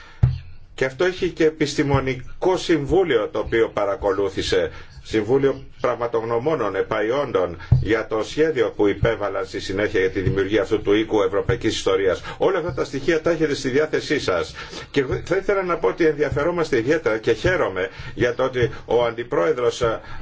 Και αυτό έχει και επιστημονικό συμβούλιο το οποίο παρακολούθησε Συμβούλιο Πραγματογνωμόνων Επαϊόντων για το σχέδιο που υπέβαλαν στη συνέχεια για τη δημιουργία αυτού του οίκου Ευρωπαϊκή Ιστορία. Όλα αυτά τα στοιχεία τα έχετε στη διάθεσή σα. Και θα ήθελα να πω ότι ενδιαφερόμαστε ιδιαίτερα και χαίρομαι για το ότι ο Αντιπρόεδρο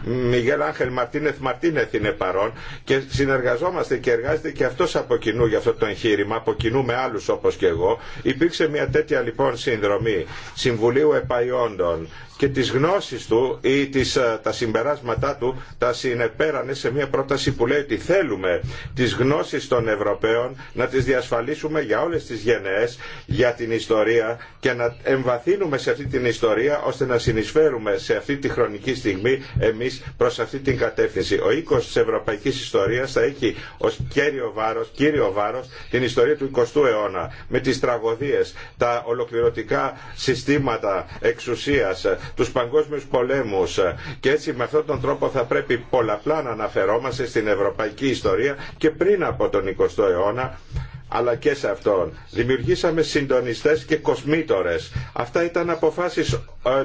ε, Μιγέλ Άγχελ Μαρτίνεθ Μαρτίνεθ είναι παρόν και συνεργαζόμαστε και εργάζεται και αυτό από κοινού για αυτό το εγχείρημα, από κοινού με άλλου όπω και εγώ. Υπήρξε μια τέτοια λοιπόν συνδρομή Συμβουλίου Επαϊόντων και τις γνώσεις του ή τις, ε, τα συμπεράσματά του τα συνεπέρανε σε μια πρόταση που λέει ότι θέλουμε τις γνώσεις των Ευρωπαίων να τις διασφαλίσουμε για όλες τις γενναίες, για την ιστορία και να εμβαθύνουμε σε αυτή την ιστορία ώστε να συνεισφέρουμε σε αυτή τη χρονική στιγμή εμείς προς αυτή την κατεύθυνση. Ο οίκος της ευρωπαϊκής ιστορίας θα έχει ως κύριο βάρος, κύριο βάρος την ιστορία του 20ου αιώνα με τις τραγωδίες, τα ολοκληρωτικά συστήματα εξουσίας, τους παγκόσμιους πολέμους και έτσι με αυτόν τον τρόπο θα πρέπει πολλαπλά να αναφερόμαστε στην ευρωπαϊκή ιστορία και πριν από τον 20ο αιώνα αλλά και σε αυτόν. Δημιουργήσαμε συντονιστές και κοσμήτορες. Αυτά ήταν αποφάσεις ε,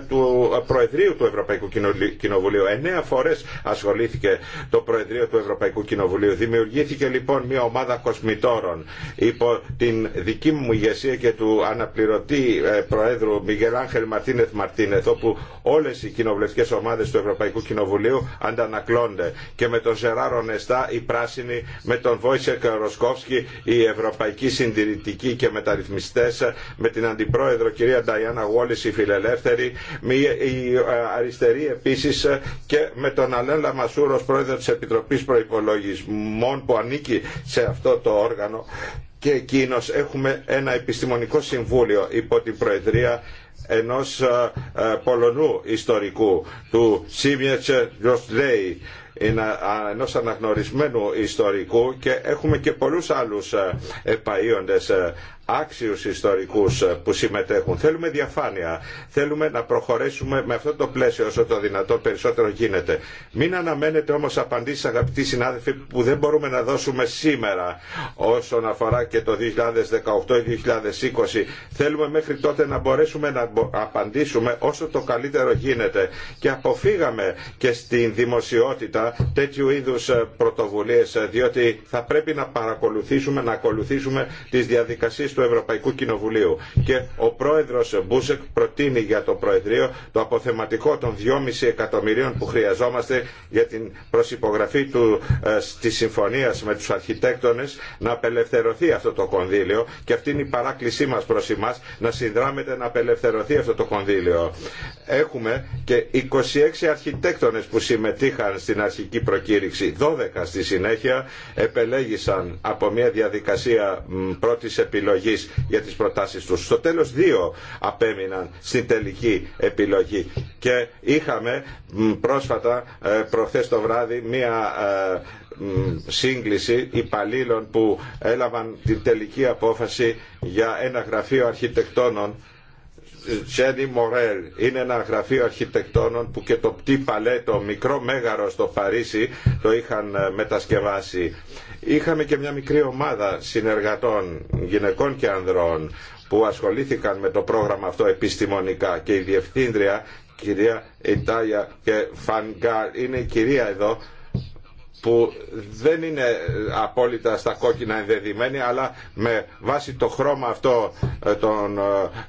του ε, Προεδρείου του Ευρωπαϊκού Κοινοβουλίου. Εννέα φορές ασχολήθηκε το Προεδρείο του Ευρωπαϊκού Κοινοβουλίου. Δημιουργήθηκε λοιπόν μια ομάδα κοσμητόρων υπό την δική μου ηγεσία και του αναπληρωτή ε, Προέδρου Μιγελ Άγχελ Μαρτίνεθ Μαρτίνεθ όπου όλες οι κοινοβουλευτικές ομάδες του Ευρωπαϊκού Κοινοβουλίου αντανακλώνται και με τον Ζεράρο η με τον Ευρωπαϊκή Συντηρητική και Μεταρρυθμιστέ, με την Αντιπρόεδρο κυρία Νταϊάννα Γόλης η Φιλελεύθερη, η ε, Αριστερή επίσης και με τον Αλέν Λαμασούρο Πρόεδρο τη Επιτροπής Προϋπολογισμών που ανήκει σε αυτό το όργανο και εκείνο έχουμε ένα επιστημονικό συμβούλιο υπό την Προεδρία ενός ε, ε, Πολωνού ιστορικού του Σίμιετς Ροσδέη ενός αναγνωρισμένου ιστορικού και έχουμε και πολλούς άλλους ε, επαΐοντες ε, άξιους ιστορικούς ε, που συμμετέχουν. Θέλουμε διαφάνεια. Θέλουμε να προχωρήσουμε με αυτό το πλαίσιο όσο το δυνατόν περισσότερο γίνεται. Μην αναμένετε όμως απαντήσεις αγαπητοί συνάδελφοι που δεν μπορούμε να δώσουμε σήμερα όσον αφορά και το 2018 ή 2020. Θέλουμε μέχρι τότε να μπορέσουμε να απαντήσουμε όσο το καλύτερο γίνεται και αποφύγαμε και στην δημοσιότητα τέτοιου είδους ε, πρωτοβουλίες ε, διότι θα πρέπει να παρακολουθήσουμε, να ακολουθήσουμε τις διαδικασίες του Ευρωπαϊκού Κοινοβουλίου. Και ο πρόεδρος Μπούσεκ προτείνει για το Προεδρείο το αποθεματικό των 2,5 εκατομμυρίων που χρειαζόμαστε για την προσυπογραφή του, ε, της συμφωνίας με τους αρχιτέκτονες να απελευθερωθεί αυτό το κονδύλιο και αυτή είναι η παράκλησή μας προς εμάς να συνδράμεται να απελευθερωθεί αυτό το κονδύλιο. Έχουμε και 26 αρχιτέκτονες που συμμετείχαν στην αρχική προκήρυξη. 12 στη συνέχεια επελέγησαν από μια διαδικασία πρώτη επιλογή για προτάσει του. Στο τέλο, δύο απέμειναν στην τελική επιλογή. Και είχαμε πρόσφατα, ε, προχθέ το βράδυ, μία ε, σύγκληση υπαλλήλων που έλαβαν την τελική απόφαση για ένα γραφείο αρχιτεκτόνων Τζένι Μορέλ είναι ένα γραφείο αρχιτεκτόνων που και το πτή παλέ, το μικρό μέγαρο στο Παρίσι, το είχαν ε, μετασκευάσει. Είχαμε και μια μικρή ομάδα συνεργατών, γυναικών και ανδρών, που ασχολήθηκαν με το πρόγραμμα αυτό επιστημονικά και η διευθύντρια, κυρία Ιτάλια και Φανγκάλ, είναι η κυρία εδώ, που δεν είναι απόλυτα στα κόκκινα ενδεδειμένη αλλά με βάση το χρώμα αυτό ε, των, ε,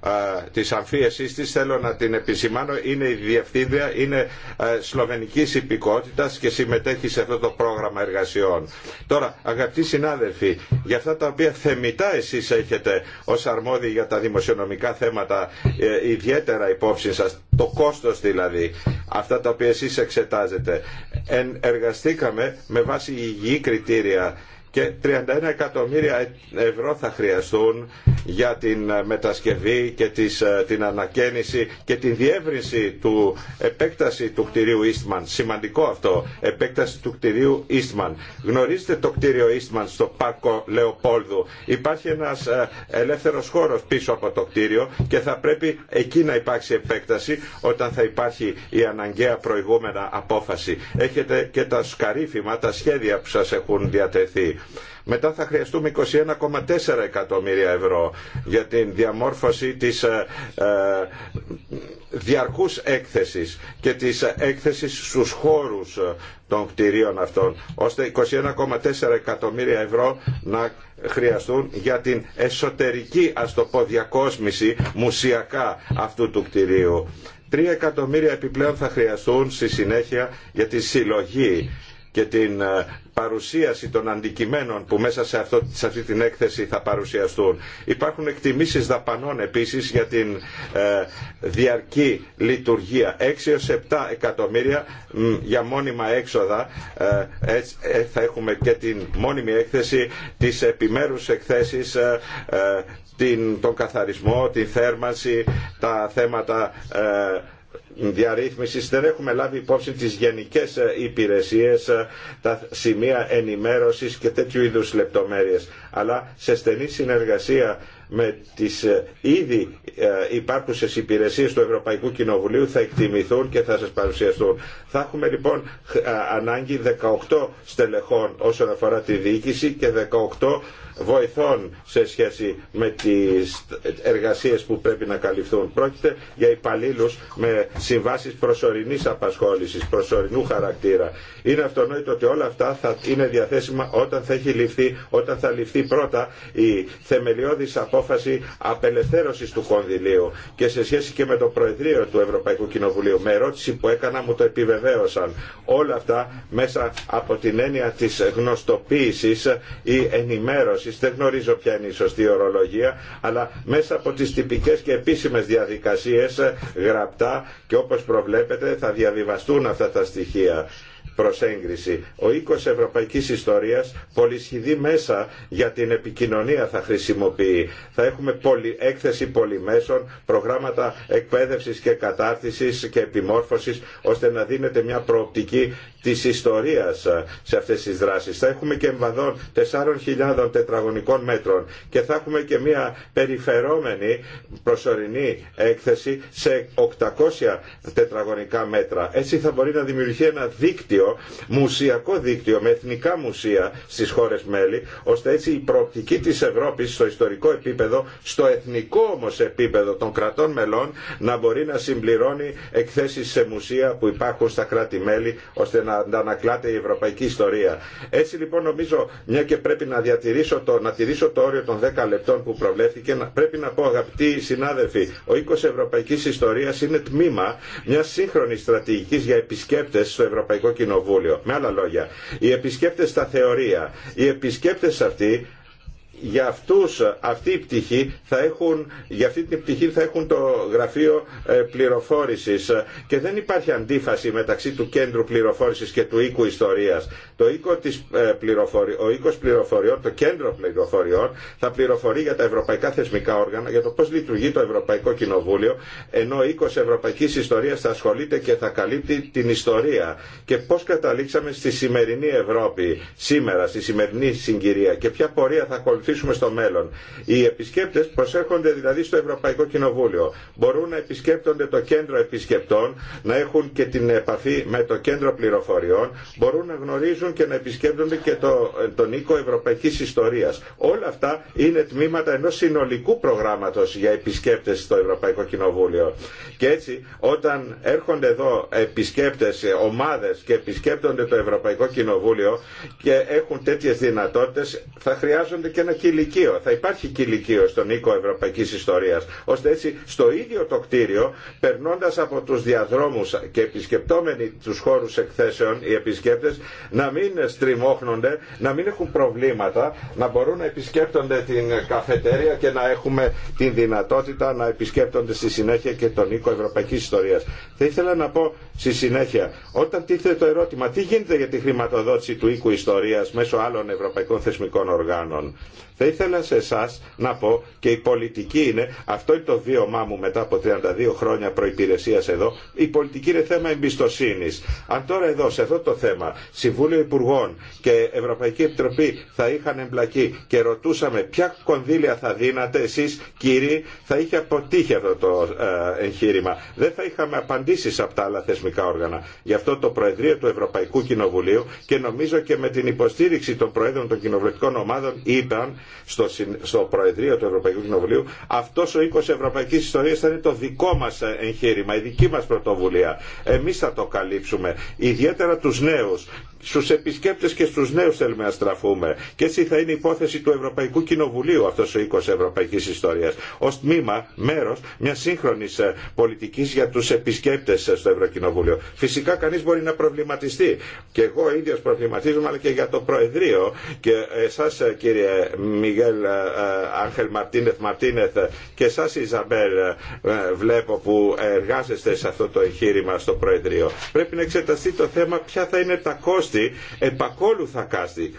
ε, της αμφίεσής της θέλω να την επισημάνω είναι η διευθύντρια, είναι ε, σλοβενικής υπηκότητας και συμμετέχει σε αυτό το πρόγραμμα εργασιών. Τώρα αγαπητοί συνάδελφοι για αυτά τα οποία θεμητά εσείς έχετε ως αρμόδιοι για τα δημοσιονομικά θέματα ιδιαίτερα υπόψη σας το κόστος δηλαδή αυτά τα οποία εσείς εξετάζετε εργαστήκαμε με βάση υγιή κριτήρια και 31 εκατομμύρια ευρώ θα χρειαστούν για την ε, μετασκευή και της, ε, την ανακαίνιση και την διεύρυνση του επέκταση του κτηρίου Eastman. Σημαντικό αυτό, επέκταση του κτηρίου Eastman. Γνωρίζετε το κτίριο Eastman στο Πάρκο Λεοπόλδου. Υπάρχει ένας ε, ελεύθερος χώρος πίσω από το κτίριο και θα πρέπει εκεί να υπάρξει επέκταση όταν θα υπάρχει η αναγκαία προηγούμενα απόφαση. Έχετε και τα σκαρίφημα, τα σχέδια που σας έχουν διατεθεί μετά θα χρειαστούμε 21,4 εκατομμύρια ευρώ για την διαμόρφωση της ε, ε, διαρκούς έκθεσης και της έκθεσης στους χώρους ε, των κτηρίων αυτών, ώστε 21,4 εκατομμύρια ευρώ να χρειαστούν για την εσωτερική ας το μουσιακά αυτού του κτηρίου. 3 εκατομμύρια επιπλέον θα χρειαστούν στη συνέχεια για τη συλλογή και την ε, παρουσίαση των αντικειμένων που μέσα σε, αυτό, αυτή την έκθεση θα παρουσιαστούν. Υπάρχουν εκτιμήσεις δαπανών επίσης για την ε, διαρκή λειτουργία. 6 7 εκατομμύρια για μόνιμα έξοδα ε, ε, θα έχουμε και την μόνιμη έκθεση, της επιμέρους εκθέσεις την, τον καθαρισμό, την θέρμανση, τα θέματα διαρρύθμιση δεν έχουμε λάβει υπόψη τι γενικέ ε, υπηρεσίε, ε, τα σημεία ενημέρωση και τέτοιου είδου λεπτομέρειε. Αλλά σε στενή συνεργασία με τι ε, ήδη υπάρχουσε υπηρεσίε του Ευρωπαϊκού Κοινοβουλίου θα εκτιμηθούν και θα σα παρουσιαστούν. Θα έχουμε λοιπόν ανάγκη 18 στελεχών όσον αφορά τη διοίκηση και 18 βοηθών σε σχέση με τις εργασίες που πρέπει να καλυφθούν. Πρόκειται για υπαλλήλου με συμβάσει προσωρινής απασχόλησης, προσωρινού χαρακτήρα. Είναι αυτονόητο ότι όλα αυτά θα είναι διαθέσιμα όταν θα έχει ληφθεί, όταν θα ληφθεί πρώτα η θεμελιώδης απόφαση απελευθέρωσης του κονδυλίου και σε σχέση και με το Προεδρείο του Ευρωπαϊκού Κοινοβουλίου. Με ερώτηση που έκανα μου το επιβεβαίωσαν. Όλα αυτά μέσα από την έννοια της γνωστοποίησης ή ενημέρωση. Δεν γνωρίζω ποια είναι η σωστή ορολογία, αλλά μέσα από τις τυπικές και επίσημες διαδικασίες ε, γραπτά και όπως προβλέπετε θα διαβιβαστούν αυτά τα στοιχεία προς έγκριση. Ο οίκος ευρωπαϊκής ιστορίας πολυσχηδεί μέσα για την επικοινωνία θα χρησιμοποιεί. Θα έχουμε έκθεση πολυμέσων, προγράμματα εκπαίδευσης και κατάρτισης και επιμόρφωσης ώστε να δίνεται μια προοπτική της ιστορίας ε, σε αυτές τις δράσεις. Θα έχουμε και εμβαδόν 4.000 τετραγωνικών μέτρων και θα έχουμε και μια περιφερόμενη προσωρινή έκθεση σε 800 τετραγωνικά μέτρα. Έτσι θα μπορεί να δημιουργηθεί ένα δίκτυο, μουσιακό δίκτυο με εθνικά μουσεία στις χώρες μέλη, ώστε έτσι η προοπτική της Ευρώπης στο ιστορικό επίπεδο, στο εθνικό όμως επίπεδο των κρατών μελών, να μπορεί να συμπληρώνει εκθέσεις σε μουσεία που υπάρχουν στα κράτη-μέλη, ώστε να να αντανακλάται η ευρωπαϊκή ιστορία. Έτσι λοιπόν νομίζω, μια και πρέπει να, διατηρήσω το, να τηρήσω το όριο των 10 λεπτών που προβλέφθηκε, πρέπει να πω αγαπητοί συνάδελφοι, ο οίκο ευρωπαϊκής ιστορίας είναι τμήμα μια σύγχρονη στρατηγική για επισκέπτε στο Ευρωπαϊκό Κοινοβούλιο. Με άλλα λόγια, οι επισκέπτε στα θεωρία, οι επισκέπτε αυτοί για αυτούς αυτή η πτυχή θα έχουν, για αυτή την πτυχή θα έχουν το γραφείο ε, πληροφόρησης και δεν υπάρχει αντίφαση μεταξύ του κέντρου πληροφόρησης και του οίκου ιστορίας. Το οίκο ε, πληροφορι... Ο οίκος πληροφοριών, το κέντρο πληροφοριών θα πληροφορεί για τα ευρωπαϊκά θεσμικά όργανα, για το πώς λειτουργεί το Ευρωπαϊκό Κοινοβούλιο, ενώ ο οίκος Ευρωπαϊκής Ιστορίας θα ασχολείται και θα καλύπτει την ιστορία και πώς καταλήξαμε στη σημερινή Ευρώπη σήμερα, στη σημερινή συγκυρία και ποια πορεία θα ακολουθήσει αφήσουμε στο μέλλον. Οι επισκέπτε προσέρχονται δηλαδή στο Ευρωπαϊκό Κοινοβούλιο. Μπορούν να επισκέπτονται το κέντρο επισκεπτών, να έχουν και την επαφή με το κέντρο πληροφοριών, μπορούν να γνωρίζουν και να επισκέπτονται και το, ε, τον οίκο Ευρωπαϊκή Ιστορία. Όλα αυτά είναι τμήματα ενό συνολικού προγράμματο για επισκέπτε στο Ευρωπαϊκό Κοινοβούλιο. Και έτσι όταν έρχονται εδώ επισκέπτε, ε, ομάδε και επισκέπτονται το Ευρωπαϊκό Κοινοβούλιο και έχουν τέτοιε δυνατότητε, θα χρειάζονται και ένα κηλικείο. Θα υπάρχει κηλικείο στον οίκο Ευρωπαϊκής Ιστορίας, ώστε έτσι στο ίδιο το κτίριο, περνώντας από τους διαδρόμους και επισκεπτόμενοι τους χώρους εκθέσεων, οι επισκέπτες, να μην στριμώχνονται, να μην έχουν προβλήματα, να μπορούν να επισκέπτονται την καφετέρια και να έχουμε την δυνατότητα να επισκέπτονται στη συνέχεια και τον οίκο Ευρωπαϊκής Ιστορίας. Θα ήθελα να πω στη συνέχεια, όταν τίθεται το ερώτημα, τι γίνεται για τη χρηματοδότηση του οίκου Ιστορίας μέσω άλλων ευρωπαϊκών θεσμικών οργάνων. Θα ήθελα σε εσά να πω και η πολιτική είναι, αυτό είναι το βίωμά μου μετά από 32 χρόνια προπηρεσία εδώ, η πολιτική είναι θέμα εμπιστοσύνη. Αν τώρα εδώ σε αυτό το θέμα Συμβούλιο Υπουργών και Ευρωπαϊκή Επιτροπή θα είχαν εμπλακεί και ρωτούσαμε ποια κονδύλια θα δίνατε εσεί κύριοι, θα είχε αποτύχει αυτό το ε, εγχείρημα. Δεν θα είχαμε απαντήσει από τα άλλα θεσμικά όργανα. Γι' αυτό το Προεδρείο του Ευρωπαϊκού Κοινοβουλίου και νομίζω και με την υποστήριξη των Προέδρων των Κοινοβουλευτικών Ομάδων ήταν στο, στο Προεδρείο του Ευρωπαϊκού Κοινοβουλίου, αυτό ο οίκο Ευρωπαϊκή Ιστορία θα είναι το δικό μας εγχείρημα, η δική μας πρωτοβουλία. Εμείς θα το καλύψουμε, ιδιαίτερα τους νέους στους επισκέπτες και στους νέους θέλουμε να στραφούμε. Και έτσι θα είναι υπόθεση του Ευρωπαϊκού Κοινοβουλίου αυτός ο οίκος Ευρωπαϊκής Ιστορίας. Ως τμήμα, μέρος μιας σύγχρονης ε, πολιτικής για τους επισκέπτες ε, στο Ευρωκοινοβούλιο. Φυσικά κανείς μπορεί να προβληματιστεί. Και εγώ ίδιος προβληματίζομαι αλλά και για το Προεδρείο και εσάς ε, κύριε Μιγέλ Άγχελ Μαρτίνεθ Μαρτίνεθ και εσάς Ιζαμπέλ βλέπω που εργάζεστε σε αυτό το εγχείρημα στο Προεδρείο. Πρέπει να εξεταστεί το θέμα ποια θα είναι τα κόστη κόστη, επακόλουθα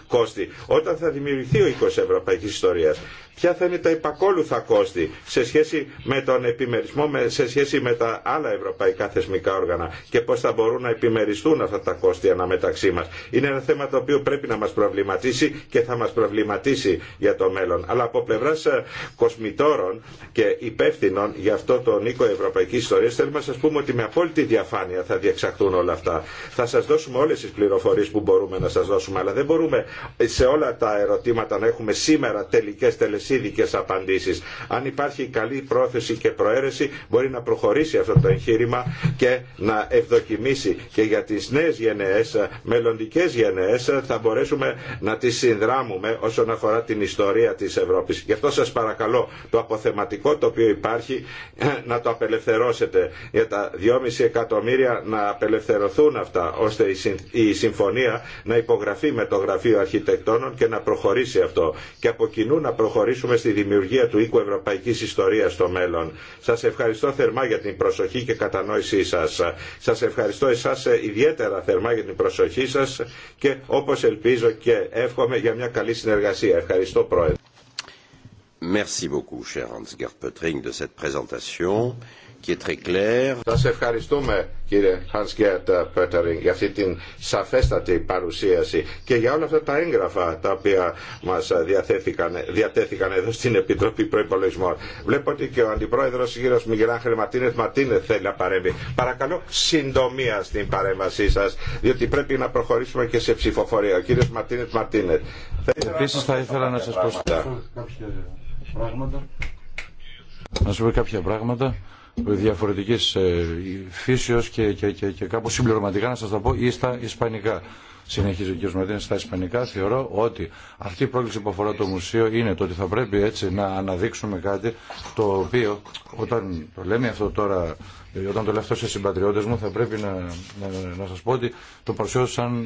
κόστη, όταν θα δημιουργηθεί ο οίκος Ευρωπαϊκής Ιστορίας ποια θα είναι τα υπακόλουθα κόστη σε σχέση με τον επιμερισμό, σε σχέση με τα άλλα ευρωπαϊκά θεσμικά όργανα και πώς θα μπορούν να επιμεριστούν αυτά τα κόστη αναμεταξύ μας. Είναι ένα θέμα το οποίο πρέπει να μας προβληματίσει και θα μας προβληματίσει για το μέλλον. Αλλά από πλευράς ε, κοσμητόρων και υπεύθυνων για αυτό το νίκο Ευρωπαϊκή Ιστορίας θέλουμε να σας πούμε ότι με απόλυτη διαφάνεια θα διεξαχθούν όλα αυτά. Θα σας δώσουμε όλες τις πληροφορίες που μπορούμε να σας δώσουμε, αλλά δεν μπορούμε σε όλα τα ερωτήματα να έχουμε σήμερα τελικές ειδικές απαντήσεις. Αν υπάρχει καλή πρόθεση και προαίρεση μπορεί να προχωρήσει αυτό το εγχείρημα και να ευδοκιμήσει και για τις νέες γενναίες, μελλοντικές γενναίες θα μπορέσουμε να τις συνδράμουμε όσον αφορά την ιστορία της Ευρώπης. Γι' αυτό σας παρακαλώ το αποθεματικό το οποίο υπάρχει να το απελευθερώσετε για τα 2,5 εκατομμύρια να απελευθερωθούν αυτά ώστε η συμφωνία να υπογραφεί με το Γραφείο Αρχιτεκτόνων και να προχωρήσει αυτό και από κοινού να προχωρήσει προχωρήσουμε στη δημιουργία του οίκου Ευρωπαϊκής Ιστορίας στο μέλλον. Σας ευχαριστώ θερμά για την προσοχή και κατανόησή σας. Σας ευχαριστώ εσάς ε, ιδιαίτερα θερμά για την προσοχή σας και όπως ελπίζω και εύχομαι για μια καλή συνεργασία. Ευχαριστώ Πρόεδρε. Merci beaucoup, cher Hans Gerd de cette présentation qui Σας ευχαριστούμε κύριε Hans-Gert Pöttering για αυτή την σαφέστατη παρουσίαση και για όλα αυτά τα έγγραφα τα οποία μας διαθέθηκαν, διατέθηκαν εδώ στην Επιτροπή Προϋπολογισμών. Βλέπω ότι και ο Αντιπρόεδρος κύριος Μιγελάν Ματίνες Ματίνες θέλει να παρέμβει. Παρακαλώ συντομία στην παρέμβασή σας διότι πρέπει να προχωρήσουμε και σε ψηφοφορία. Ο κύριος Ματίνες Ματίνες. Επίσης θα ήθελα να σας πω Να σου πω κάποια πράγματα Διαφορετική ε, φύσεω και, και, και, και κάπως συμπληρωματικά να σα τα πω ή στα ισπανικά. Συνεχίζει ο κ. Μαρτίνε στα ισπανικά. Θεωρώ ότι αυτή η πρόκληση που αφορά το μουσείο είναι το ότι θα πρέπει έτσι να αναδείξουμε κάτι το οποίο όταν το λέμε αυτό τώρα, ε, όταν το λέω αυτό σε συμπατριώτε μου, θα πρέπει να, να, να σα πω ότι το παρουσιάζω σαν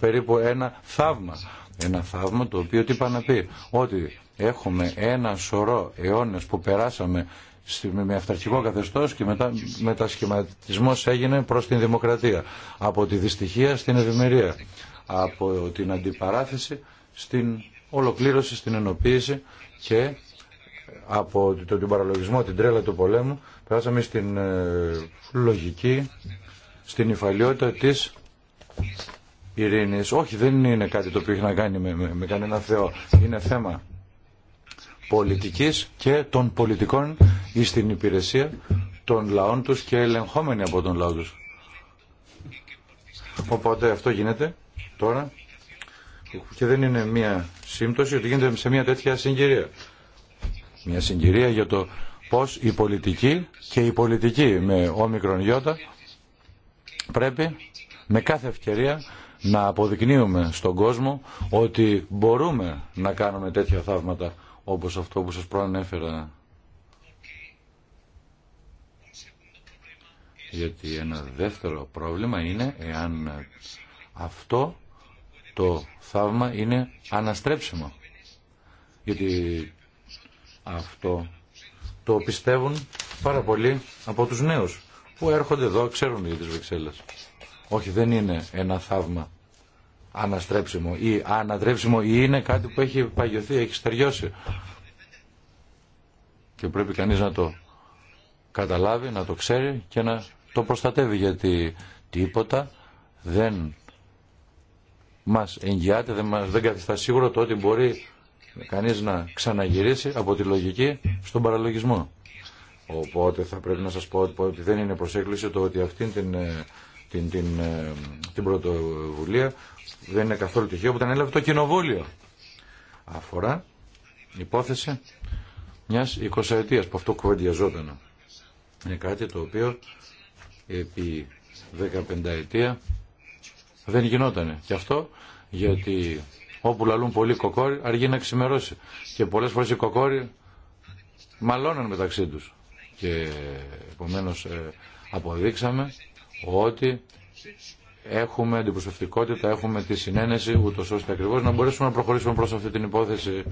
περίπου ένα θαύμα. Ένα θαύμα το οποίο τι πάει να πει, ότι έχουμε ένα σωρό αιώνε που περάσαμε με αυταρχικό καθεστώ και μετά μετασχηματισμό έγινε προς την δημοκρατία. Από τη δυστυχία στην ευημερία. Από την αντιπαράθεση στην ολοκλήρωση, στην ενοποίηση και από τον παραλογισμό, την τρέλα του πολέμου περάσαμε στην ε, λογική, στην υφαλιότητα της ειρήνης. Όχι, δεν είναι κάτι το οποίο έχει να κάνει με, με, με κανένα Θεό. Είναι θέμα πολιτικής και των πολιτικών ή στην υπηρεσία των λαών τους και ελεγχόμενοι από τον λαό τους. Οπότε αυτό γίνεται τώρα και δεν είναι μία σύμπτωση ότι γίνεται σε μία τέτοια συγκυρία. Μία συγκυρία για το πώς η πολιτική και η πολιτική με όμικρον γιώτα πρέπει με κάθε ευκαιρία να αποδεικνύουμε στον κόσμο ότι μπορούμε να κάνουμε τέτοια θαύματα όπως αυτό που σας προανέφερα. γιατί ένα δεύτερο πρόβλημα είναι εάν αυτό το θαύμα είναι αναστρέψιμο. Γιατί αυτό το πιστεύουν πάρα πολλοί από τους νέους που έρχονται εδώ, ξέρουν για τις Βεξέλλες. Όχι, δεν είναι ένα θαύμα αναστρέψιμο ή ανατρέψιμο ή είναι κάτι που έχει παγιωθεί, έχει στεριώσει. Και πρέπει κανείς να το καταλάβει, να το ξέρει και να το προστατεύει γιατί τίποτα δεν μας εγγυάται, δεν, μας, δεν καθιστά σίγουρο το ότι μπορεί κανείς να ξαναγυρίσει από τη λογική στον παραλογισμό. Οπότε θα πρέπει να σας πω ότι δεν είναι προσέγγιση το ότι αυτή ε, την, την, την, ε, την πρωτοβουλία δεν είναι καθόλου τυχαίο που τα έλαβε το κοινοβούλιο. Αφορά υπόθεση μιας 20 ετίας που αυτό κουβεντιαζόταν. Είναι κάτι το οποίο επί 15 ετία δεν γινότανε. Και αυτό γιατί όπου λαλούν πολύ κοκόρι αργεί να ξημερώσει. Και πολλές φορές οι κοκόροι μαλώναν μεταξύ τους. Και επομένως ε, αποδείξαμε ότι έχουμε αντιπροσωπευτικότητα, έχουμε τη συνένεση ούτω ώστε ακριβώς να μπορέσουμε να προχωρήσουμε προς αυτή την υπόθεση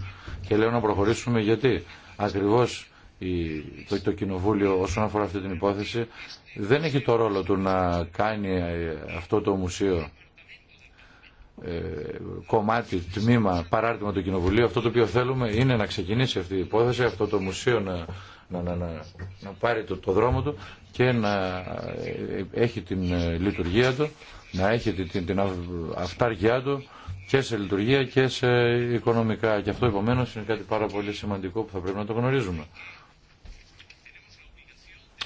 και λέω να προχωρήσουμε γιατί ακριβώς το, το Κοινοβούλιο όσον αφορά αυτή την υπόθεση δεν έχει το ρόλο του να κάνει ε, αυτό το μουσείο ε, κομμάτι, τμήμα, παράρτημα του Κοινοβουλίου. Αυτό το οποίο θέλουμε είναι να ξεκινήσει αυτή η υπόθεση, αυτό το μουσείο να, να, να, να, πάρει το, δρόμο του και να ε, έχει την λειτουργία του, να έχει την, την αυτάρκειά του και σε λειτουργία και σε οικονομικά. Και αυτό επομένως είναι κάτι πάρα πολύ σημαντικό που θα πρέπει να το γνωρίζουμε.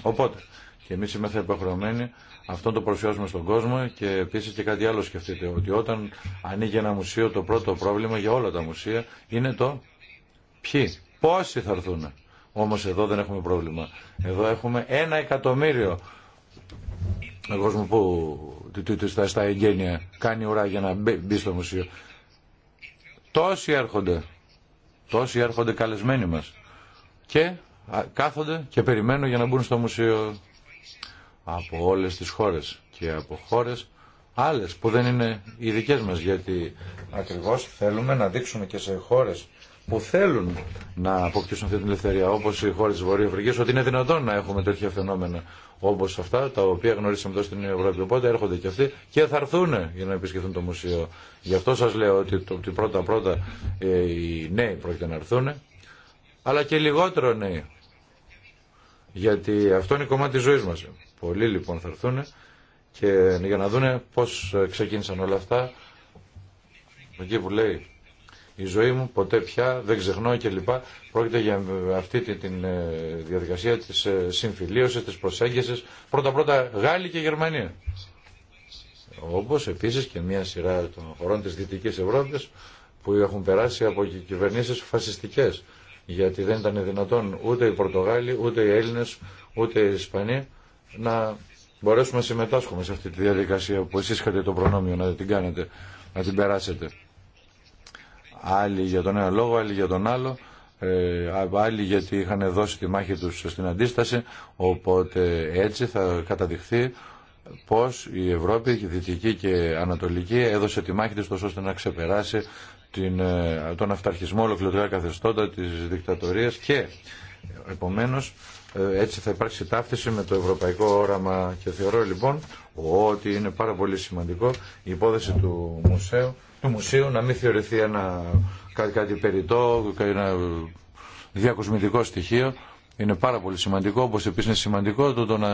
Οπότε, και εμεί είμαστε υποχρεωμένοι αυτό το παρουσιάζουμε στον κόσμο και επίση και κάτι άλλο σκεφτείτε, ότι όταν ανοίγει ένα μουσείο, το πρώτο πρόβλημα για όλα τα μουσεία είναι το ποιοι, πόσοι θα έρθουν. Όμω εδώ δεν έχουμε πρόβλημα. Εδώ έχουμε ένα εκατομμύριο κόσμο που στα, στα εγγένεια κάνει ουρά για να μπει στο μουσείο. Τόσοι έρχονται. Τόσοι έρχονται καλεσμένοι μας. Και κάθονται και περιμένουν για να μπουν στο μουσείο από όλες τις χώρες και από χώρες άλλες που δεν είναι οι δικές μας γιατί ακριβώς θέλουμε να δείξουμε και σε χώρες που θέλουν να αποκτήσουν αυτή την ελευθερία όπως οι χώρες της Βορειοαφρικής ότι είναι δυνατόν να έχουμε τέτοια φαινόμενα όπως αυτά τα οποία γνωρίσαμε εδώ στην Ευρώπη οπότε έρχονται και αυτοί και θα έρθουν για να επισκεφθούν το μουσείο γι' αυτό σας λέω ότι, ότι πρώτα πρώτα ε, οι νέοι πρόκειται να έρθουν αλλά και λιγότερο νέοι γιατί αυτό είναι κομμάτι της ζωής μας. Πολλοί λοιπόν θα έρθουν και για να δούνε πώς ξεκίνησαν όλα αυτά. Εκεί που λέει η ζωή μου ποτέ πια δεν ξεχνώ και λοιπά. Πρόκειται για αυτή τη ε, διαδικασία της ε, συμφιλίωσης, της προσέγγισης. Πρώτα πρώτα Γάλλη και Γερμανία. Όπως επίσης και μια σειρά των χωρών της Δυτικής Ευρώπης που έχουν περάσει από κυβερνήσεις φασιστικές γιατί δεν ήταν δυνατόν ούτε οι Πορτογάλοι, ούτε οι Έλληνες, ούτε οι Ισπανοί να μπορέσουμε να συμμετάσχουμε σε αυτή τη διαδικασία που εσείς είχατε το προνόμιο να την κάνετε, να την περάσετε. Άλλοι για τον ένα λόγο, άλλοι για τον άλλο, ε, άλλοι γιατί είχαν δώσει τη μάχη τους στην αντίσταση, οπότε έτσι θα καταδειχθεί πως η Ευρώπη, η Δυτική και η Ανατολική έδωσε τη μάχη της τόσο ώστε να ξεπεράσει την, ε, τον αυταρχισμό ολοκληρωτικά καθεστώτα της δικτατορίας και επομένως ε, έτσι θα υπάρξει ταύτιση με το ευρωπαϊκό όραμα και θεωρώ λοιπόν ότι είναι πάρα πολύ σημαντικό η υπόθεση του μουσείου, του μουσείου να μην θεωρηθεί ένα κάτι, κάτι περιττό, ένα διακοσμητικό στοιχείο είναι πάρα πολύ σημαντικό, όπως επίσης είναι σημαντικό το, να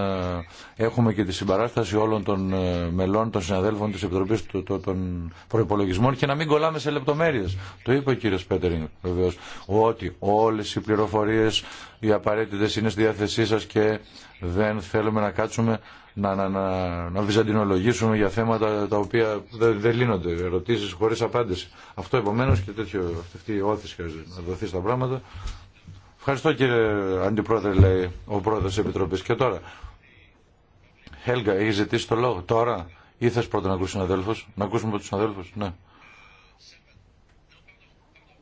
έχουμε και τη συμπαράσταση όλων των ε, μελών, των συναδέλφων της Επιτροπής των Προϋπολογισμών και να μην κολλάμε σε λεπτομέρειες. Το είπε ο κύριος Πέτερινγκ βεβαίως, ότι όλες οι πληροφορίες, οι απαραίτητες είναι στη διάθεσή σας και δεν θέλουμε να κάτσουμε να, να, να, βυζαντινολογήσουμε για θέματα τα οποία δεν, δε λύνονται, ερωτήσεις χωρίς απάντηση. Αυτό επομένως και τέτοιο, αυτή η όθηση να δοθεί στα πράγματα Ευχαριστώ κύριε Αντιπρόεδρε, λέει ο πρόεδρο τη Επιτροπή. Και τώρα, Ελγα, έχει ζητήσει το λόγο τώρα ή θε πρώτα να ακούσει συναδέλφου. Να ακούσουμε του συναδέλφου, ναι.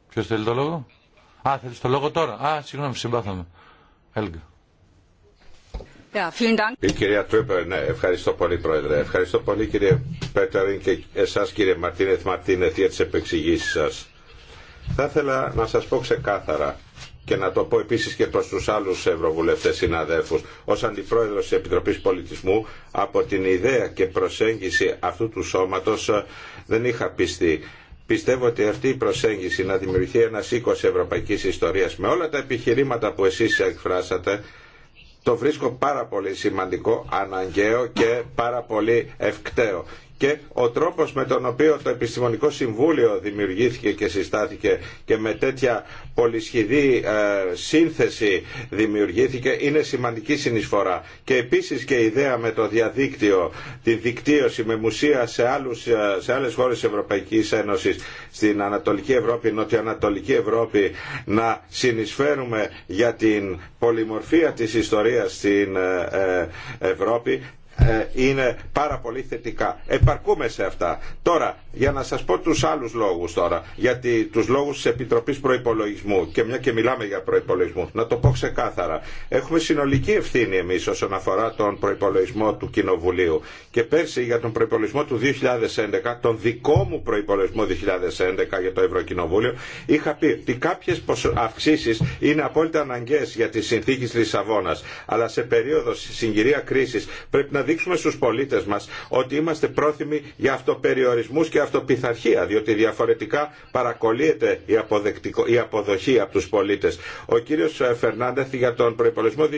Ποιο θέλει το λόγο. Α, θέλει το λόγο τώρα. Α, συγγνώμη, συμπάθαμε. Χέλγα. Η κυρία Τρούπερ, ναι, ευχαριστώ πολύ Πρόεδρε. Ευχαριστώ πολύ κύριε Πέτερν και εσάς κύριε Μαρτίνεθ Μαρτίνεθ για τις επεξηγήσεις σας. Θα ήθελα να σας πω ξεκάθαρα και να το πω επίσης και προς τους άλλους ευρωβουλευτές συναδέλφους ως αντιπρόεδρος της Επιτροπής Πολιτισμού από την ιδέα και προσέγγιση αυτού του σώματος ε, δεν είχα πιστεί Πιστεύω ότι αυτή η προσέγγιση να δημιουργηθεί ένα οίκο ευρωπαϊκή ιστορία με όλα τα επιχειρήματα που εσεί εκφράσατε το βρίσκω πάρα πολύ σημαντικό, αναγκαίο και πάρα πολύ ευκταίο και ο τρόπος με τον οποίο το Επιστημονικό Συμβούλιο δημιουργήθηκε και συστάθηκε και με τέτοια πολυσχηδή ε, σύνθεση δημιουργήθηκε είναι σημαντική συνεισφορά. Και επίσης και η ιδέα με το διαδίκτυο, τη δικτύωση με μουσεία σε, άλλους, ε, σε άλλες χώρες της Ευρωπαϊκής Ένωσης, στην Ανατολική Ευρώπη, Νοτιοανατολική Ευρώπη, να συνεισφέρουμε για την πολυμορφία της ιστορίας στην ε, Ευρώπη ε, είναι πάρα πολύ θετικά. Επαρκούμε σε αυτά. Τώρα, για να σας πω τους άλλους λόγους τώρα, γιατί τους λόγους της Επιτροπής Προϋπολογισμού και μια και μιλάμε για προϋπολογισμού, να το πω ξεκάθαρα. Έχουμε συνολική ευθύνη εμείς όσον αφορά τον προϋπολογισμό του Κοινοβουλίου και πέρσι για τον προϋπολογισμό του 2011, τον δικό μου προϋπολογισμό 2011 για το Ευρωκοινοβούλιο, είχα πει ότι κάποιες αυξήσεις είναι απόλυτα αναγκαίες για τις συνθήκες Λισαβόνας, αλλά σε περίοδο συγκυρία κρίσης πρέπει να δείξουμε στους πολίτες μας ότι είμαστε πρόθυμοι για αυτοπεριορισμούς και αυτοπιθαρχία, διότι διαφορετικά παρακολύεται η, αποδεκτικο... η αποδοχή από τους πολίτες. Ο κύριος ε, Φερνάντεθ για τον προϋπολογισμό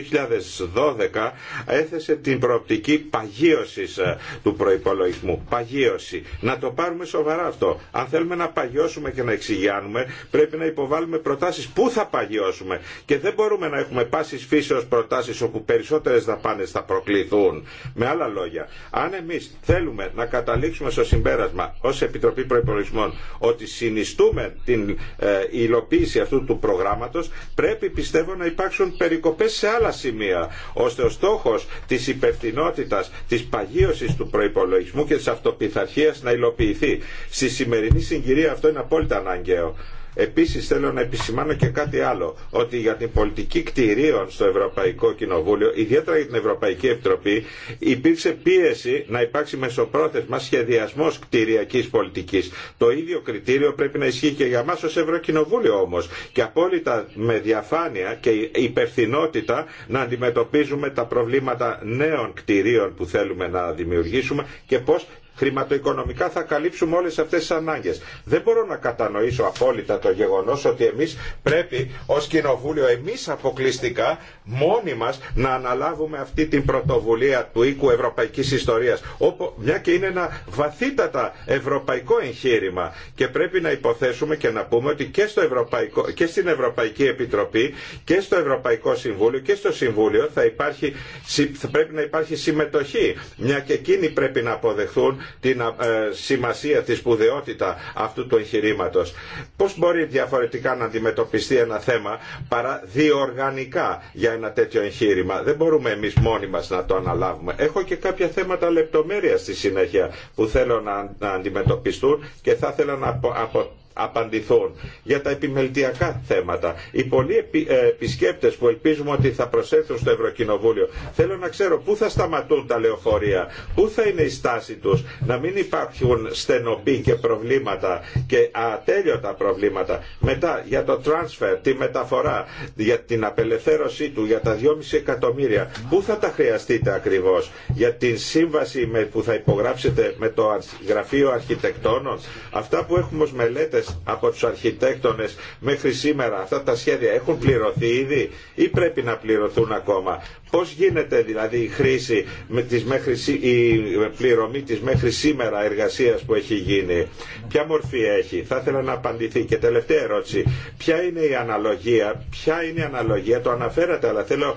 2012 έθεσε την προοπτική παγίωσης ε, του προϋπολογισμού. Παγίωση. Να το πάρουμε σοβαρά αυτό. Αν θέλουμε να παγιώσουμε και να εξηγιάνουμε, πρέπει να υποβάλουμε προτάσεις πού θα παγιώσουμε. Και δεν μπορούμε να έχουμε πάσης φύσεως προτάσεις όπου περισσότερες δαπάνες θα προκληθούν. Με άλλα λόγια, αν εμεί θέλουμε να καταλήξουμε στο συμπέρασμα ω Επιτροπή Προπολογισμών ότι συνιστούμε την ε, υλοποίηση αυτού του προγράμματο, πρέπει πιστεύω να υπάρξουν περικοπέ σε άλλα σημεία, ώστε ο στόχο τη υπευθυνότητα, τη παγίωση του προπολογισμού και τη αυτοπιθαρχία να υλοποιηθεί. Στη σημερινή συγκυρία αυτό είναι απόλυτα αναγκαίο. Επίσης θέλω να επισημάνω και κάτι άλλο, ότι για την πολιτική κτηρίων στο Ευρωπαϊκό Κοινοβούλιο, ιδιαίτερα για την Ευρωπαϊκή Επιτροπή, υπήρξε πίεση να υπάρξει μεσοπρόθεσμα σχεδιασμό κτηριακή πολιτικής. Το ίδιο κριτήριο πρέπει να ισχύει και για μας ως Ευρωκοινοβούλιο όμως και απόλυτα με διαφάνεια και υπευθυνότητα να αντιμετωπίζουμε τα προβλήματα νέων κτηρίων που θέλουμε να δημιουργήσουμε και πώ χρηματοοικονομικά θα καλύψουμε όλες αυτές τις ανάγκες. Δεν μπορώ να κατανοήσω απόλυτα το γεγονός ότι εμείς πρέπει ως Κοινοβούλιο εμείς αποκλειστικά μόνοι μας να αναλάβουμε αυτή την πρωτοβουλία του οίκου ευρωπαϊκής ιστορίας όπου, μια και είναι ένα βαθύτατα ευρωπαϊκό εγχείρημα και πρέπει να υποθέσουμε και να πούμε ότι και, στην Ευρωπαϊκή Επιτροπή και στο Ευρωπαϊκό Συμβούλιο και στο Συμβούλιο θα, υπάρχει, πρέπει να υπάρχει συμμετοχή μια και εκείνοι πρέπει να αποδεχθούν την ε, σημασία, τη σπουδαιότητα αυτού του εγχειρήματο. Πώς μπορεί διαφορετικά να αντιμετωπιστεί ένα θέμα παρά διοργανικά για ένα τέτοιο εγχείρημα. Δεν μπορούμε εμεί μόνοι μα να το αναλάβουμε. Έχω και κάποια θέματα λεπτομέρεια στη συνέχεια που θέλω να αντιμετωπιστούν και θα ήθελα να απο απαντηθούν. Για τα επιμελητιακά θέματα. Οι πολλοί ε, επισκέπτε που ελπίζουμε ότι θα προσέλθουν στο Ευρωκοινοβούλιο θέλω να ξέρω πού θα σταματούν τα λεωφορεία, πού θα είναι η στάση του, να μην υπάρχουν στενοποί και προβλήματα και ατέλειωτα προβλήματα. Μετά για το transfer, τη μεταφορά, για την απελευθέρωσή του, για τα 2,5 εκατομμύρια. Πού θα τα χρειαστείτε ακριβώ, για την σύμβαση που θα υπογράψετε με το Γραφείο Αρχιτεκτόνων. Αυτά που έχουμε μελέτε από τους αρχιτέκτονες μέχρι σήμερα αυτά τα σχέδια έχουν πληρωθεί ήδη ή πρέπει να πληρωθούν ακόμα. Πώς γίνεται δηλαδή η χρήση, με τις μέχρι, η πληρωμή της μέχρι σήμερα εργασίας που έχει γίνει. Ποια μορφή έχει. Θα ήθελα να απαντηθεί. Και τελευταία ερώτηση. Ποια είναι η αναλογία. Ποια είναι η αναλογία. Το αναφέρατε αλλά θέλω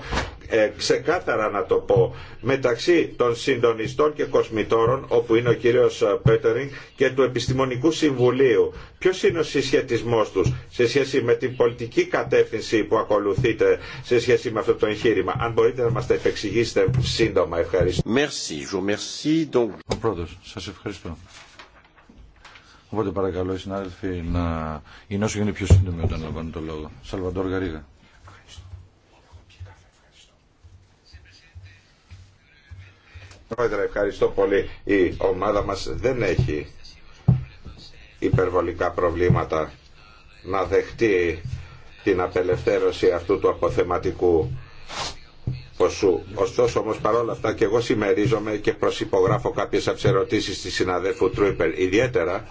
ε, ξεκάθαρα να το πω μεταξύ των συντονιστών και κοσμητόρων όπου είναι ο κύριος ε, Πέτερινγκ και του Επιστημονικού Συμβουλίου. Ποιος είναι ο συσχετισμός τους σε σχέση με την πολιτική κατεύθυνση που ακολουθείτε σε σχέση με αυτό το εγχείρημα. Αν μπορείτε να μας τα επεξηγήσετε σύντομα. Ευχαριστώ. Ο πρώτος, σας ευχαριστώ. Οπότε παρακαλώ οι συνάδελφοι να η πιο σύντομη όταν το λόγο. Σαλβαντόρ Πρόεδρε, ευχαριστώ πολύ. Η ομάδα μας δεν έχει υπερβολικά προβλήματα να δεχτεί την απελευθέρωση αυτού του αποθεματικού ποσού. Ωστόσο όμως παρόλα αυτά και εγώ συμμερίζομαι και προσυπογράφω κάποιες αψερωτήσεις της συναδέλφου Τρούιπερ. Ιδιαίτερα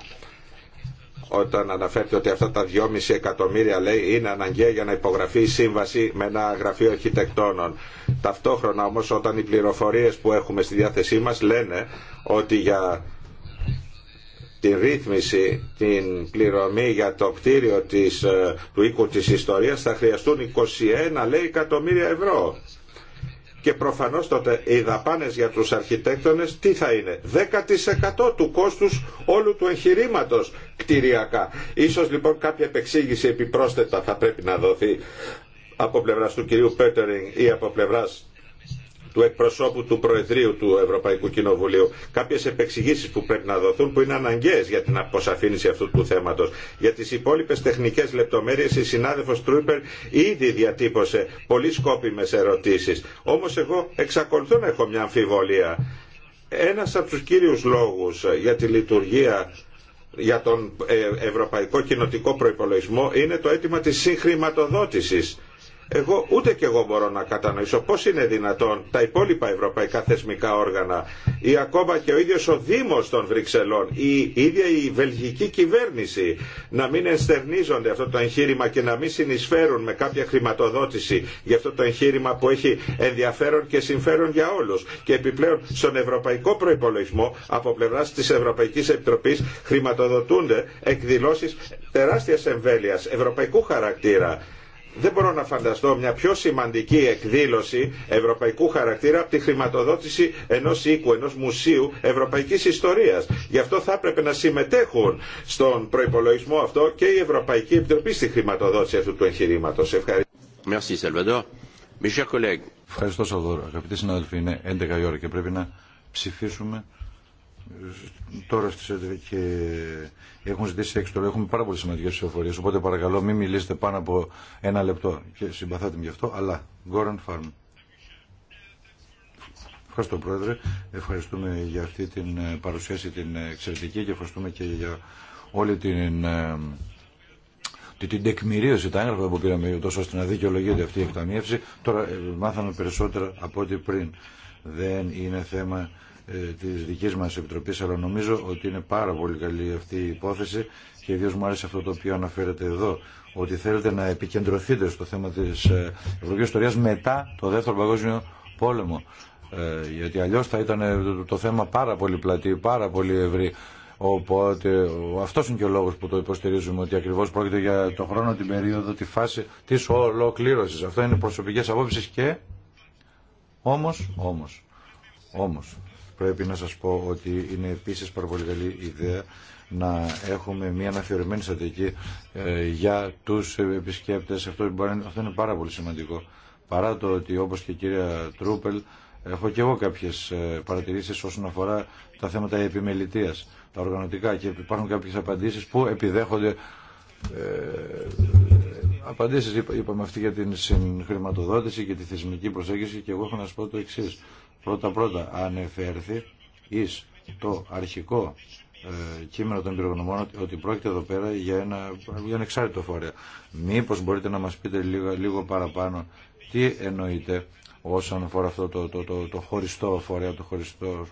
όταν αναφέρεται ότι αυτά τα 2,5 εκατομμύρια λέει είναι αναγκαία για να υπογραφεί η σύμβαση με ένα γραφείο αρχιτεκτόνων. Ταυτόχρονα όμως όταν οι πληροφορίες που έχουμε στη διάθεσή μας λένε ότι για την ρύθμιση, την πληρωμή για το κτίριο της, ε, του οίκου της ιστορίας θα χρειαστούν 21 λέει εκατομμύρια ευρώ και προφανώς τότε οι δαπάνες για τους αρχιτέκτονες τι θα είναι 10% του κόστους όλου του εγχειρήματο κτηριακά ίσως λοιπόν κάποια επεξήγηση επιπρόσθετα θα πρέπει να δοθεί από πλευράς του κυρίου Πέτερινγκ ή από πλευράς του εκπροσώπου του Προεδρείου του Ευρωπαϊκού Κοινοβουλίου κάποιες επεξηγήσεις που πρέπει να δοθούν που είναι αναγκαίες για την αποσαφήνιση αυτού του θέματος. Για τις υπόλοιπες τεχνικές λεπτομέρειες η συνάδελφος Τρούπερ ήδη διατύπωσε πολύ σκόπιμες ερωτήσεις. Όμως εγώ εξακολουθώ να έχω μια αμφιβολία. Ένας από τους κύριους λόγους για τη λειτουργία για τον ε, Ευρωπαϊκό Κοινοτικό Προϋπολογισμό είναι το αίτημα της συγχρηματοδότησης εγώ ούτε και εγώ μπορώ να κατανοήσω πώς είναι δυνατόν τα υπόλοιπα ευρωπαϊκά θεσμικά όργανα ή ακόμα και ο ίδιος ο Δήμος των Βρυξελών ή η ίδια η βελγική κυβέρνηση να μην ενστερνίζονται αυτό το εγχείρημα και να μην συνεισφέρουν με κάποια χρηματοδότηση για αυτό το εγχείρημα που έχει ενδιαφέρον και συμφέρον για όλους. Και επιπλέον στον ευρωπαϊκό προϋπολογισμό από πλευρά της Ευρωπαϊκής Επιτροπής χρηματοδοτούνται εκδηλώσεις τεράστιας εμβέλειας ευρωπαϊκού χαρακτήρα δεν μπορώ να φανταστώ μια πιο σημαντική εκδήλωση ευρωπαϊκού χαρακτήρα από τη χρηματοδότηση ενό οίκου, ενό μουσείου ευρωπαϊκή ιστορία. Γι' αυτό θα έπρεπε να συμμετέχουν στον προπολογισμό αυτό και η Ευρωπαϊκή Επιτροπή στη χρηματοδότηση αυτού του εγχειρήματο. Ευχαριστώ. Mes Ευχαριστώ, Αγαπητοί συναδελφοί, είναι 11 η ώρα και πρέπει να ψηφίσουμε τώρα στις και έχουν ζητήσει έξω τώρα, έχουμε πάρα πολύ σημαντικές ψηφοφορίες, οπότε παρακαλώ μην μιλήσετε πάνω από ένα λεπτό και συμπαθάτε με γι' αυτό, αλλά Goran Farm. Ευχαριστώ Πρόεδρε, ευχαριστούμε για αυτή την ε, παρουσίαση την ε, εξαιρετική και ευχαριστούμε και για όλη την ε, την τεκμηρίωση, τα έγγραφα που πήραμε, τόσο ώστε να δικαιολογείται αυτή η εκταμείευση. Τώρα μάθαμε περισσότερα από ό,τι πριν. Δεν είναι θέμα ε, τη δική μα επιτροπή αλλά νομίζω ότι είναι πάρα πολύ καλή αυτή η υπόθεση και ιδίω μου άρεσε αυτό το οποίο αναφέρεται εδώ ότι θέλετε να επικεντρωθείτε στο θέμα τη ε, Ευρωπαϊκή Ιστορία μετά το δεύτερο παγκόσμιο πόλεμο ε, γιατί αλλιώ θα ήταν το θέμα πάρα πολύ πλατή, πάρα πολύ ευρύ Οπότε αυτό είναι και ο λόγο που το υποστηρίζουμε, ότι ακριβώ πρόκειται για το χρόνο, την περίοδο, τη φάση τη ολοκλήρωση. Αυτό είναι προσωπικέ απόψει και. Όμω, όμω, όμω, Πρέπει να σας πω ότι είναι επίσης πάρα πολύ καλή ιδέα να έχουμε μια αναφιερωμένη στρατηγική ε, για τους επισκέπτες. Αυτό, είναι πάρα πολύ σημαντικό. Παρά το ότι όπως και η κυρία Τρούπελ έχω και εγώ κάποιες ε, παρατηρήσεις όσον αφορά τα θέματα επιμελητίας, τα οργανωτικά και υπάρχουν κάποιες απαντήσεις που επιδέχονται ε, απαντήσεις είπαμε αυτή για την συγχρηματοδότηση και τη θεσμική προσέγγιση και εγώ έχω να σας πω το εξή Πρώτα-πρώτα ανεφέρθη εις το αρχικό ε, κείμενο των πυρογνωμών ότι πρόκειται εδώ πέρα για ένα, για ένα εξάρτητο φορέα. Μήπως μπορείτε να μας πείτε λίγο, λίγο παραπάνω τι εννοείτε όσον αφορά αυτό το, το, το, το χωριστό φορέα, το χωριστό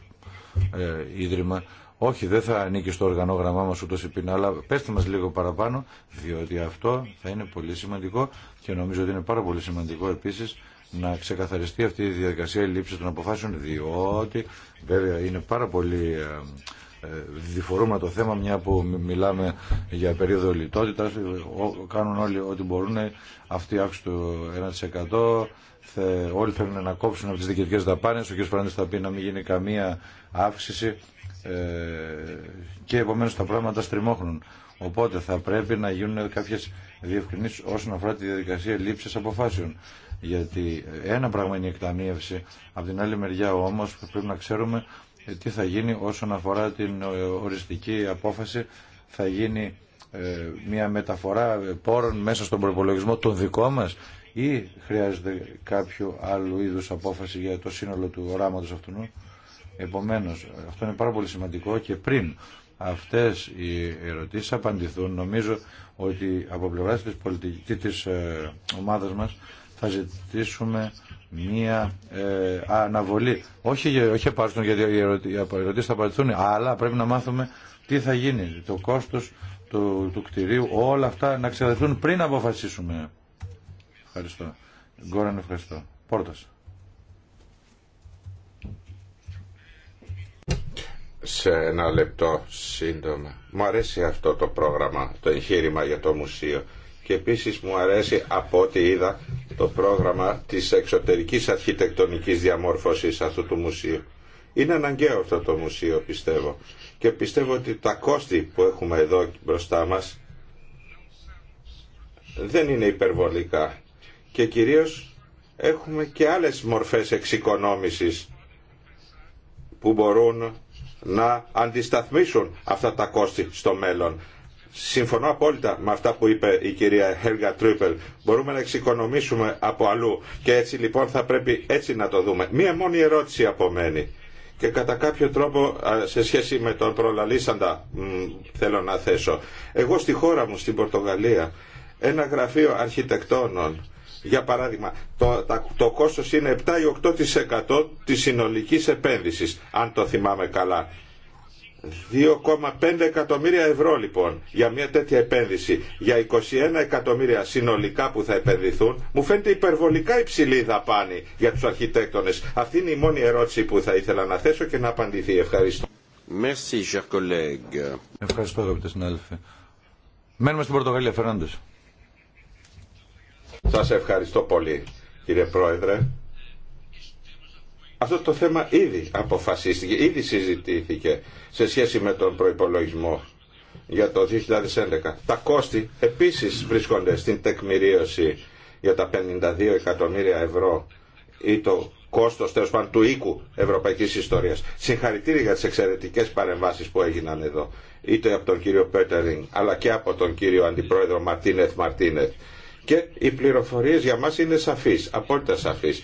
ε, ίδρυμα. Όχι, δεν θα ανήκει στο οργανόγραμμά μας ούτως πεινά αλλά πέστε μας λίγο παραπάνω, διότι αυτό θα είναι πολύ σημαντικό και νομίζω ότι είναι πάρα πολύ σημαντικό επίσης να ξεκαθαριστεί αυτή η διαδικασία λήψη των αποφάσεων, διότι βέβαια είναι πάρα πολύ ε, ε, διφορούμε το θέμα μια που μιλάμε για περίοδο λιτότητας κάνουν όλοι ό,τι μπορούν αυτοί αύξηση του 1% όλοι θέλουν να κόψουν από τις διοικητικές δαπάνες ο κ. Φαραντής θα πει να μην γίνει καμία αύξηση ε, και επομένως τα πράγματα στριμώχνουν οπότε θα πρέπει να γίνουν κάποιες διευκρινήσεις όσον αφορά τη διαδικασία λήψης αποφάσεων γιατί ένα πράγμα είναι η εκταμείευση, από την άλλη μεριά όμως πρέπει να ξέρουμε τι θα γίνει όσον αφορά την οριστική απόφαση. Θα γίνει ε, μια μεταφορά πόρων μέσα στον προπολογισμό των δικό μας ή χρειάζεται κάποιο άλλο είδους απόφαση για το σύνολο του οράματος αυτού. Επομένως, αυτό είναι πάρα πολύ σημαντικό και πριν αυτές οι ερωτήσεις απαντηθούν, νομίζω ότι από πλευρά της, πολιτικής, ε, ομάδας μας θα ζητήσουμε μία ε, αναβολή. Όχι, όχι γιατί οι ερωτήσεις θα παρελθούν, αλλά πρέπει να μάθουμε τι θα γίνει, το κόστος του, του κτηρίου, όλα αυτά να ξεδεθούν πριν αποφασίσουμε. Ευχαριστώ. Γκόραν, ευχαριστώ. Πόρτας. σε ένα λεπτό σύντομα. Μου αρέσει αυτό το πρόγραμμα, το εγχείρημα για το μουσείο και επίσης μου αρέσει από ό,τι είδα το πρόγραμμα της εξωτερικής αρχιτεκτονικής διαμόρφωσης αυτού του μουσείου. Είναι αναγκαίο αυτό το μουσείο πιστεύω και πιστεύω ότι τα κόστη που έχουμε εδώ μπροστά μας δεν είναι υπερβολικά και κυρίως έχουμε και άλλες μορφές εξοικονόμησης που μπορούν να αντισταθμίσουν αυτά τα κόστη στο μέλλον. Συμφωνώ απόλυτα με αυτά που είπε η κυρία Χέλγα Τρίπελ. Μπορούμε να εξοικονομήσουμε από αλλού και έτσι λοιπόν θα πρέπει έτσι να το δούμε. Μία μόνη ερώτηση απομένει και κατά κάποιο τρόπο σε σχέση με τον προλαλήσαντα θέλω να θέσω. Εγώ στη χώρα μου, στην Πορτογαλία, ένα γραφείο αρχιτεκτόνων, για παράδειγμα, το, το κόστος είναι 7 8% της συνολικής επένδυσης, αν το θυμάμαι καλά. 2,5 εκατομμύρια ευρώ λοιπόν για μια τέτοια επένδυση, για 21 εκατομμύρια συνολικά που θα επενδυθούν, μου φαίνεται υπερβολικά υψηλή δαπάνη για τους αρχιτέκτονες. Αυτή είναι η μόνη ερώτηση που θα ήθελα να θέσω και να απαντηθεί. Ευχαριστώ. Ευχαριστώ αγαπητέ συνάδελφε. Μένουμε στην Πορτογαλία, Σας ευχαριστώ πολύ κύριε Πρόεδρε αυτό το θέμα ήδη αποφασίστηκε, ήδη συζητήθηκε σε σχέση με τον προϋπολογισμό για το 2011. Τα κόστη επίσης βρίσκονται στην τεκμηρίωση για τα 52 εκατομμύρια ευρώ ή το κόστος τέλος πάντων του οίκου ευρωπαϊκής ιστορίας. Συγχαρητήρια για τις εξαιρετικές παρεμβάσεις που έγιναν εδώ, είτε από τον κύριο Πέτερινγκ, αλλά και από τον κύριο Αντιπρόεδρο Μαρτίνεθ Μαρτίνεθ. Και οι πληροφορίες για μας είναι σαφείς, απόλυτα σαφείς.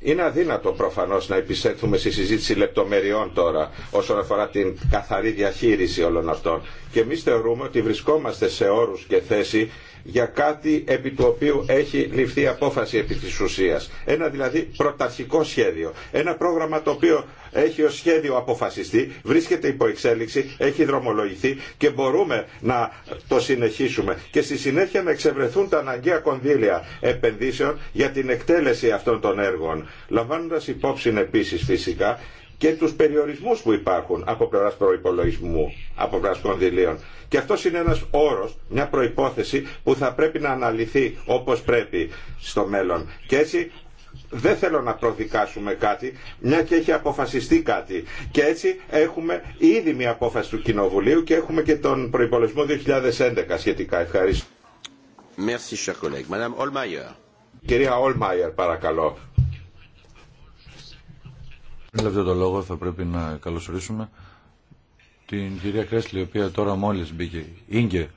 Είναι αδύνατο προφανώς να επισέλθουμε στη συζήτηση λεπτομεριών τώρα όσον αφορά την καθαρή διαχείριση όλων αυτών. Και εμεί θεωρούμε ότι βρισκόμαστε σε όρου και θέση για κάτι επί του οποίου έχει ληφθεί απόφαση επί της ουσίας. Ένα δηλαδή πρωταρχικό σχέδιο. Ένα πρόγραμμα το οποίο έχει ως σχέδιο αποφασιστεί, βρίσκεται υπό εξέλιξη, έχει δρομολογηθεί και μπορούμε να το συνεχίσουμε και στη συνέχεια να εξευρεθούν τα αναγκαία κονδύλια επενδύσεων για την εκτέλεση αυτών των έργων. Λαμβάνοντας υπόψη επίσης φυσικά και τους περιορισμούς που υπάρχουν από πλευράς προϋπολογισμού, από πλευράς κονδυλίων. Και αυτό είναι ένας όρος, μια προϋπόθεση που θα πρέπει να αναλυθεί όπως πρέπει στο μέλλον. Και έτσι δεν θέλω να προδικάσουμε κάτι, μια και έχει αποφασιστεί κάτι. Και έτσι έχουμε ήδη μια απόφαση του Κοινοβουλίου και έχουμε και τον προϋπολογισμό 2011 σχετικά. Ευχαριστώ. Merci, Κυρία Ολμάιερ, παρακαλώ. Πριν λεπτό το λόγο θα πρέπει να καλωσορίσουμε την κυρία Κρέσλη, η οποία τώρα μόλις μπήκε. Ίγκε.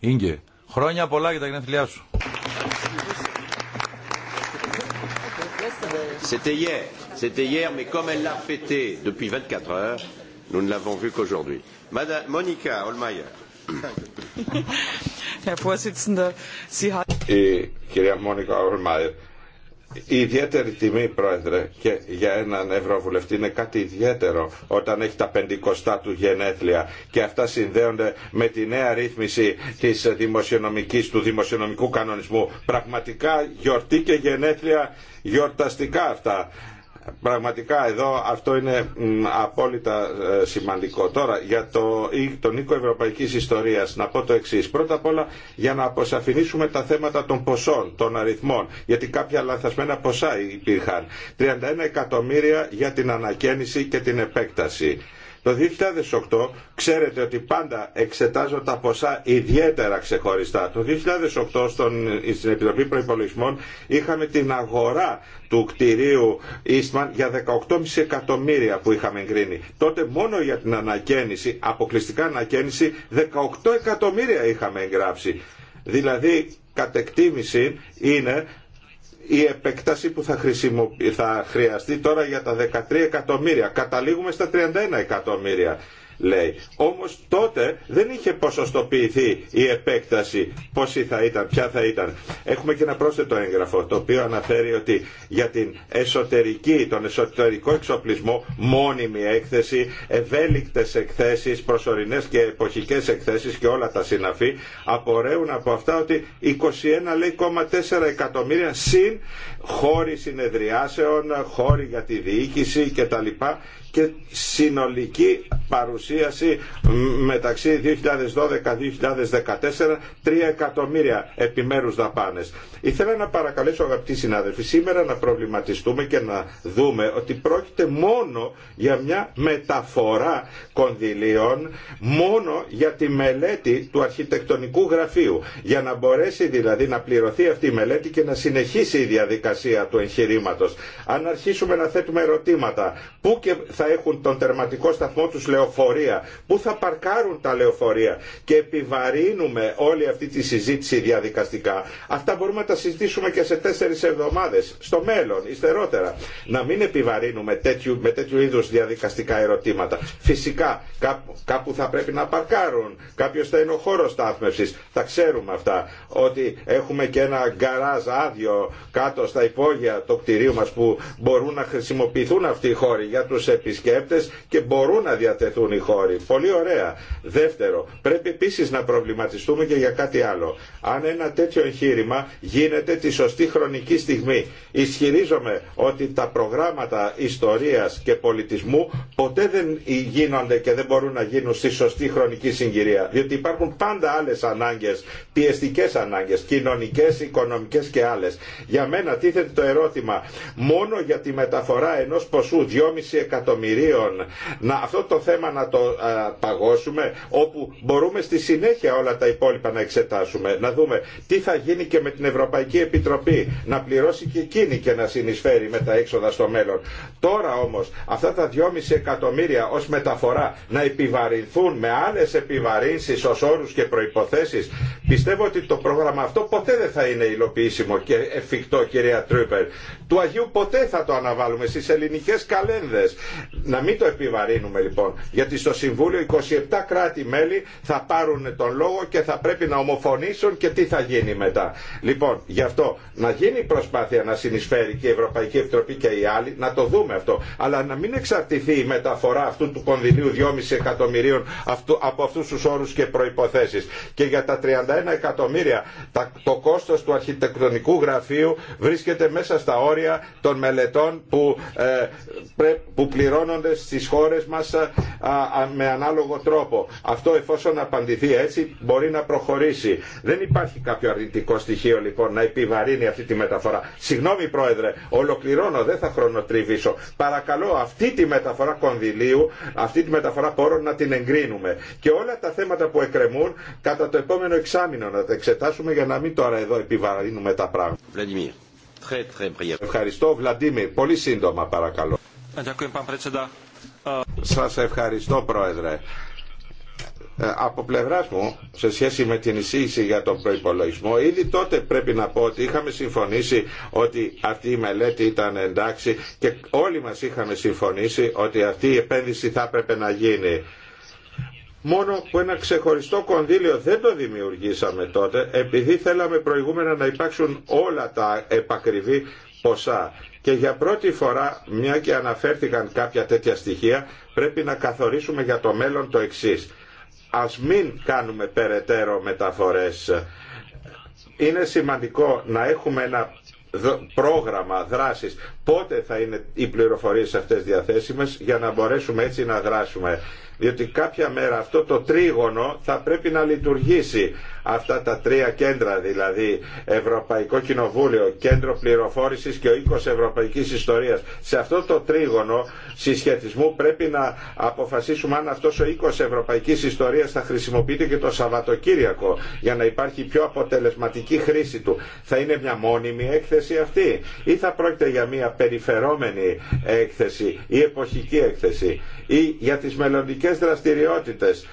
Ίγκε. Χρόνια πολλά για τα γενέθλιά σου. C'était hier, c'était hier, mais comme elle l'a fêté depuis 24 heures, nous ne l'avons vu qu'aujourd'hui. Madame Monica Olmayer. Herr Vorsitzender, Sie hat... Et, κυρία Monica Ολμάιερ η ιδιαίτερη τιμή, Πρόεδρε, και για έναν Ευρωβουλευτή είναι κάτι ιδιαίτερο όταν έχει τα πεντηκοστά του γενέθλια και αυτά συνδέονται με τη νέα ρύθμιση της δημοσιονομικής, του δημοσιονομικού κανονισμού. Πραγματικά γιορτή και γενέθλια γιορταστικά αυτά. Πραγματικά εδώ αυτό είναι απόλυτα ε, σημαντικό. Τώρα για το, τον οίκο Ευρωπαϊκής Ιστορίας να πω το εξής. Πρώτα απ' όλα για να αποσαφηνίσουμε τα θέματα των ποσών, των αριθμών, γιατί κάποια λανθασμένα ποσά υπήρχαν. 31 εκατομμύρια για την ανακαίνιση και την επέκταση. Το 2008 ξέρετε ότι πάντα εξετάζω τα ποσά ιδιαίτερα ξεχωριστά. Το 2008 στον, στην Επιτροπή Προϋπολογισμών είχαμε την αγορά του κτηρίου Ίσμαν για 18,5 εκατομμύρια που είχαμε εγκρίνει. Τότε μόνο για την ανακαίνιση, αποκλειστικά ανακαίνιση, 18 εκατομμύρια είχαμε εγγράψει. Δηλαδή κατ' είναι η επέκταση που θα, θα χρειαστεί τώρα για τα 13 εκατομμύρια. Καταλήγουμε στα 31 εκατομμύρια λέει. Όμως τότε δεν είχε ποσοστοποιηθεί η επέκταση πόση θα ήταν, ποια θα ήταν. Έχουμε και ένα πρόσθετο έγγραφο το οποίο αναφέρει ότι για την εσωτερική, τον εσωτερικό εξοπλισμό μόνιμη έκθεση, ευέλικτες εκθέσεις, προσωρινές και εποχικές εκθέσεις και όλα τα συναφή απορρέουν από αυτά ότι 21 λέει εκατομμύρια συν χώροι συνεδριάσεων, χώροι για τη διοίκηση κτλ και συνολική παρουσίαση μεταξύ 2012-2014 3 εκατομμύρια επιμέρους δαπάνες. Ήθελα να παρακαλέσω αγαπητοί συνάδελφοι σήμερα να προβληματιστούμε και να δούμε ότι πρόκειται μόνο για μια μεταφορά κονδυλίων μόνο για τη μελέτη του αρχιτεκτονικού γραφείου για να μπορέσει δηλαδή να πληρωθεί αυτή η μελέτη και να συνεχίσει η διαδικασία του εγχειρήματος. Αν αρχίσουμε να θέτουμε ερωτήματα πού και θα έχουν τον τερματικό σταθμό τους λεωφορεία, πού θα παρκάρουν τα λεωφορεία και επιβαρύνουμε όλη αυτή τη συζήτηση διαδικαστικά. Αυτά μπορούμε να τα συζητήσουμε και σε τέσσερις εβδομάδες, στο μέλλον, υστερότερα. Να μην επιβαρύνουμε τέτοιου, με τέτοιου είδους διαδικαστικά ερωτήματα. Φυσικά κάπου, κάπου θα πρέπει να παρκάρουν, κάποιο θα είναι ο χώρο στάθμευσης, Θα ξέρουμε αυτά, ότι έχουμε και ένα γκαράζ άδειο κάτω στα υπόγεια το κτηρίου μας που μπορούν να χρησιμοποιηθούν αυτοί οι χώροι για τους και μπορούν να διατεθούν οι χώροι. Πολύ ωραία. Δεύτερο, πρέπει επίσης να προβληματιστούμε και για κάτι άλλο. Αν ένα τέτοιο εγχείρημα γίνεται τη σωστή χρονική στιγμή. Ισχυρίζομαι ότι τα προγράμματα ιστορίας και πολιτισμού ποτέ δεν γίνονται και δεν μπορούν να γίνουν στη σωστή χρονική συγκυρία. Διότι υπάρχουν πάντα άλλες ανάγκες, πιεστικές ανάγκες, κοινωνικές, οικονομικές και άλλες. Για μένα τίθεται το ερώτημα μόνο για τη μεταφορά ενός ποσού 2,5 εκατομμύρια εκατομμυρίων αυτό το θέμα να το παγώσουμε όπου μπορούμε στη συνέχεια όλα τα υπόλοιπα να εξετάσουμε να δούμε τι θα γίνει και με την Ευρωπαϊκή Επιτροπή να πληρώσει και εκείνη και να συνεισφέρει με τα έξοδα στο μέλλον τώρα όμως αυτά τα 2,5 εκατομμύρια ως μεταφορά να επιβαρυνθούν με άλλες επιβαρύνσεις ως όρους και προϋποθέσεις πιστεύω ότι το πρόγραμμα αυτό ποτέ δεν θα είναι υλοποιήσιμο και εφικτό κυρία Τρούπερ του Αγίου ποτέ θα το αναβάλουμε στις ελληνικές καλένδες. Να μην το επιβαρύνουμε λοιπόν, γιατί στο Συμβούλιο 27 κράτη-μέλη θα πάρουν τον λόγο και θα πρέπει να ομοφωνήσουν και τι θα γίνει μετά. Λοιπόν, γι' αυτό να γίνει η προσπάθεια να συνεισφέρει και η Ευρωπαϊκή Επιτροπή και οι άλλοι, να το δούμε αυτό. Αλλά να μην εξαρτηθεί η μεταφορά αυτού του κονδυλίου 2,5 εκατομμυρίων από αυτού του όρου και προποθέσει. Και για τα 31 εκατομμύρια το κόστο του αρχιτεκτονικού γραφείου βρίσκεται μέσα στα όρια όρια των μελετών που, ε, που πληρώνονται στις χώρες μας ε, με ανάλογο τρόπο. Αυτό εφόσον απαντηθεί έτσι μπορεί να προχωρήσει. Δεν υπάρχει κάποιο αρνητικό στοιχείο λοιπόν να επιβαρύνει αυτή τη μεταφορά. Συγγνώμη Πρόεδρε, ολοκληρώνω, δεν θα χρονοτριβήσω. Παρακαλώ αυτή τη μεταφορά κονδυλίου, αυτή τη μεταφορά πόρων να την εγκρίνουμε. Και όλα τα θέματα που εκκρεμούν κατά το επόμενο εξάμεινο να τα εξετάσουμε για να μην τώρα εδώ επιβαρύνουμε τα πράγματα. Vladimir. Ευχαριστώ, Βλαντίμη. Πολύ σύντομα, παρακαλώ. Ε, Σας ευχαριστώ, Πρόεδρε. Ε, από πλευρά μου, σε σχέση με την εισήγηση για τον προπολογισμό, ήδη τότε πρέπει να πω ότι είχαμε συμφωνήσει ότι αυτή η μελέτη ήταν εντάξει και όλοι μας είχαμε συμφωνήσει ότι αυτή η επένδυση θα έπρεπε να γίνει μόνο που ένα ξεχωριστό κονδύλιο δεν το δημιουργήσαμε τότε επειδή θέλαμε προηγούμενα να υπάρξουν όλα τα επακριβή ποσά. Και για πρώτη φορά, μια και αναφέρθηκαν κάποια τέτοια στοιχεία, πρέπει να καθορίσουμε για το μέλλον το εξής. Ας μην κάνουμε περαιτέρω μεταφορές. Είναι σημαντικό να έχουμε ένα πρόγραμμα δράσης πότε θα είναι οι πληροφορίες αυτές διαθέσιμες για να μπορέσουμε έτσι να δράσουμε διότι κάποια μέρα αυτό το τρίγωνο θα πρέπει να λειτουργήσει. Αυτά τα τρία κέντρα δηλαδή, Ευρωπαϊκό Κοινοβούλιο, Κέντρο Πληροφόρησης και ο Οίκος Ευρωπαϊκής Ιστορίας. Σε αυτό το τρίγωνο συσχετισμού πρέπει να αποφασίσουμε αν αυτός ο Οίκος Ευρωπαϊκής Ιστορίας θα χρησιμοποιείται και το Σαββατοκύριακο για να υπάρχει πιο αποτελεσματική χρήση του. Θα είναι μια μόνιμη έκθεση αυτή ή θα πρόκειται για μια περιφερόμενη έκθεση ή εποχική έκθεση ή για τις μελλοντικέ δραστηριότητες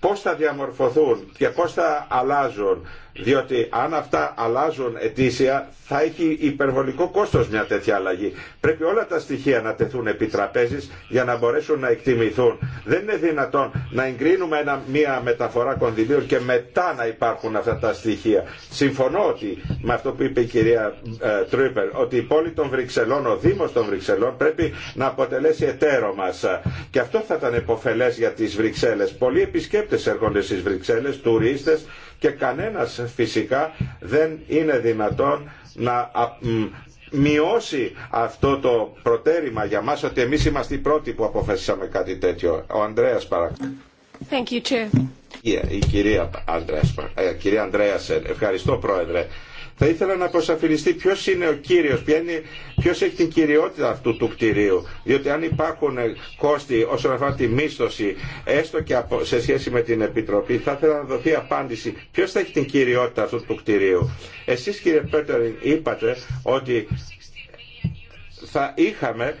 πώς θα διαμορφωθούν και πώς θα αλλάζουν διότι αν αυτά αλλάζουν ετήσια θα έχει υπερβολικό κόστος μια τέτοια αλλαγή. Πρέπει όλα τα στοιχεία να τεθούν επί τραπέζης για να μπορέσουν να εκτιμηθούν. Δεν είναι δυνατόν να εγκρίνουμε μια μεταφορά κονδυλίων και μετά να υπάρχουν αυτά τα στοιχεία. Συμφωνώ ότι με αυτό που είπε η κυρία ε, Τρίπερ, ότι η πόλη των Βρυξελών, ο Δήμος των Βρυξελών πρέπει να αποτελέσει εταίρο μας. Και αυτό θα ήταν υποφελές για τις Βρυξέλλες. Πολλοί επισκέπτες έρχονται στις Βρυξέλλες, τουρίστες και κανένας φυσικά δεν είναι δυνατόν να μειώσει αυτό το προτέρημα για μας ότι εμείς είμαστε οι πρώτοι που αποφασίσαμε κάτι τέτοιο. Ο Ανδρέας παρακαλώ. Thank you, Yeah, η κυρία, Ανδρέας, ε, κυρία Ανδρέας, ε, ευχαριστώ Πρόεδρε. Θα ήθελα να προσαφιλιστεί ποιος είναι ο κύριο, ποιος έχει την κυριότητα αυτού του κτηρίου. Διότι αν υπάρχουν ε, κόστη όσον αφορά τη μίσθωση, έστω και σε σχέση με την Επιτροπή, θα ήθελα να δοθεί απάντηση ποιος θα έχει την κυριότητα αυτού του κτηρίου. Εσείς κύριε Πέτερν είπατε ότι θα είχαμε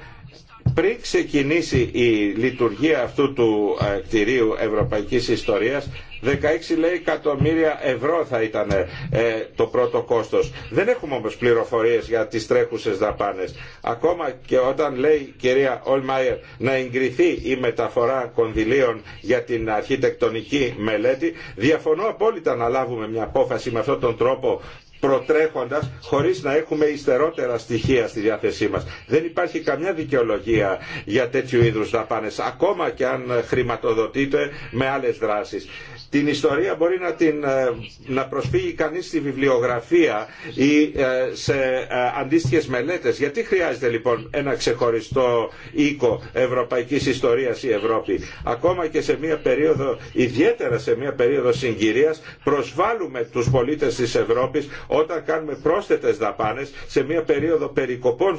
πριν ξεκινήσει η λειτουργία αυτού του ε, κτηρίου ευρωπαϊκής ιστορίας 16 λέει εκατομμύρια ευρώ θα ήταν ε, το πρώτο κόστος. Δεν έχουμε όμως πληροφορίες για τις τρέχουσες δαπάνες. Ακόμα και όταν λέει η κυρία Ολμάιερ να εγκριθεί η μεταφορά κονδυλίων για την αρχιτεκτονική μελέτη, διαφωνώ απόλυτα να λάβουμε μια απόφαση με αυτόν τον τρόπο προτρέχοντας χωρίς να έχουμε υστερότερα στοιχεία στη διάθεσή μας. Δεν υπάρχει καμιά δικαιολογία για τέτοιου είδους δαπάνες, ακόμα και αν χρηματοδοτείται με άλλες δράσεις. Την ιστορία μπορεί να, την, ε, να προσφύγει κανείς στη βιβλιογραφία ή ε, σε ε, αντίστοιχες μελέτες. Γιατί χρειάζεται λοιπόν ένα ξεχωριστό οίκο ευρωπαϊκής ιστορίας η Ευρώπη. Ακόμα και σε μια περίοδο, ιδιαίτερα σε μια περίοδο συγκυρίας, προσβάλλουμε τους πολίτες της Ευρώπης όταν κάνουμε πρόσθετες δαπάνες σε μια περίοδο περικοπών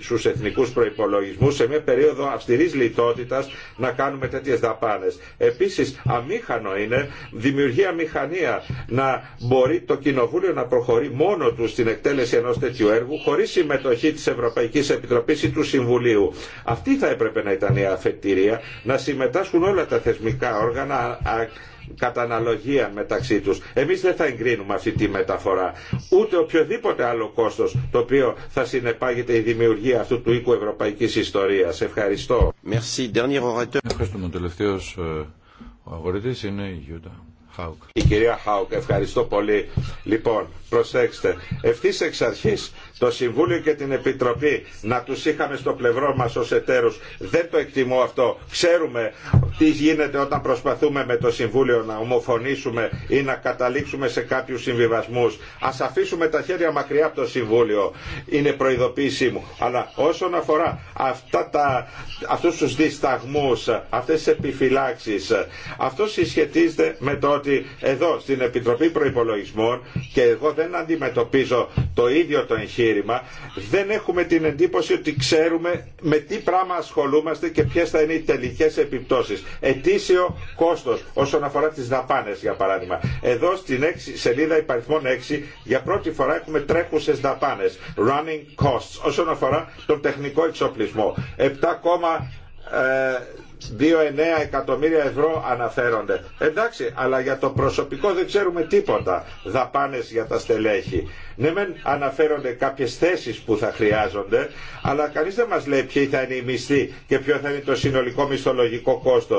στους εθνικούς προϋπολογισμούς, σε μια περίοδο αυστηρής λιτότητας να κάνουμε τέτοιες δαπάνες. Επίσης αμήχανο είναι δημιουργία μηχανία να μπορεί το Κοινοβούλιο να προχωρεί μόνο του στην εκτέλεση ενό τέτοιου έργου χωρί συμμετοχή τη Ευρωπαϊκή Επιτροπή ή του Συμβουλίου. Αυτή θα έπρεπε να ήταν η αφετηρία, να συμμετάσχουν όλα τα θεσμικά όργανα κατά αναλογία μεταξύ τους. Εμείς δεν θα εγκρίνουμε αυτή τη μεταφορά. Ούτε οποιοδήποτε άλλο κόστος το οποίο θα συνεπάγεται η δημιουργία αυτού του οίκου ευρωπαϊκής ιστορίας. Ευχαριστώ. Ο αγορητή είναι η Γιούτα. Χάουκ. Η κυρία Χάουκ, ευχαριστώ πολύ. Λοιπόν, προσέξτε, ευθύ εξ αρχή το Συμβούλιο και την Επιτροπή να τους είχαμε στο πλευρό μας ως εταίρους. Δεν το εκτιμώ αυτό. Ξέρουμε τι γίνεται όταν προσπαθούμε με το Συμβούλιο να ομοφωνήσουμε ή να καταλήξουμε σε κάποιους συμβιβασμούς. Ας αφήσουμε τα χέρια μακριά από το Συμβούλιο. Είναι προειδοποίησή μου. Αλλά όσον αφορά αυτά τα, αυτούς τους δισταγμούς, αυτές τις επιφυλάξεις, αυτό συσχετίζεται με το ότι εδώ στην Επιτροπή Προϋπολογισμών και εγώ δεν αντιμετωπίζω το ίδιο το εγχείρημα δεν έχουμε την εντύπωση ότι ξέρουμε με τι πράγμα ασχολούμαστε και ποιε θα είναι οι τελικέ επιπτώσει. Ετήσιο κόστο όσον αφορά τι δαπάνε, για παράδειγμα. Εδώ στην 6, σελίδα υπαριθμών 6, για πρώτη φορά έχουμε τρέχουσε δαπάνε. Running costs όσον αφορά τον τεχνικό εξοπλισμό. 7, 2-9 εκατομμύρια ευρώ αναφέρονται. Εντάξει, αλλά για το προσωπικό δεν ξέρουμε τίποτα. Δαπάνε για τα στελέχη. Ναι, μεν αναφέρονται κάποιε θέσει που θα χρειάζονται, αλλά κανεί δεν μα λέει ποιοι θα είναι οι μισθοί και ποιο θα είναι το συνολικό μισθολογικό κόστο.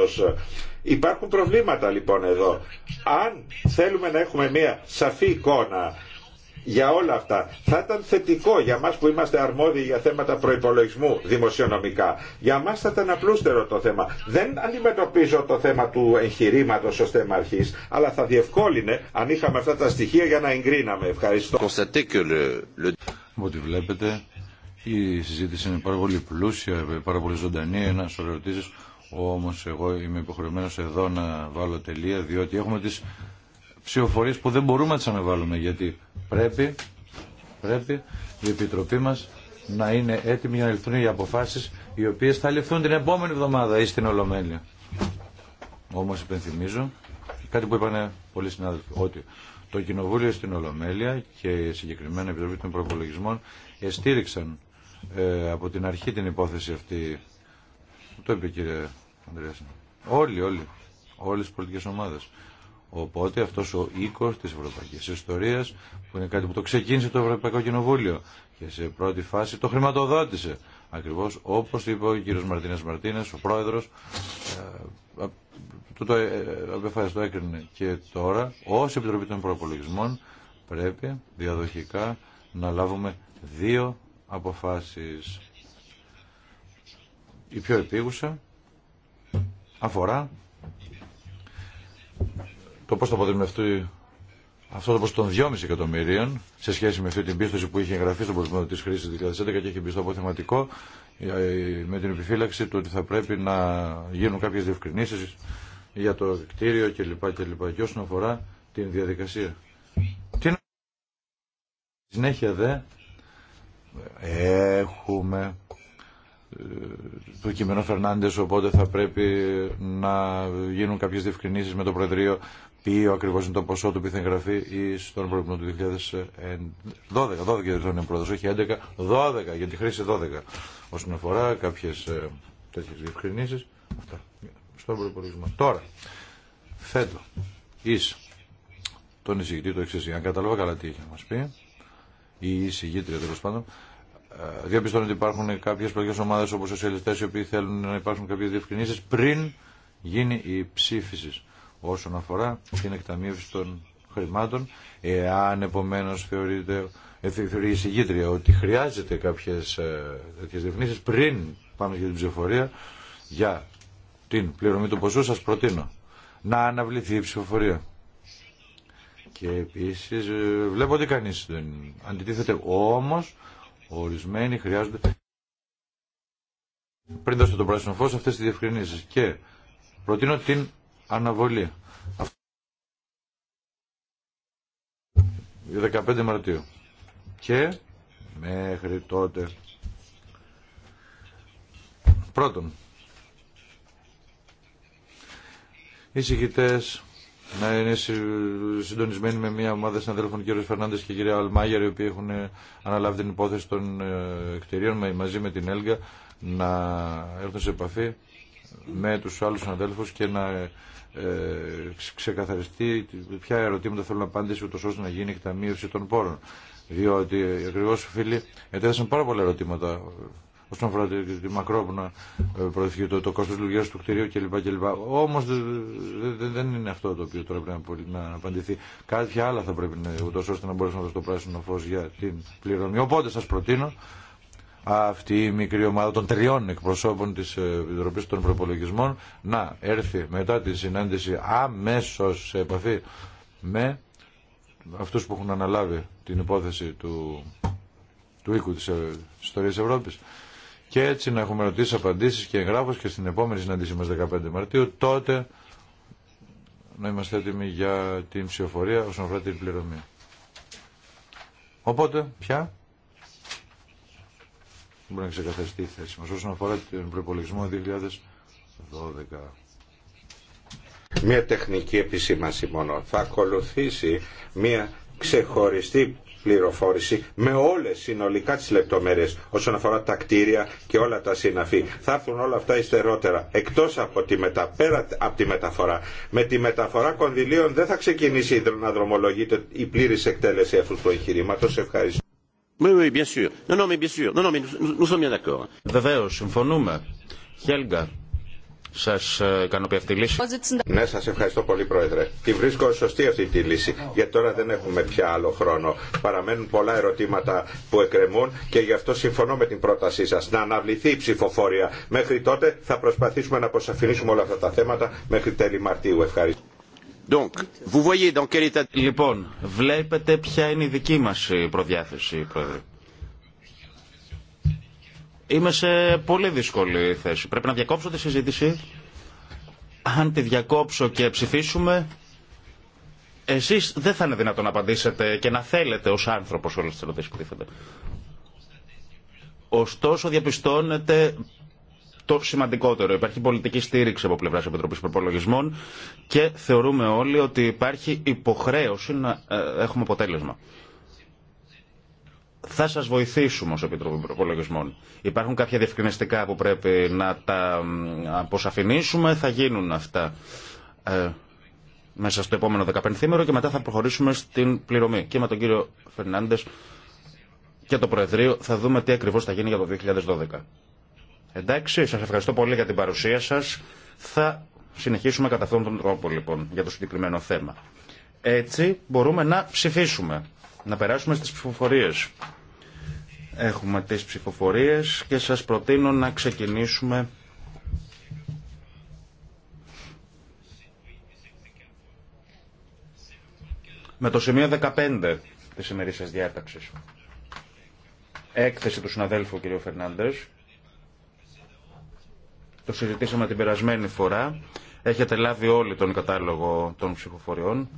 Υπάρχουν προβλήματα λοιπόν εδώ. Αν θέλουμε να έχουμε μια σαφή εικόνα για όλα αυτά. Θα ήταν θετικό για μας που είμαστε αρμόδιοι για θέματα προϋπολογισμού δημοσιονομικά. Για μας θα ήταν απλούστερο το θέμα. Δεν αντιμετωπίζω το θέμα του εγχειρήματο ως θέμα αρχή, αλλά θα διευκόλυνε αν είχαμε αυτά τα στοιχεία για να εγκρίναμε. Ευχαριστώ. Ό,τι βλέπετε, η συζήτηση είναι πάρα πολύ πλούσια, πάρα πολύ ζωντανή, ένα σωρό όμως εγώ είμαι υποχρεωμένος εδώ να βάλω τελεία, διότι έχουμε τις ψηφοφορίες που δεν μπορούμε να τις αναβάλουμε γιατί πρέπει, πρέπει η Επιτροπή μας να είναι έτοιμη για να ληφθούν οι αποφάσεις οι οποίες θα ληφθούν την επόμενη εβδομάδα ή στην Ολομέλεια. Όμως υπενθυμίζω κάτι που είπανε πολλοί συνάδελφοι ότι το Κοινοβούλιο στην Ολομέλεια και συγκεκριμένα η Επιτροπή των Προπολογισμών εστήριξαν ε, από είπαν αρχή την υπόθεση αυτή το είπε η συγκεκριμένη επιτροπη των Ανδρέας όλοι, όλοι, όλες τις πολιτικές ομάδες Οπότε αυτό ο οίκο της ευρωπαϊκής ιστορία που είναι κάτι που το ξεκίνησε το Ευρωπαϊκό Κοινοβούλιο και σε πρώτη φάση το χρηματοδότησε ακριβώς όπως είπε ο κύριος Μαρτίνες Μαρτίνες, ο πρόεδρος ε, το ε, το έκρινε και τώρα ω Επιτροπή των Προπολογισμών πρέπει διαδοχικά να λάβουμε δύο αποφάσει. η πιο επίγουσα αφορά το πώ θα αποδείμουν αυτό, το ποσό των 2,5 εκατομμυρίων σε σχέση με αυτή την πίστοση που είχε εγγραφεί στον προσμό της χρήσης 2011 και έχει μπει στο αποθεματικό ε, με την επιφύλαξη του ότι θα πρέπει να γίνουν κάποιε διευκρινήσει για το κτίριο κλπ. Και όσον αφορά την διαδικασία. Τι Συνέχεια δε έχουμε ε, το κείμενο Φερνάντες οπότε θα πρέπει να γίνουν κάποιες διευκρινήσεις με το Προεδρείο ποιο ακριβώ είναι το ποσό του πιθανή γραφεί ή στον προηγούμενο του 2012, 12 δεν είναι πρόεδρο, όχι 11, 12 για τη χρήση 12 όσον αφορά κάποιε τέτοιε διευκρινήσει. Αυτά στον προπολογισμό. Τώρα, θέτω ει τον εισηγητή το εξή. αν κατάλαβα καλά τι έχει να μα πει, ή εισηγήτρια τέλο πάντων, ε, διαπιστώνω ότι υπάρχουν κάποιες πολιτικές ομάδες όπως οι σοσιαλιστές οι οποίοι θέλουν να υπάρχουν κάποιες διευκρινήσεις πριν γίνει η εισηγητρια τελο παντων διαπιστωνω οτι υπαρχουν καποιε πολιτικε ομαδε οπω οι σοσιαλιστε οι οποιοι θελουν να υπαρχουν καποιε διευκρινησει πριν γινει η ψηφιση όσον αφορά την εκταμείευση των χρημάτων. Εάν επομένω θεωρείται, ε, θεωρεί η συγκίτρια ότι χρειάζεται κάποιε τέτοιε πριν πάμε για την ψηφοφορία για την πληρωμή του ποσού, σα προτείνω να αναβληθεί η ψηφοφορία. Και επίση ε, βλέπω ότι κανεί δεν αντιτίθεται. Όμω ορισμένοι χρειάζονται. Πριν δώσετε το πράσινο φω, αυτέ τι διευκρινήσει. Και προτείνω την αναβολή. 15 Μαρτίου. Και μέχρι τότε. Πρώτον, οι να είναι συντονισμένοι με μια ομάδα συναδέλφων κ. Φερνάντε και κ. Αλμάγερ οι οποίοι έχουν ε, αναλάβει την υπόθεση των ε, κτηρίων μαζί με την Έλγα να έρθουν σε επαφή με τους άλλους συναδέλφους και να ε, ξεκαθαριστεί ποια ερωτήματα θέλουν να απάντησε ούτως ώστε να γίνει εκταμείωση των πόρων. Διότι ακριβώ φίλοι ετέθεσαν πάρα πολλά ερωτήματα ε, όσον αφορά τη, τη μακρόπνα ε, προοδευτική, το, το κόστο λειτουργία του κτηρίου κλπ. κλπ. Όμω δεν είναι αυτό το οποίο τώρα πρέπει να, να απαντηθεί. Κάποια άλλα θα πρέπει να ούτω ώστε να μπορέσουμε να δώσουμε το πράσινο φω για την πληρωμή. Οπότε σα προτείνω αυτή η μικρή ομάδα των τριών εκπροσώπων της ε, Επιτροπής των Προπολογισμών να έρθει μετά τη συνάντηση αμέσως σε επαφή με αυτούς που έχουν αναλάβει την υπόθεση του, του οίκου της ε, ιστορίας Ευρώπης και έτσι να έχουμε ρωτήσει απαντήσεις και εγγράφους και στην επόμενη συνάντησή μας 15 Μαρτίου τότε να είμαστε έτοιμοι για την ψηφοφορία όσον αφορά την πληρωμή. Οπότε, πια, μπορεί να ξεκαθαριστεί η θέση μας όσον αφορά τον προπολογισμό 2012. Μια τεχνική επισήμανση μόνο. Θα ακολουθήσει μια ξεχωριστή πληροφόρηση με όλε συνολικά τι λεπτομέρειε όσον αφορά τα κτίρια και όλα τα συναφή. Θα έρθουν όλα αυτά υστερότερα, εκτό από τη μετα... από τη μεταφορά. Με τη μεταφορά κονδυλίων δεν θα ξεκινήσει να δρομολογείται η πλήρη εκτέλεση αυτού του εγχειρήματο. Ευχαριστώ. Oui, συμφωνούμε. Χέλγα, σας ε, ικανοποιεί αυτή η λύση. Ναι, σας ευχαριστώ πολύ Πρόεδρε. Τη βρίσκω σωστή αυτή τη λύση, γιατί τώρα δεν έχουμε πια άλλο χρόνο. Παραμένουν πολλά ερωτήματα που εκκρεμούν και γι' αυτό συμφωνώ με την πρότασή σας. Να αναβληθεί η ψηφοφορία. Μέχρι τότε θα προσπαθήσουμε να αποσαφηνίσουμε όλα αυτά τα θέματα μέχρι τέλη Μαρτίου. Ευχαριστώ. Λοιπόν, βλέπετε ποια είναι η δική μας προδιάθεση, Πρόεδρε. Είμαι σε πολύ δύσκολη θέση. Πρέπει να διακόψω τη συζήτηση. Αν τη διακόψω και ψηφίσουμε, εσείς δεν θα είναι δυνατόν να απαντήσετε και να θέλετε ως άνθρωπος όλες τις ερωτήσεις που τίθεται. Ωστόσο διαπιστώνεται το σημαντικότερο. Υπάρχει πολιτική στήριξη από πλευρά Επιτροπή Προπολογισμών και θεωρούμε όλοι ότι υπάρχει υποχρέωση να ε, έχουμε αποτέλεσμα. Θα σα βοηθήσουμε ω Επιτροπή Προπολογισμών. Υπάρχουν κάποια διευκρινιστικά που πρέπει να τα αποσαφηνίσουμε. Θα γίνουν αυτά ε, μέσα στο επόμενο 15 και μετά θα προχωρήσουμε στην πληρωμή. Και με τον κύριο Φερνάντε και το Προεδρείο θα δούμε τι ακριβώ θα γίνει για το 2012. Εντάξει, σας ευχαριστώ πολύ για την παρουσία σας. Θα συνεχίσουμε κατά αυτόν τον τρόπο λοιπόν για το συγκεκριμένο θέμα. Έτσι μπορούμε να ψηφίσουμε, να περάσουμε στις ψηφοφορίες. Έχουμε τις ψηφοφορίες και σας προτείνω να ξεκινήσουμε με το σημείο 15 της σημερινής διάταξης. Έκθεση του συναδέλφου κ. Φερνάντες. Το συζητήσαμε την περασμένη φορά. Έχετε λάβει όλοι τον κατάλογο των ψηφοφοριών.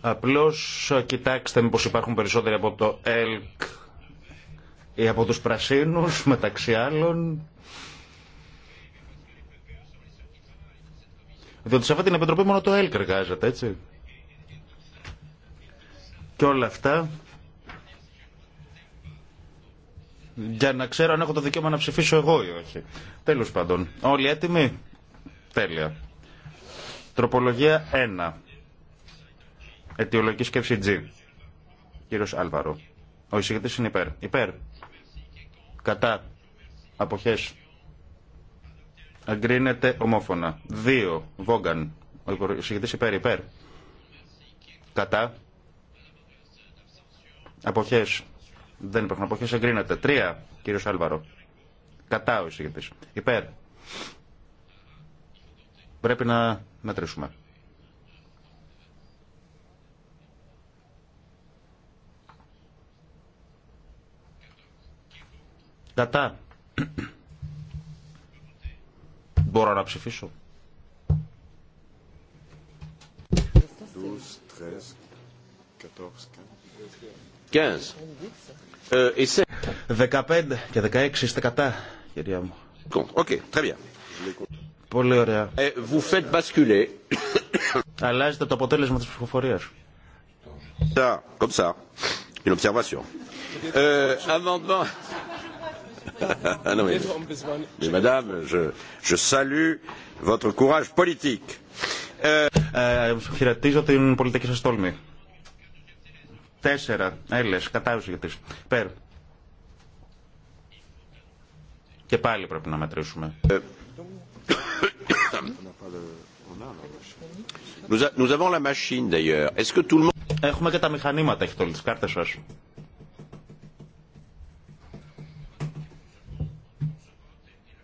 Απλώς κοιτάξτε μήπως υπάρχουν περισσότεροι από το ΕΛΚ ή από τους Πρασίνους μεταξύ άλλων. Διότι σε αυτή την επιτροπή μόνο το ΕΛΚ εργάζεται, έτσι. Και όλα αυτά για να ξέρω αν έχω το δικαίωμα να ψηφίσω εγώ ή όχι. Τέλος πάντων. Όλοι έτοιμοι. Τέλεια. Τροπολογία 1. Αιτιολογική σκέψη G. Κύριος Άλβαρο. Ο εισηγητή είναι υπέρ. Υπέρ. Κατά. Αποχές. Αγκρίνεται ομόφωνα. 2. Βόγκαν. Ο εισηγητή υπέρ. Υπέρ. Κατά. Αποχές. Δεν υπάρχουν αποχέ. Εγκρίνεται. Τρία, κύριο Άλβαρο. Κατά ο εισηγητή. Υπέρ. Πρέπει να μετρήσουμε. Κατά. Μπορώ να ψηφίσω. 15 ε, και 16 είστε κατά, κυρία μου. Πολύ ωραία. Ε, Αλλάζετε το αποτέλεσμα της ψηφοφορίας. madame, je, salue votre courage politique. Ε, χαιρετίζω την πολιτική σας τόλμη. Τέσσερα. Έλε, Κατά γιατί... Πέρ. Και πάλι πρέπει να μετρήσουμε. Έχουμε και τα μηχανήματα, έχετε το τις κάρτες σας.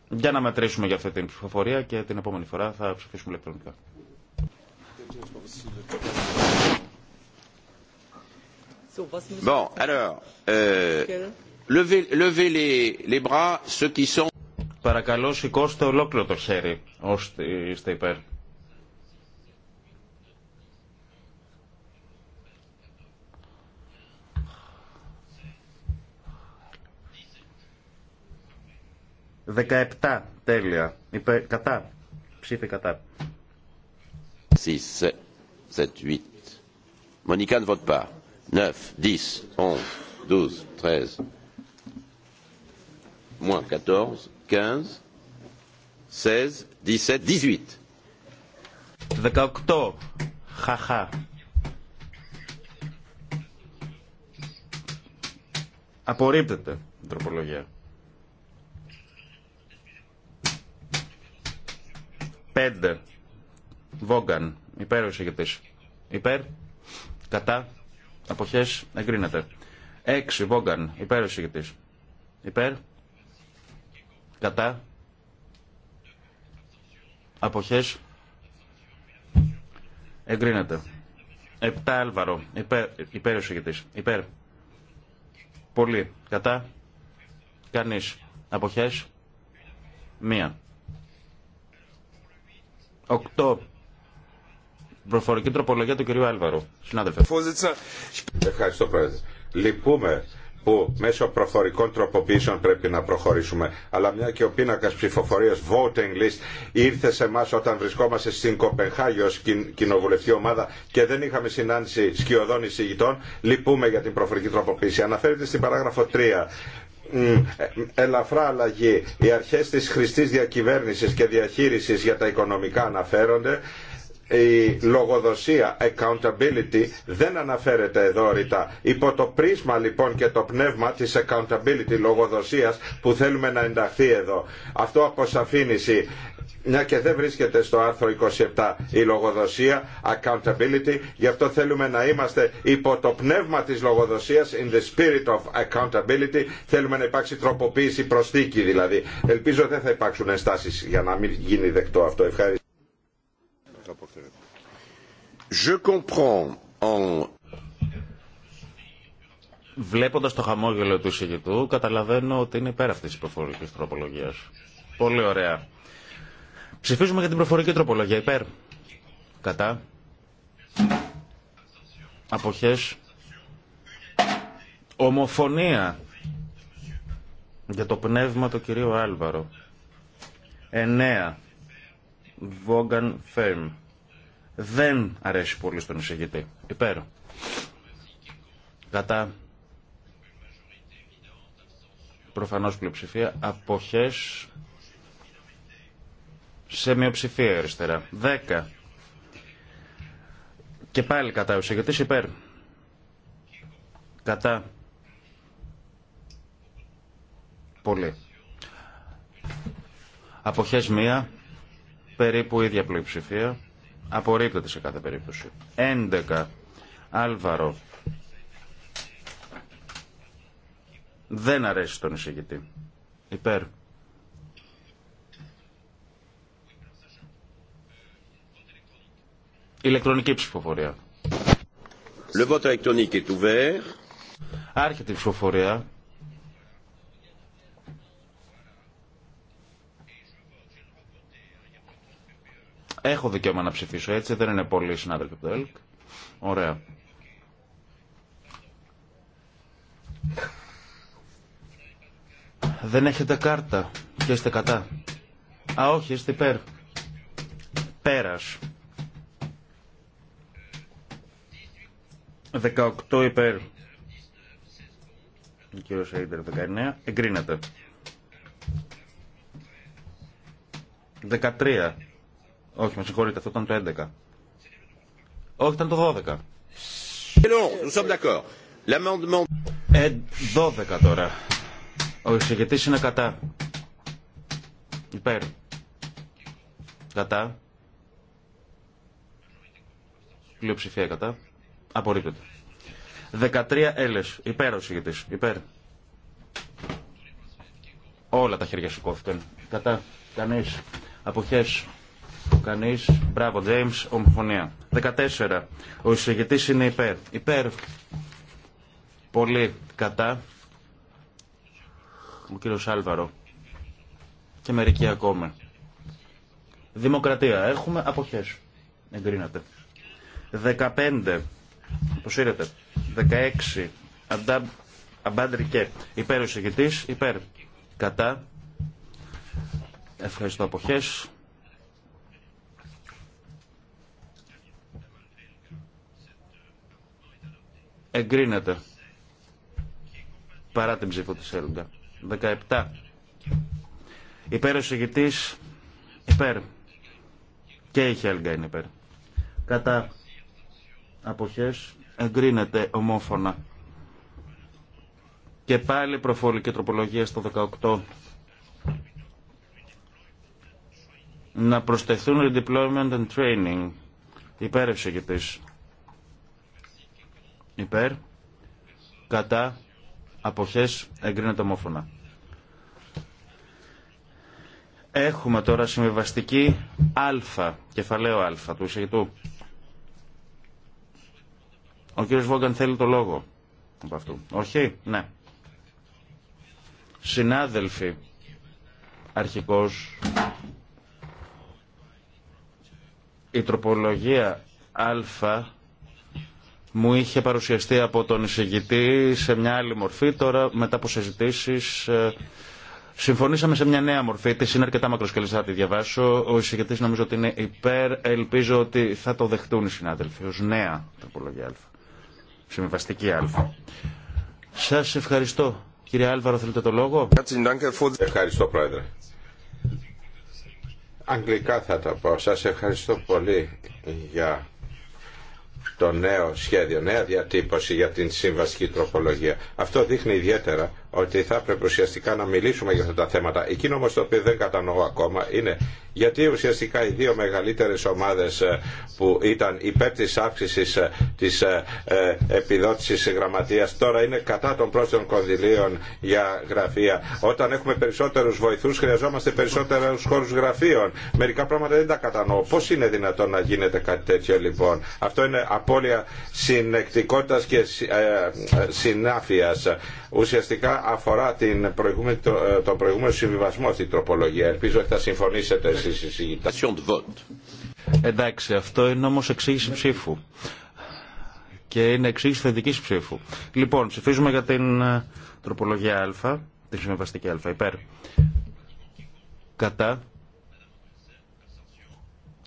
Για να μετρήσουμε για αυτή την ψηφοφορία και την επόμενη φορά θα ψηφίσουμε ηλεκτρονικά. Bon, alors, euh, levez les bras Παρακαλώ, σηκώστε ολόκληρο το χέρι, όσοι είστε υπέρ. Δεκαεπτά, τέλεια. Υπέρ, κατά. Ψήφι κατά. 6, 7, vote 9, 10, 11, 12, 13, 14, 15, 16, 17, 18. 18. Χαχά. Απορρίπτεται η τροπολογία. 5. Βόγκαν. Υπέρ ο εισηγητής. Υπέρ. Κατά. Αποχές εγκρίνεται. 6. Βόγκαν. Υπέρ ο συγκεκριτής. Υπέρ. Κατά. Αποχές εγκρίνεται. 7. Άλβαρο. Υπέρ, ο συγκεκριτής. Υπέρ. Πολύ. Κατά. Κανείς. Αποχές. Μία. 8 προφορική τροπολογία του κυρίου Άλβαρου. Συνάδελφε. Ευχαριστώ, Πρόεδρε. Λυπούμε που μέσω προφορικών τροποποιήσεων πρέπει να προχωρήσουμε. Αλλά μια και ο πίνακα ψηφοφορία voting list ήρθε σε εμά όταν βρισκόμαστε στην Κοπενχάγη ω κοινοβουλευτική ομάδα και δεν είχαμε συνάντηση σκιωδών εισηγητών, λυπούμε για την προφορική τροποποίηση. Αναφέρεται στην παράγραφο 3 ε, ελαφρά αλλαγή. Οι αρχές της χρηστής διακυβέρνηση και διαχείριση για τα οικονομικά αναφέρονται η λογοδοσία, accountability, δεν αναφέρεται εδώ ρητά. Υπό το πρίσμα λοιπόν και το πνεύμα της accountability, λογοδοσίας που θέλουμε να ενταχθεί εδώ. Αυτό αποσαφήνιση μια και δεν βρίσκεται στο άρθρο 27 η λογοδοσία, accountability, γι' αυτό θέλουμε να είμαστε υπό το πνεύμα της λογοδοσίας, in the spirit of accountability, θέλουμε να υπάρξει τροποποίηση, προσθήκη δηλαδή. Ελπίζω δεν θα υπάρξουν ενστάσεις για να μην γίνει δεκτό αυτό. Ευχαριστώ. Je comprends Βλέποντας το χαμόγελο του εισηγητού, καταλαβαίνω ότι είναι υπέρ αυτής της προφορικής τροπολογίας. Πολύ ωραία. Ψηφίζουμε για την προφορική τροπολογία. Υπέρ. Κατά. Αποχές. Ομοφωνία. Για το πνεύμα του κυρίου Άλβαρο. Εννέα. Βόγκαν Φέρμ. Δεν αρέσει πολύ στον εισηγητή. Υπέρ. Κατά. Προφανώς πλειοψηφία. Αποχές σε μειοψηφία αριστερά. Δέκα. Και πάλι κατά ο εισηγητής υπέρ. Κατά. Πολύ. Αποχές μία περίπου ίδια πλειοψηφία. Απορρίπτεται σε κάθε περίπτωση. 11. Άλβαρο. Δεν αρέσει τον εισηγητή. Υπέρ. Ηλεκτρονική ψηφοφορία. Le vote électronique est ouvert. Άρχεται η ψηφοφορία. Έχω δικαίωμα να ψηφίσω έτσι, δεν είναι πολύ συνάδελφοι από το ΕΛΚ. Ωραία. Δεν έχετε κάρτα και είστε κατά. Α, όχι, είστε υπέρ. Πέρας. 18 υπέρ. Ο κύριος Αίντερ 19. Εγκρίνεται. 13 όχι, με συγχωρείτε, αυτό ήταν το 11. Όχι, ήταν το 12. Ε, 12 ε, τώρα. Ο εισηγητής είναι κατά. Υπέρ. Κατά. Πλειοψηφία κατά. Απορρίπτεται. 13 έλες. Υπέρ ο εισηγητής. Υπέρ. Όλα τα χέρια σηκώθηκαν. Κατά. Κανείς. Αποχές. Κανεί. Μπράβο, Τζέιμ. Ομοφωνία. 14. Ο εισηγητή είναι υπέρ. Υπέρ. Πολύ κατά. Ο κύριο Άλβαρο. Και μερικοί ακόμα. Δημοκρατία. Έχουμε αποχέ. Εγκρίνατε. 15. είδατε. 16. Αντάμ. Αμπάντρικε. Υπέρ ο εισηγητή. Υπέρ. Κατά. Ευχαριστώ αποχές. Εγκρίνεται. Παρά την ψήφο της Έλγα. 17. Υπέρ ο συγητής. Υπέρ. Και η ΕΛΓΑ είναι υπέρ. Κατά αποχές εγκρίνεται ομόφωνα. Και πάλι και τροπολογία στο 18. Να προσθεθούν redeployment and training. Υπέρευσε υπέρ, κατά, αποχές, εγκρίνεται ομόφωνα. Έχουμε τώρα συμβιβαστική α, κεφαλαίο α, του εισαγητού. Ο κύριος Βόγκαν θέλει το λόγο από αυτού. Όχι, ναι. Συνάδελφοι, αρχικός, η τροπολογία α μου είχε παρουσιαστεί από τον εισηγητή σε μια άλλη μορφή. Τώρα, μετά από συζητήσει, ε, συμφωνήσαμε σε μια νέα μορφή. Τη είναι αρκετά μακροσκελή, θα τη διαβάσω. Ο εισηγητή νομίζω ότι είναι υπέρ. Ελπίζω ότι θα το δεχτούν οι συνάδελφοι ω νέα τροπολογία Α. Συμβαστική Α. Σα ευχαριστώ. Κύριε Άλβαρο, θέλετε το λόγο. Ευχαριστώ, Πρόεδρε. Αγγλικά θα τα πω. Σας ευχαριστώ πολύ για το νέο σχέδιο, νέα διατύπωση για την συμβαστική τροπολογία. Αυτό δείχνει ιδιαίτερα ότι θα έπρεπε ουσιαστικά να μιλήσουμε για αυτά τα θέματα. Εκείνο όμω το οποίο δεν κατανοώ ακόμα είναι γιατί ουσιαστικά οι δύο μεγαλύτερε ομάδε ε, που ήταν υπέρ τη αύξηση ε, τη ε, επιδότηση γραμματεία τώρα είναι κατά των πρόσθετων κονδυλίων για γραφεία. Όταν έχουμε περισσότερου βοηθού χρειαζόμαστε περισσότερου χώρου γραφείων. Μερικά πράγματα δεν τα κατανοώ. Πώ είναι δυνατόν να γίνεται κάτι τέτοιο λοιπόν. Αυτό είναι απώλεια συνεκτικότητα και συνάφεια. Ουσιαστικά αφορά την προηγούμενη, το, ε, το προηγούμενο συμβιβασμό στην τροπολογία. Ελπίζω ότι θα συμφωνήσετε εσεί οι Εντάξει, αυτό είναι όμω εξήγηση ψήφου. Και είναι εξήγηση θετική ψήφου. Λοιπόν, ψηφίζουμε για την ε, τροπολογία Α, τη συμβιβαστική Α, υπέρ. Κατά.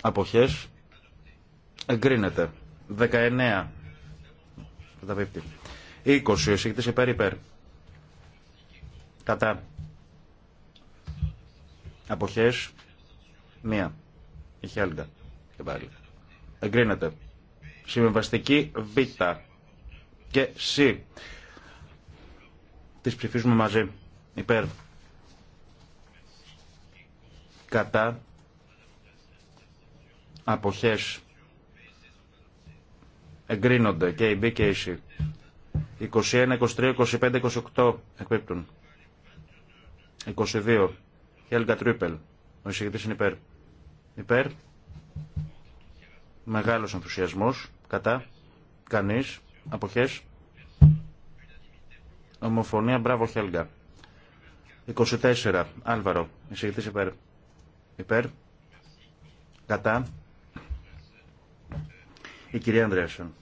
αποχέ Εγκρίνεται. 19. Καταπίπτει. 20. Εσύ υπέρ υπέρ. Κατά. Αποχές. Μία. Η Χέλγα. Και πάλι. Εγκρίνεται. Συμβαστική Β και Σ. Τις ψηφίζουμε μαζί. Υπέρ. Κατά. Αποχές. Εγκρίνονται και η B και η C. 21, 23, 25, 28 εκπίπτουν. 22. Χέλγα Τρίπελ. Ο εισηγητή είναι υπέρ. Υπέρ. Μεγάλο ενθουσιασμό, Κατά. Κανεί, Αποχέ. Ομοφωνία. Μπράβο Χέλγα. 24. Άλβαρο. Εισηγητή υπέρ. Υπέρ. Κατά. Η κυρία Ανδρέασεν.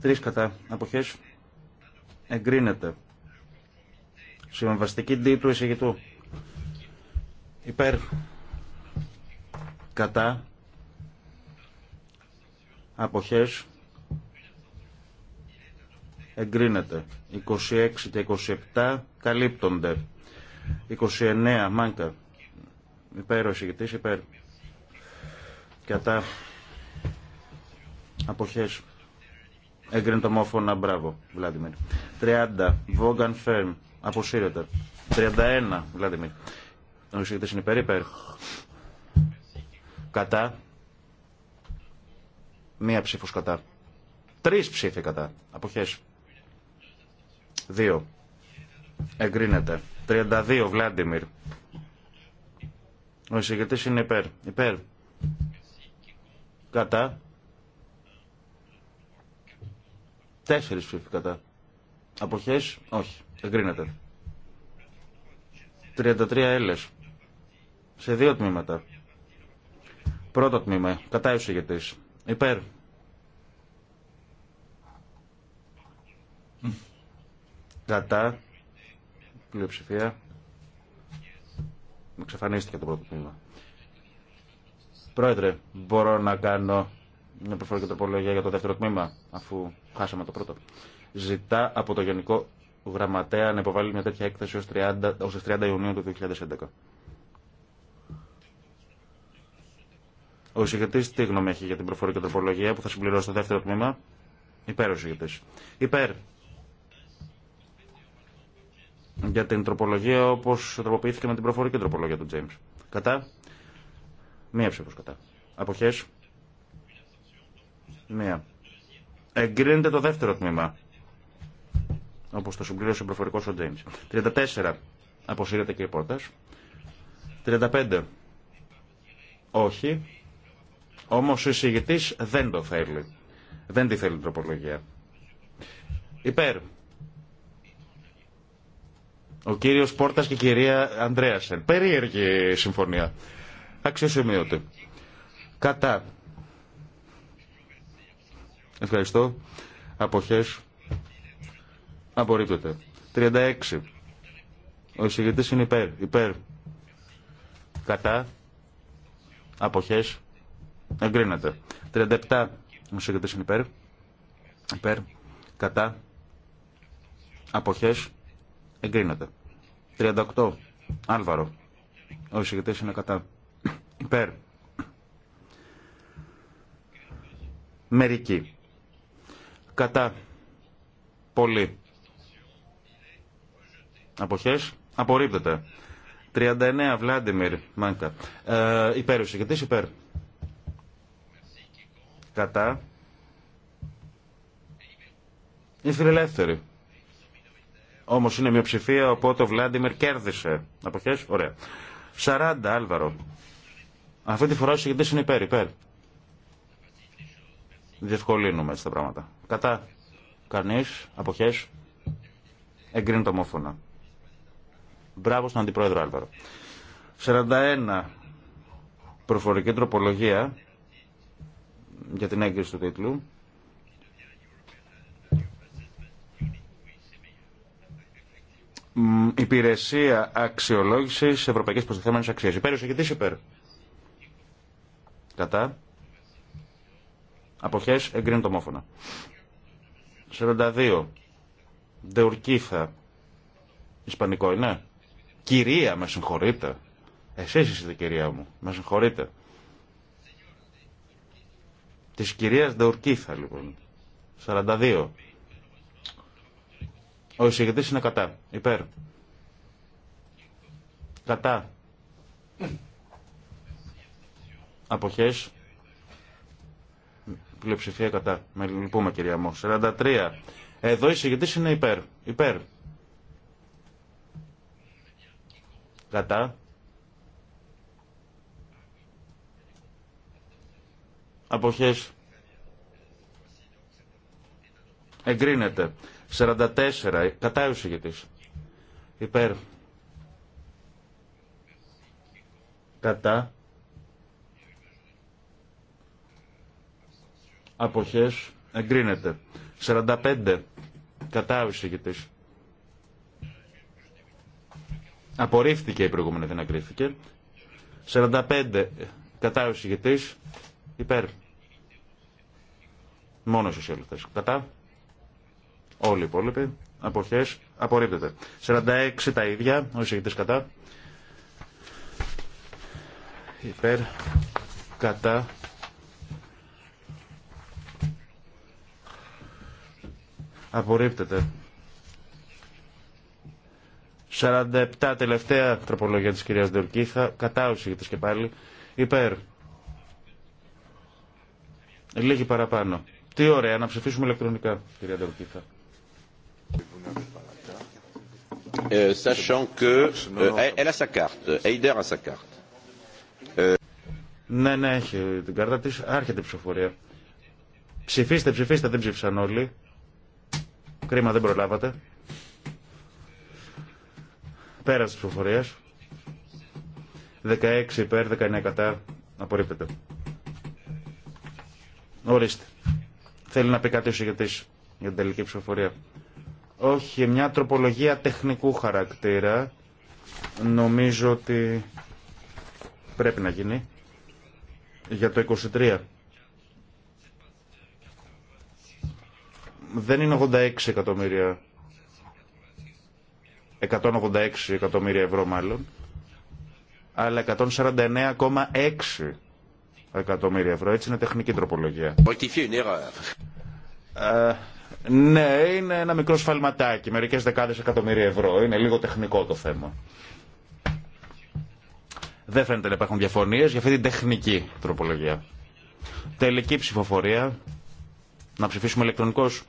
Τρεις κατά αποχές εγκρίνεται. Συμβαστική D του εισηγητού. Υπέρ. Κατά. Αποχές. Εγκρίνεται. 26 και 27 καλύπτονται. 29 μάνκα. Υπέρ ο εισηγητής, υπέρ. Κατά. Αποχές. Εγκρίνεται ομόφωνα. Μπράβο, Βλάντιμιρ. 30. Βόγκαν Φέρμ. Αποσύρεται. 31. Βλάντιμιρ. Ο εισηγητή είναι υπέρ, υπέρ. Κατά. Μία ψήφο κατά. Τρει ψήφοι κατά. Αποχέ. Δύο. Εγκρίνεται. 32. Βλάντιμιρ. Ο εισηγητή είναι υπέρ. Υπέρ. Κατά. Τέσσερις ψήφοι κατά. Αποχές, όχι. Εγκρίνεται. 33 έλες. Σε δύο τμήματα. Πρώτο τμήμα. Κατά εισηγητής. Υπέρ. Κατά. Πλειοψηφία. ξεφανίστηκε το πρώτο τμήμα. Πρόεδρε, μπορώ να κάνω μια προφορική τροπολογία για το δεύτερο τμήμα, αφού Χάσαμε το πρώτο. Ζητά από το Γενικό Γραμματέα να υποβάλει μια τέτοια έκθεση ω 30, 30 Ιουνίου του 2011. Ο εισηγητή τι γνώμη έχει για την προφορική τροπολογία που θα συμπληρώσει το δεύτερο τμήμα. Υπέρ ο εισηγητή. Υπέρ. Για την τροπολογία όπω τροποποιήθηκε με την προφορική τροπολογία του Τζέιμ. Κατά. Μία ψήφο κατά. Αποχέ. Μία. Εγκρίνεται το δεύτερο τμήμα. Όπω το συμπλήρωσε ο προφορικό ο Τζέιμ. 34. Αποσύρεται και η πόρτα. 35. Όχι. Όμω ο εισηγητή δεν το θέλει. Δεν τη θέλει η τροπολογία. Υπέρ. Ο κύριο Πόρτα και η κυρία Ανδρέασεν. Περίεργη συμφωνία. Αξιοσημείωτη. Κατά. Ευχαριστώ. Αποχές. Απορρίπτεται. 36. Ο εισηγητής είναι υπέρ. Υπέρ. Κατά. Αποχές. Εγκρίνεται. 37. Ο εισηγητής είναι υπέρ. Υπέρ. Κατά. Αποχές. Εγκρίνεται. 38. Άλβαρο. Ο εισηγητής είναι κατά. Υπέρ. Μερικοί. Κατά. Πολύ. Αποχές. Απορρίπτεται. 39 Βλάντιμιρ Μάνκα. Ε, υπέρ ο συγκεκριτής υπέρ. Κατά. Είναι φιλελεύθερη. Όμω είναι μειοψηφία, οπότε ο Βλάντιμιρ κέρδισε. Αποχέ, ωραία. 40, Άλβαρο. Αυτή τη φορά ο συγκεκριτή είναι υπέρ, υπέρ. Διευκολύνουμε έτσι τα πράγματα. Κατά. Κανείς. Αποχές. Εγκρίνεται ομόφωνα. Μπράβο στον Αντιπρόεδρο Άλβαρο. 41. Προφορική τροπολογία για την έγκριση του τίτλου. Υπηρεσία αξιολόγηση ευρωπαϊκή προστιθέμενη αξία. Υπέρ, τι υπέρ. Κατά. Αποχέ εγκρίνεται ομόφωνα. 42. Δεουρκίθα. Ισπανικό είναι. Κυρία, με συγχωρείτε. Εσείς είστε κυρία μου. Με συγχωρείτε. Της κυρίας Δεουρκίθα, λοιπόν. 42. Ο εισηγητής είναι κατά. Υπέρ. Κατά. Αποχές πλειοψηφία κατά. Με λυπούμε κυρία Μό. 43. Εδώ η συγκεκριτής είναι υπέρ. Υπέρ. Κατά. Αποχές. Εγκρίνεται. 44. Κατά ο συγκεκριτής. Υπέρ. Κατά. αποχές εγκρίνεται. 45 κατά ο Απορρίφθηκε η προηγούμενη, δεν ακρίθηκε. 45 κατά ο υπέρ. Μόνο οι σοσιαλιστές. Κατά. Όλοι οι υπόλοιποι. Αποχές απορρίπτεται. 46 τα ίδια, ο εισηγητής κατά. Υπέρ. Κατά Απορρίπτεται. 47 τελευταία τροπολογία της κυρίας Δεορκίθα, κατά της και πάλι, υπέρ. Λίγη παραπάνω. Τι ωραία, να ψηφίσουμε ηλεκτρονικά, κυρία Δεορκίθα. Ε, ε, ε, ναι, ναι, έχει την κάρτα της, άρχεται η ψηφοφορία. Ψηφίστε, ψηφίστε, δεν ψήφισαν όλοι. Κρίμα, δεν προλάβατε. Πέρασε τη ψηφοφορία. 16 υπέρ, 19 κατά. Απορρίπτεται. Ορίστε. Θέλει να πει κάτι ο για την τελική ψηφοφορία. Όχι, μια τροπολογία τεχνικού χαρακτήρα. Νομίζω ότι πρέπει να γίνει. Για το 23. δεν είναι 86 εκατομμύρια 186 εκατομμύρια ευρώ μάλλον αλλά 149,6 εκατομμύρια ευρώ. Έτσι είναι τεχνική τροπολογία. Ε, ναι, είναι ένα μικρό σφαλματάκι, μερικές δεκάδες εκατομμύρια ευρώ. Είναι λίγο τεχνικό το θέμα. Δεν φαίνεται να υπάρχουν διαφωνίες για αυτή την τεχνική τροπολογία. Τελική ψηφοφορία. Να ψηφίσουμε ηλεκτρονικώς.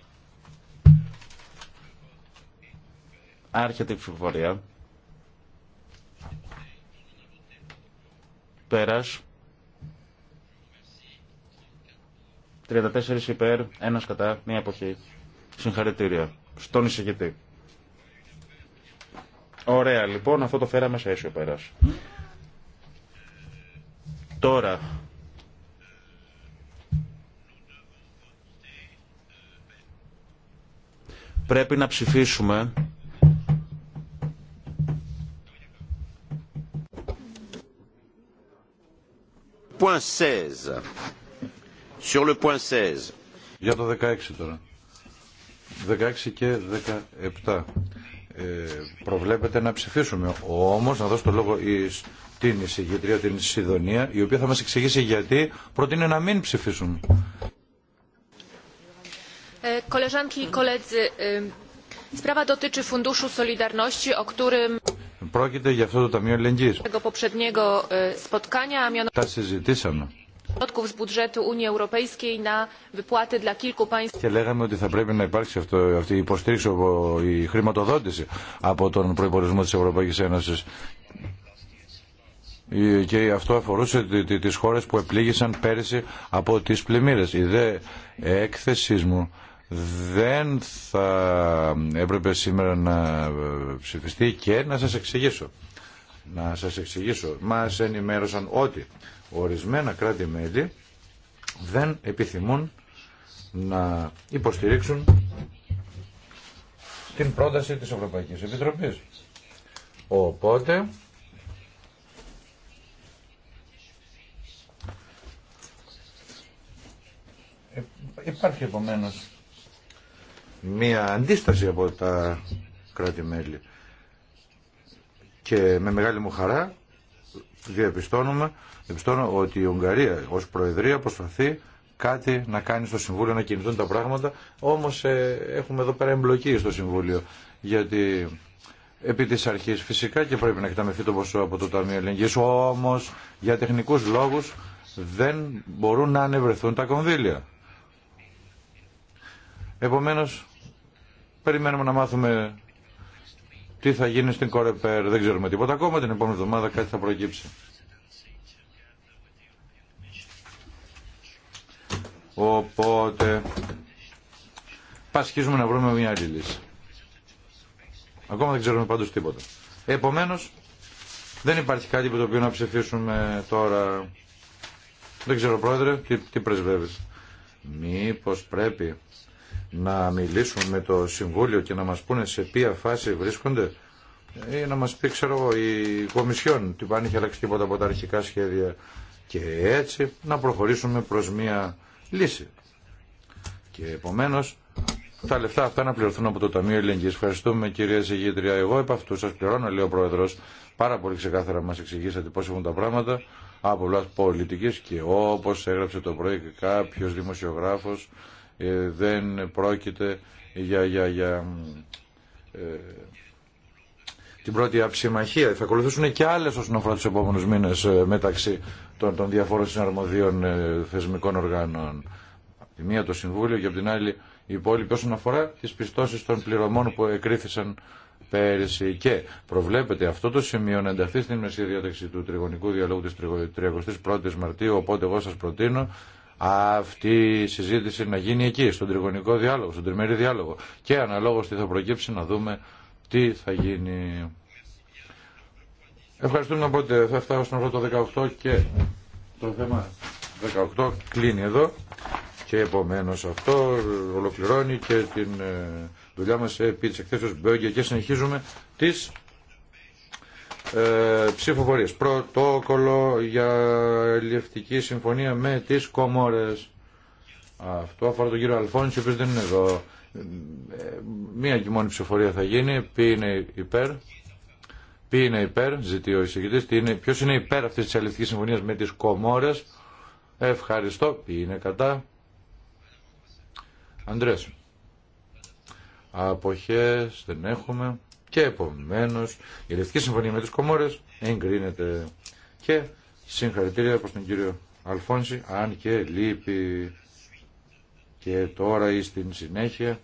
Άρχεται η ψηφοφορία. Πέρας. 34 υπέρ, 1 κατά, μία εποχή. Συγχαρητήρια. Στον εισηγητή. Ωραία, λοιπόν, αυτό το φέραμε σε αίσιο πέρας. Τώρα, πρέπει να ψηφίσουμε point 16. Sur le point 16. Για το 16 τώρα. 16 και 17. Ε, προβλέπεται να ψηφίσουμε. Όμως να δώσω το λόγο εις, την εισηγητρία, την Σιδονία, η οποία θα μας εξηγήσει γιατί προτείνει να μην ψηφίσουμε. Ε, κολεζάνκι, ε, ε, Sprawa dotyczy Funduszu Solidarności, o którym πρόκειται για αυτό το Ταμείο Ελεγγύης. E, Τα συζητήσαμε. Και λέγαμε ότι θα πρέπει να υπάρξει αυτό, αυτή η υποστήριξη, η χρηματοδότηση από τον προπολογισμό της Ευρωπαϊκής Ένωσης. Και αυτό αφορούσε τις χώρες που επλήγησαν πέρυσι από τις πλημμύρες. Η δε έκθεσή μου δεν θα έπρεπε σήμερα να ψηφιστεί και να σας εξηγήσω. Να σας εξηγήσω. Μας ενημέρωσαν ότι ορισμένα κράτη-μέλη δεν επιθυμούν να υποστηρίξουν την πρόταση της Ευρωπαϊκής Επιτροπής. Οπότε ε, υπάρχει επομένως μία αντίσταση από τα κράτη-μέλη. Και με μεγάλη μου χαρά διαπιστώνουμε, διαπιστώνω ότι η Ουγγαρία ως Προεδρία προσπαθεί κάτι να κάνει στο Συμβούλιο, να κινηθούν τα πράγματα, όμως ε, έχουμε εδώ πέρα εμπλοκή στο Συμβούλιο, γιατί επί της αρχής φυσικά και πρέπει να εκταμεθεί το ποσό από το Ταμείο Ελληνικής, όμως για τεχνικούς λόγους δεν μπορούν να ανεβρεθούν τα κονδύλια. Επομένως, περιμένουμε να μάθουμε τι θα γίνει στην Κορεπέρ. Δεν ξέρουμε τίποτα ακόμα. Την επόμενη εβδομάδα κάτι θα προκύψει. Οπότε πασχίζουμε να βρούμε μια άλλη λύση. Ακόμα δεν ξέρουμε πάντως τίποτα. Επομένως, δεν υπάρχει κάτι που το οποίο να ψηφίσουμε τώρα. Δεν ξέρω, Πρόεδρε, τι, τι πρεσβεύεις. Μήπως πρέπει να μιλήσουν με το Συμβούλιο και να μας πούνε σε ποια φάση βρίσκονται ή να μας πει ξέρω εγώ η Κομισιόν τι αν είχε αλλάξει τίποτα από τα αρχικά σχέδια και έτσι να προχωρήσουμε προς μια λύση. Και επομένως τα λεφτά αυτά να πληρωθούν από το Ταμείο Ελληνική. Ευχαριστούμε κυρία Συγγετρία. Εγώ επ' αυτού σας πληρώνω λέει ο Πρόεδρος. Πάρα πολύ ξεκάθαρα μας εξηγήσατε πώς έχουν τα πράγματα από πολιτική και όπως έγραψε το πρωί κάποιο δημοσιογράφος ε, δεν πρόκειται για, για, για ε, την πρώτη αψημαχία. Θα ακολουθήσουν και άλλες όσον αφορά τους επόμενους μήνες ε, μεταξύ των, των διαφόρων συναρμοδίων ε, θεσμικών οργάνων. Από τη μία το Συμβούλιο και από την άλλη η υπόλοιπη όσον αφορά τις πιστώσεις των πληρωμών που εκρίθησαν πέρυσι και προβλέπεται αυτό το σημείο να ενταχθεί στην μεσή διάταξη του τριγωνικού διαλόγου της 31ης Μαρτίου οπότε εγώ σας προτείνω αυτή η συζήτηση να γίνει εκεί, στον τριγωνικό διάλογο, στον τριμερή διάλογο. Και αναλόγως τι θα προκύψει να δούμε τι θα γίνει. Ευχαριστούμε οπότε. Θα φτάσω στον το 18 και το θέμα 18 κλείνει εδώ. Και επομένως αυτό ολοκληρώνει και την ε, δουλειά μας επί της εκθέσεως Μπέγγε και συνεχίζουμε τις ε, ψηφοφορίες. Πρωτόκολλο για ελληνική συμφωνία με τις Κομόρες. Αυτό αφορά τον κύριο Αλφόνης, ο οποίος δεν είναι εδώ. Ε, μία και μόνη ψηφοφορία θα γίνει. Ποιοι είναι υπέρ. Ποιοι είναι υπέρ, ζητεί ο εισηγητής. Είναι, ποιος είναι υπέρ αυτής της αλληλευτικής συμφωνίας με τις Κομόρες. Ευχαριστώ. Ποιοι είναι κατά. Αντρέας. Αποχές δεν έχουμε. Και επομένω η Ελευθερική Συμφωνία με τι Κομόρε εγκρίνεται. Και συγχαρητήρια προ τον κύριο Αλφόνση, αν και λείπει. Και τώρα ή στην συνέχεια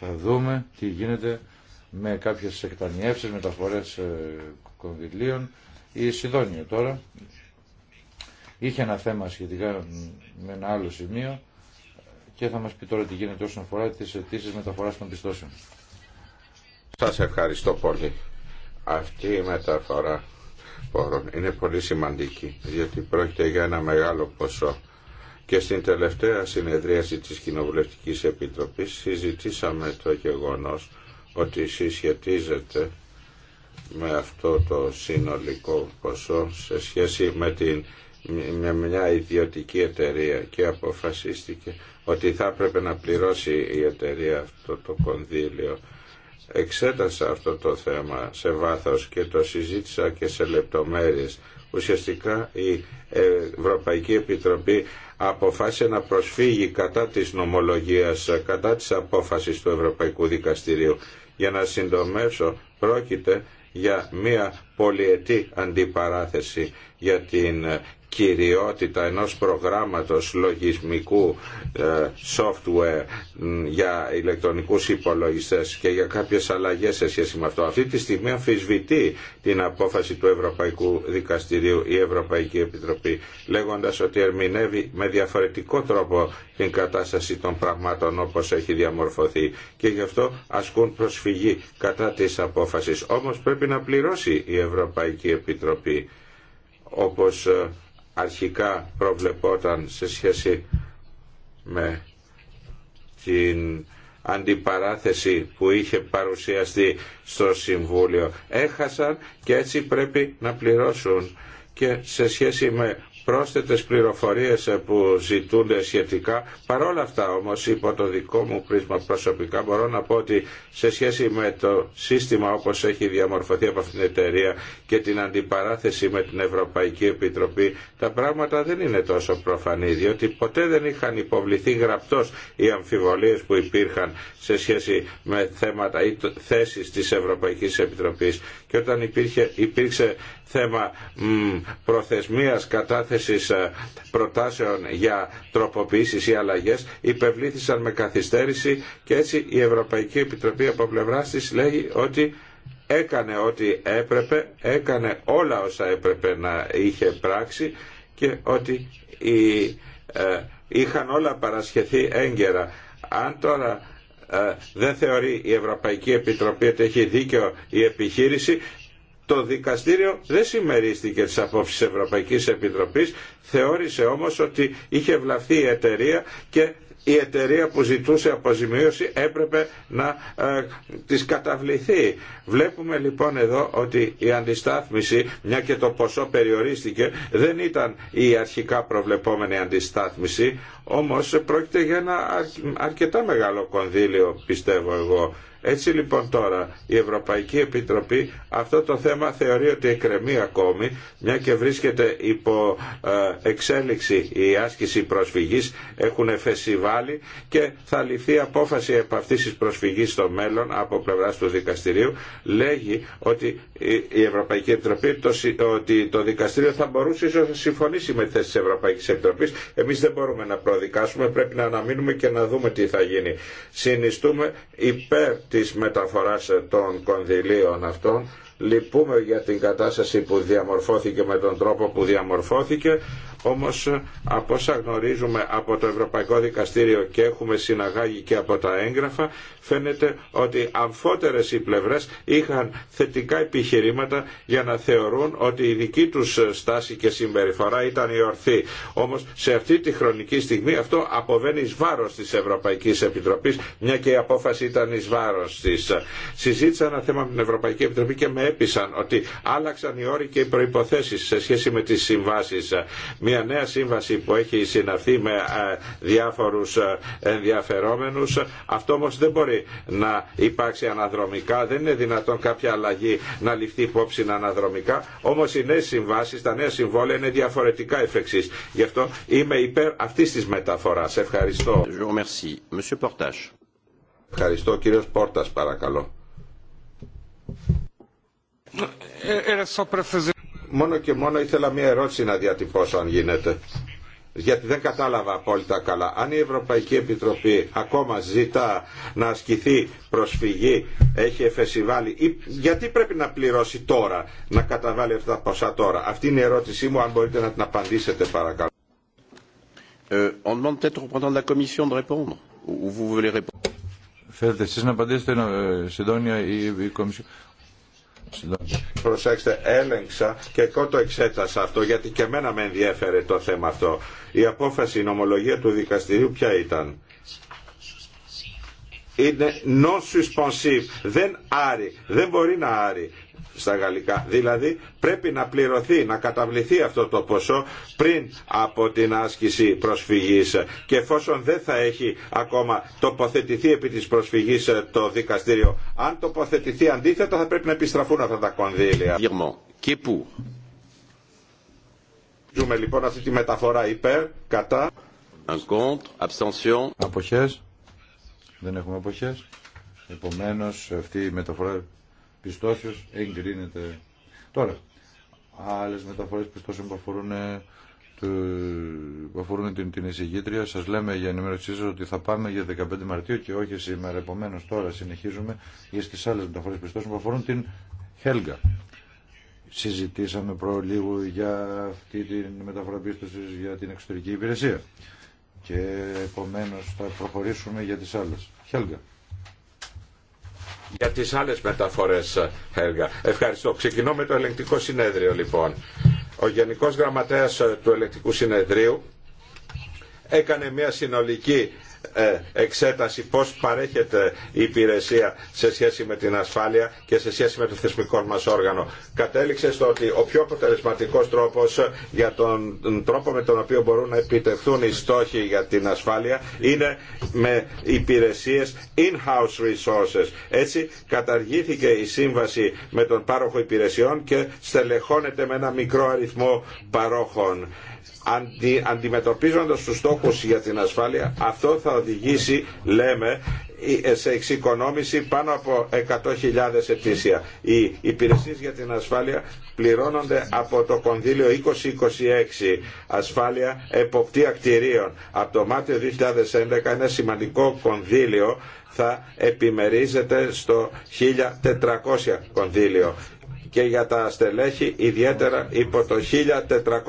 θα δούμε τι γίνεται με κάποιες εκτανιεύσεις, μεταφορές ε, κονδυλίων. Η Σιδόνια τώρα είχε ένα θέμα σχετικά με ένα άλλο σημείο και θα μας πει τώρα τι γίνεται όσον αφορά τις αιτήσει μεταφοράς των πιστώσεων. Σας ευχαριστώ πολύ. Αυτή η μεταφορά πόρων είναι πολύ σημαντική, διότι πρόκειται για ένα μεγάλο ποσό. Και στην τελευταία συνεδρίαση της Κοινοβουλευτικής Επιτροπής συζητήσαμε το γεγονός ότι συσχετίζεται με αυτό το συνολικό ποσό σε σχέση με, την, με μια ιδιωτική εταιρεία και αποφασίστηκε ότι θα έπρεπε να πληρώσει η εταιρεία αυτό το κονδύλιο εξέτασα αυτό το θέμα σε βάθος και το συζήτησα και σε λεπτομέρειες. Ουσιαστικά η Ευρωπαϊκή Επιτροπή αποφάσισε να προσφύγει κατά της νομολογίας, κατά της απόφασης του Ευρωπαϊκού Δικαστηρίου. Για να συντομεύσω, πρόκειται για μια πολυετή αντιπαράθεση για την κυριότητα ενός προγράμματος λογισμικού ε, software για ηλεκτρονικούς υπολογιστές και για κάποιες αλλαγές σε σχέση με αυτό. Αυτή τη στιγμή αμφισβητεί την απόφαση του Ευρωπαϊκού Δικαστηρίου η Ευρωπαϊκή Επιτροπή λέγοντας ότι ερμηνεύει με διαφορετικό τρόπο την κατάσταση των πραγμάτων όπως έχει διαμορφωθεί και γι' αυτό ασκούν προσφυγή κατά της απόφασης. Όμως πρέπει να πληρώσει η Ευρωπαϊκή Επιτροπή όπως ε, αρχικά προβλεπόταν σε σχέση με την αντιπαράθεση που είχε παρουσιαστεί στο Συμβούλιο. Έχασαν και έτσι πρέπει να πληρώσουν και σε σχέση με πρόσθετες πληροφορίες που ζητούνται σχετικά. Παρόλα αυτά όμως υπό το δικό μου πρίσμα προσωπικά μπορώ να πω ότι σε σχέση με το σύστημα όπως έχει διαμορφωθεί από αυτήν την εταιρεία και την αντιπαράθεση με την Ευρωπαϊκή Επιτροπή τα πράγματα δεν είναι τόσο προφανή διότι ποτέ δεν είχαν υποβληθεί γραπτός οι αμφιβολίες που υπήρχαν σε σχέση με θέματα ή θέσεις της Ευρωπαϊκής Επιτροπής και όταν υπήρχε, υπήρξε θέμα προθεσμίας κατάθεσης ε, προτάσεων για τροποποιήσεις ή αλλαγές υπευλήθησαν με καθυστέρηση και έτσι η Ευρωπαϊκή Επιτροπή από πλευρά τη λέγει ότι έκανε ό,τι έπρεπε, έκανε όλα όσα έπρεπε να είχε πράξει και ότι ε, είχαν όλα παρασχεθεί έγκαιρα. Αν τώρα ε, δεν θεωρεί η Ευρωπαϊκή Επιτροπή ότι έχει δίκιο η επιχείρηση, το δικαστήριο δεν συμμερίστηκε τις απόψεις Ευρωπαϊκής Επιτροπής, θεώρησε όμως ότι είχε βλαφθεί η εταιρεία και η εταιρεία που ζητούσε αποζημίωση έπρεπε να ε, της καταβληθεί. Βλέπουμε λοιπόν εδώ ότι η αντιστάθμιση, μια και το ποσό περιορίστηκε, δεν ήταν η αρχικά προβλεπόμενη αντιστάθμιση, όμως πρόκειται για ένα αρκετά μεγάλο κονδύλιο πιστεύω εγώ έτσι λοιπόν τώρα η Ευρωπαϊκή Επιτροπή αυτό το θέμα θεωρεί ότι εκκρεμεί ακόμη, μια και βρίσκεται υπό ε, εξέλιξη η άσκηση προσφυγής, έχουν εφεσιβάλει και θα ληφθεί απόφαση επ' αυτής της προσφυγής στο μέλλον από πλευράς του δικαστηρίου. Λέγει ότι η Ευρωπαϊκή Επιτροπή ότι το δικαστήριο θα μπορούσε ίσως να συμφωνήσει με τη θέση της Ευρωπαϊκής Επιτροπής. Εμείς δεν μπορούμε να προδικάσουμε, πρέπει να αναμείνουμε και να δούμε τι θα γίνει. Συνιστούμε υπέρ της μεταφοράς των κονδυλίων αυτών Λυπούμε για την κατάσταση που διαμορφώθηκε με τον τρόπο που διαμορφώθηκε, όμως από όσα γνωρίζουμε από το Ευρωπαϊκό Δικαστήριο και έχουμε συναγάγει και από τα έγγραφα, φαίνεται ότι αμφότερες οι πλευρές είχαν θετικά επιχειρήματα για να θεωρούν ότι η δική τους στάση και συμπεριφορά ήταν η ορθή. Όμως σε αυτή τη χρονική στιγμή αυτό αποβαίνει εις βάρος της Ευρωπαϊκής Επιτροπής, μια και η απόφαση ήταν εις βάρος της. Συζήτησα ένα θέμα με την Ευρωπαϊκή Επιτροπή και συνέπησαν ότι άλλαξαν οι όροι και οι προϋποθέσεις σε σχέση με τις συμβάσεις. Μια νέα σύμβαση που έχει συναρθεί με ε, διάφορους ε, ενδιαφερόμενους, αυτό όμως δεν μπορεί να υπάρξει αναδρομικά, δεν είναι δυνατόν κάποια αλλαγή να ληφθεί υπόψη αναδρομικά, όμως οι νέες συμβάσεις, τα νέα συμβόλαια είναι διαφορετικά εφ' Γι' αυτό είμαι υπέρ αυτής της μεταφοράς. Ευχαριστώ. Ευχαριστώ κύριος Πόρτας παρακαλώ. Μόνο και μόνο ήθελα μία ερώτηση να διατυπώσω αν γίνεται. Γιατί δεν κατάλαβα απόλυτα καλά. Αν η Ευρωπαϊκή Επιτροπή ακόμα ζητά να ασκηθεί προσφυγή, έχει εφεσιβάλει, ή γιατί πρέπει να πληρώσει τώρα, να καταβάλει αυτά τα ποσά τώρα. Αυτή είναι ερώτησή μου, αν μπορείτε να την απαντήσετε παρακαλώ. Euh, on demande Θέλετε εσείς να απαντήσετε, ε, Συντόνια, η, η Κομισιόν. Προσέξτε, έλεγξα και εγώ το εξέτασα αυτό γιατί και εμένα με ενδιέφερε το θέμα αυτό. Η απόφαση, η νομολογία του δικαστηρίου ποια ήταν είναι non-suspensive, δεν άρει, δεν μπορεί να άρει στα γαλλικά. Δηλαδή πρέπει να πληρωθεί, να καταβληθεί αυτό το ποσό πριν από την άσκηση προσφυγής και εφόσον δεν θα έχει ακόμα τοποθετηθεί επί της προσφυγής ε, το δικαστήριο, αν τοποθετηθεί αντίθετα θα πρέπει να επιστραφούν αυτά τα κονδύλια. Και πού. Ζούμε λοιπόν αυτή τη μεταφορά υπέρ, κατά δεν έχουμε εποχές. Επομένως αυτή η μεταφορά πιστώσεως εγκρίνεται. Τώρα, άλλες μεταφορές πιστώσεων που αφορούν, ε, που την, την εισηγήτρια. Σας λέμε για ενημέρωσή ότι θα πάμε για 15 Μαρτίου και όχι σήμερα. Επομένως τώρα συνεχίζουμε για στις άλλες μεταφορές πιστώσεων που αφορούν την Χέλγα. Συζητήσαμε προ λίγο για αυτή τη μεταφορά πίστωσης για την εξωτερική υπηρεσία και επομένως θα προχωρήσουμε για τις άλλες. Χέλγα. Για τις άλλες μεταφορές, Χέλγα. Ευχαριστώ. Ξεκινώ με το ελεγκτικό συνέδριο, λοιπόν. Ο Γενικός Γραμματέας του Ελεγκτικού Συνεδρίου έκανε μια συνολική ε, εξέταση πώς παρέχεται η υπηρεσία σε σχέση με την ασφάλεια και σε σχέση με το θεσμικό μας όργανο. Κατέληξε στο ότι ο πιο αποτελεσματικός τρόπος για τον τρόπο με τον οποίο μπορούν να επιτευχθούν οι στόχοι για την ασφάλεια είναι με υπηρεσίες in-house resources. Έτσι καταργήθηκε η σύμβαση με τον πάροχο υπηρεσιών και στελεχώνεται με ένα μικρό αριθμό παρόχων αντι, αντιμετωπίζοντας τους στόχους για την ασφάλεια αυτό θα οδηγήσει λέμε ε, σε εξοικονόμηση πάνω από 100.000 ετήσια. Οι υπηρεσίε για την ασφάλεια πληρώνονται από το κονδύλιο 2026 ασφάλεια εποπτεία κτηρίων. Από το Μάρτιο 2011 ένα σημαντικό κονδύλιο θα επιμερίζεται στο 1400 κονδύλιο και για τα στελέχη ιδιαίτερα υπό το 1406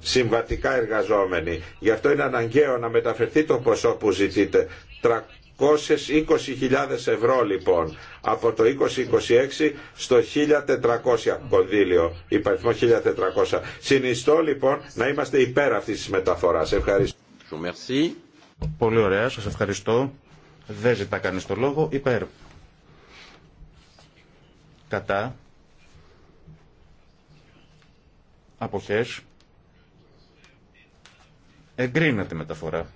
συμβατικά εργαζόμενοι. Γι' αυτό είναι αναγκαίο να μεταφερθεί το ποσό που ζητείτε. 320.000 ευρώ λοιπόν από το 2026 στο 1400 κονδύλιο, υπαριθμό 1400. Συνιστώ λοιπόν να είμαστε υπέρ αυτής της μεταφοράς. Ευχαριστώ. Πολύ ωραία, σας ευχαριστώ. Δεν ζητά κανείς το λόγο. Υπέρ. Κατά. αποχές εγκρίνεται μεταφορά.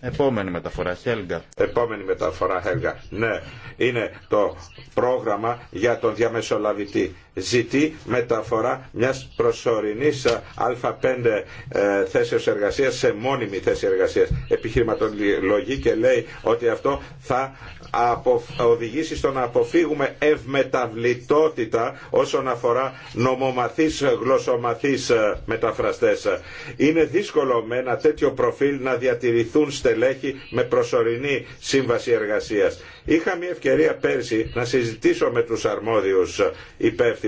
Επόμενη μεταφορά, Χέλγα. Επόμενη μεταφορά, Χέλγα. Ναι, είναι το πρόγραμμα για τον διαμεσολαβητή ζητεί μεταφορά μιας προσωρινής α5 ε, θέσεως εργασίας σε μόνιμη θέση εργασίας. Επιχειρηματολογεί και λέει ότι αυτό θα οδηγήσει στο να αποφύγουμε ευμεταβλητότητα όσον αφορά νομομαθείς γλωσσομαθείς ε, μεταφραστές. Είναι δύσκολο με ένα τέτοιο προφίλ να διατηρηθούν στελέχη με προσωρινή σύμβαση εργασίας. Είχα μια ευκαιρία πέρσι να συζητήσω με τους αρμόδιους υπεύθυνους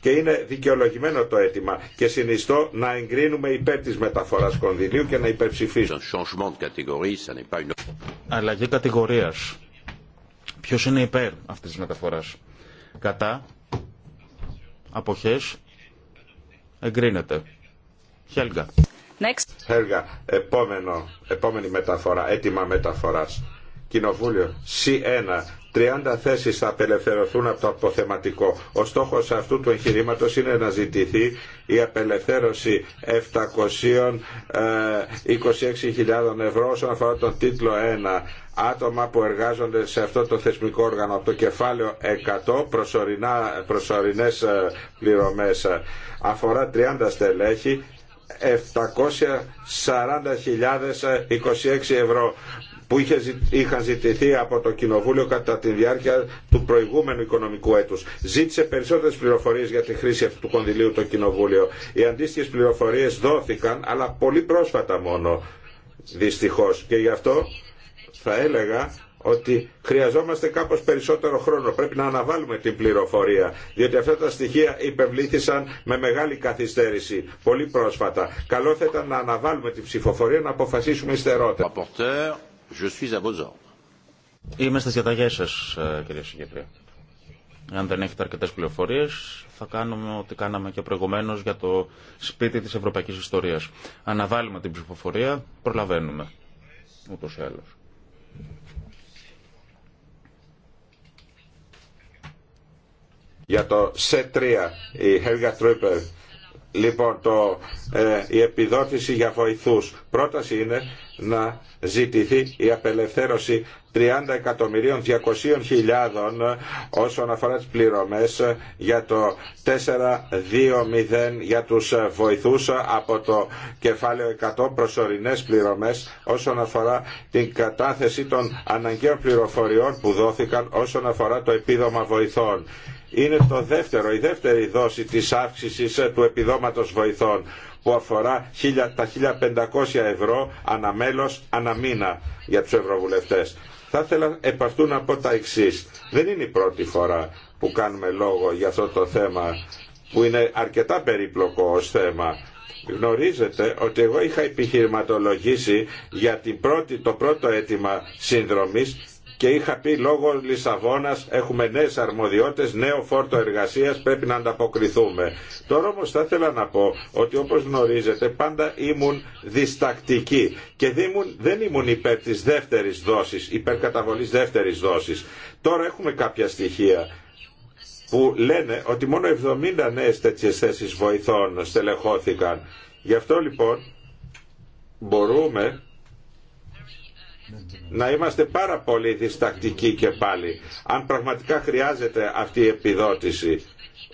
και είναι δικαιολογημένο το αίτημα και συνιστώ να εγκρίνουμε υπέρ τη μεταφορά κονδυλίου και να υπερψηφίσουμε. Αλλαγή κατηγορία. Ποιο είναι υπέρ αυτή τη μεταφορά. Κατά. Αποχέ. Εγκρίνεται. Χέλγα. Next. Χέλγα, επόμενη μεταφορά, έτοιμα μεταφοράς. Κοινοβούλιο, C1, 30 θέσεις θα απελευθερωθούν από το αποθεματικό. Ο στόχος αυτού του εγχειρήματο είναι να ζητηθεί η απελευθέρωση 726.000 ε, ευρώ όσον αφορά τον τίτλο 1 άτομα που εργάζονται σε αυτό το θεσμικό όργανο από το κεφάλαιο 100 προσωρινά, προσωρινές ε, πληρωμές αφορά 30 στελέχη 740.026 ευρώ που είχαν ζητηθεί από το Κοινοβούλιο κατά τη διάρκεια του προηγούμενου οικονομικού έτους. Ζήτησε περισσότερες πληροφορίες για τη χρήση αυτού του κονδυλίου το Κοινοβούλιο. Οι αντίστοιχες πληροφορίες δόθηκαν, αλλά πολύ πρόσφατα μόνο. δυστυχώς. Και γι' αυτό θα έλεγα ότι χρειαζόμαστε κάπως περισσότερο χρόνο. Πρέπει να αναβάλουμε την πληροφορία, διότι αυτά τα στοιχεία υπευλήθησαν με μεγάλη καθυστέρηση, πολύ πρόσφατα. Καλό θα ήταν να αναβάλουμε την ψηφοφορία, να αποφασίσουμε υστερότερα. Είμαι στις διαταγές σας, ε, κύριε Συγκεφρή. Αν δεν έχετε αρκετέ πληροφορίε, θα κάνουμε ό,τι κάναμε και προηγουμένω για το σπίτι τη ευρωπαϊκή ιστορία. Αναβάλουμε την ψηφοφορία, προλαβαίνουμε. Ούτω ή άλλω. για το C3 η Helga Trooper λοιπόν το, ε, η επιδότηση για βοηθούς πρόταση είναι να ζητηθεί η απελευθέρωση 30 εκατομμυρίων χιλιάδων όσον αφορά τις πληρωμές για το 420 για τους βοηθούς από το κεφάλαιο 100 προσωρινές πληρωμές όσον αφορά την κατάθεση των αναγκαίων πληροφοριών που δόθηκαν όσον αφορά το επίδομα βοηθών είναι το δεύτερο, η δεύτερη δόση της αύξησης ε, του επιδόματος βοηθών που αφορά τα 1.500 ευρώ αναμέλος αναμήνα για τους ευρωβουλευτές. Θα ήθελα επ' αυτού να πω τα εξή. Δεν είναι η πρώτη φορά που κάνουμε λόγο για αυτό το θέμα που είναι αρκετά περίπλοκο ως θέμα. Γνωρίζετε ότι εγώ είχα επιχειρηματολογήσει για την πρώτη, το πρώτο αίτημα συνδρομής και είχα πει λόγω Λισαβόνας έχουμε νέες αρμοδιότητες, νέο φόρτο εργασίας, πρέπει να ανταποκριθούμε. Τώρα όμως θα ήθελα να πω ότι όπως γνωρίζετε πάντα ήμουν διστακτική και δεν ήμουν υπέρ της δεύτερης δόσης, υπέρ καταβολής δεύτερης δόσης. Τώρα έχουμε κάποια στοιχεία που λένε ότι μόνο 70 νέες τέτοιες θέσεις βοηθών στελεχώθηκαν. Γι' αυτό λοιπόν μπορούμε να είμαστε πάρα πολύ διστακτικοί και πάλι αν πραγματικά χρειάζεται αυτή η επιδότηση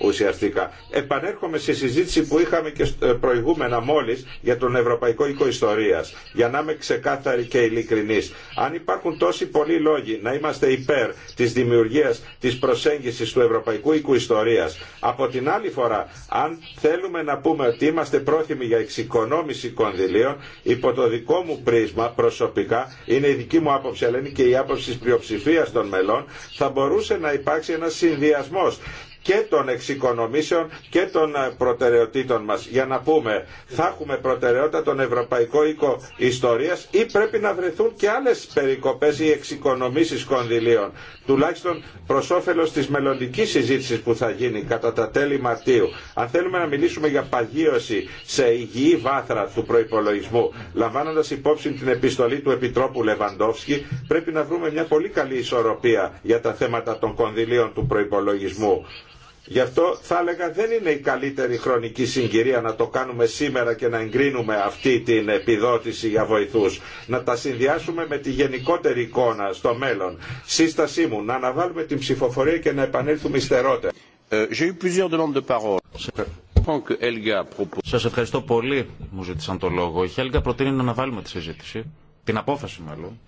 ουσιαστικά. Επανέρχομαι στη συζήτηση που είχαμε και προηγούμενα μόλι για τον Ευρωπαϊκό Οίκο Για να είμαι ξεκάθαρη και ειλικρινή. Αν υπάρχουν τόσοι πολλοί λόγοι να είμαστε υπέρ τη δημιουργία τη προσέγγιση του Ευρωπαϊκού Οίκου από την άλλη φορά, αν θέλουμε να πούμε ότι είμαστε πρόθυμοι για εξοικονόμηση κονδυλίων, υπό το δικό μου πρίσμα προσωπικά, είναι η δική μου άποψη, αλλά είναι και η άποψη τη πλειοψηφία των μελών, θα μπορούσε να υπάρξει ένα συνδυασμό και των εξοικονομήσεων και των ε, προτεραιοτήτων μας για να πούμε θα έχουμε προτεραιότητα τον Ευρωπαϊκό Οίκο Ιστορίας ή πρέπει να βρεθούν και άλλες περικοπές ή εξοικονομήσεις κονδυλίων τουλάχιστον προς όφελος της μελλοντικής συζήτησης που θα γίνει κατά τα τέλη Μαρτίου. Αν θέλουμε να μιλήσουμε για παγίωση σε υγιή βάθρα του προϋπολογισμού λαμβάνοντας υπόψη την επιστολή του Επιτρόπου Λεβαντόφσκι πρέπει να βρούμε μια πολύ καλή ισορροπία για τα θέματα των κονδυλίων του προϋπολογισμού. Γι' αυτό θα έλεγα δεν είναι η καλύτερη χρονική συγκυρία να το κάνουμε σήμερα και να εγκρίνουμε αυτή την επιδότηση για βοηθούς. Να τα συνδυάσουμε με τη γενικότερη εικόνα στο μέλλον. Σύστασή μου να αναβάλουμε την ψηφοφορία και να επανέλθουμε υστερότερα. Ε, Σας ευχαριστώ πολύ μου ζήτησαν το λόγο. Η Χέλγα προτείνει να αναβάλουμε τη συζήτηση, την απόφαση μάλλον.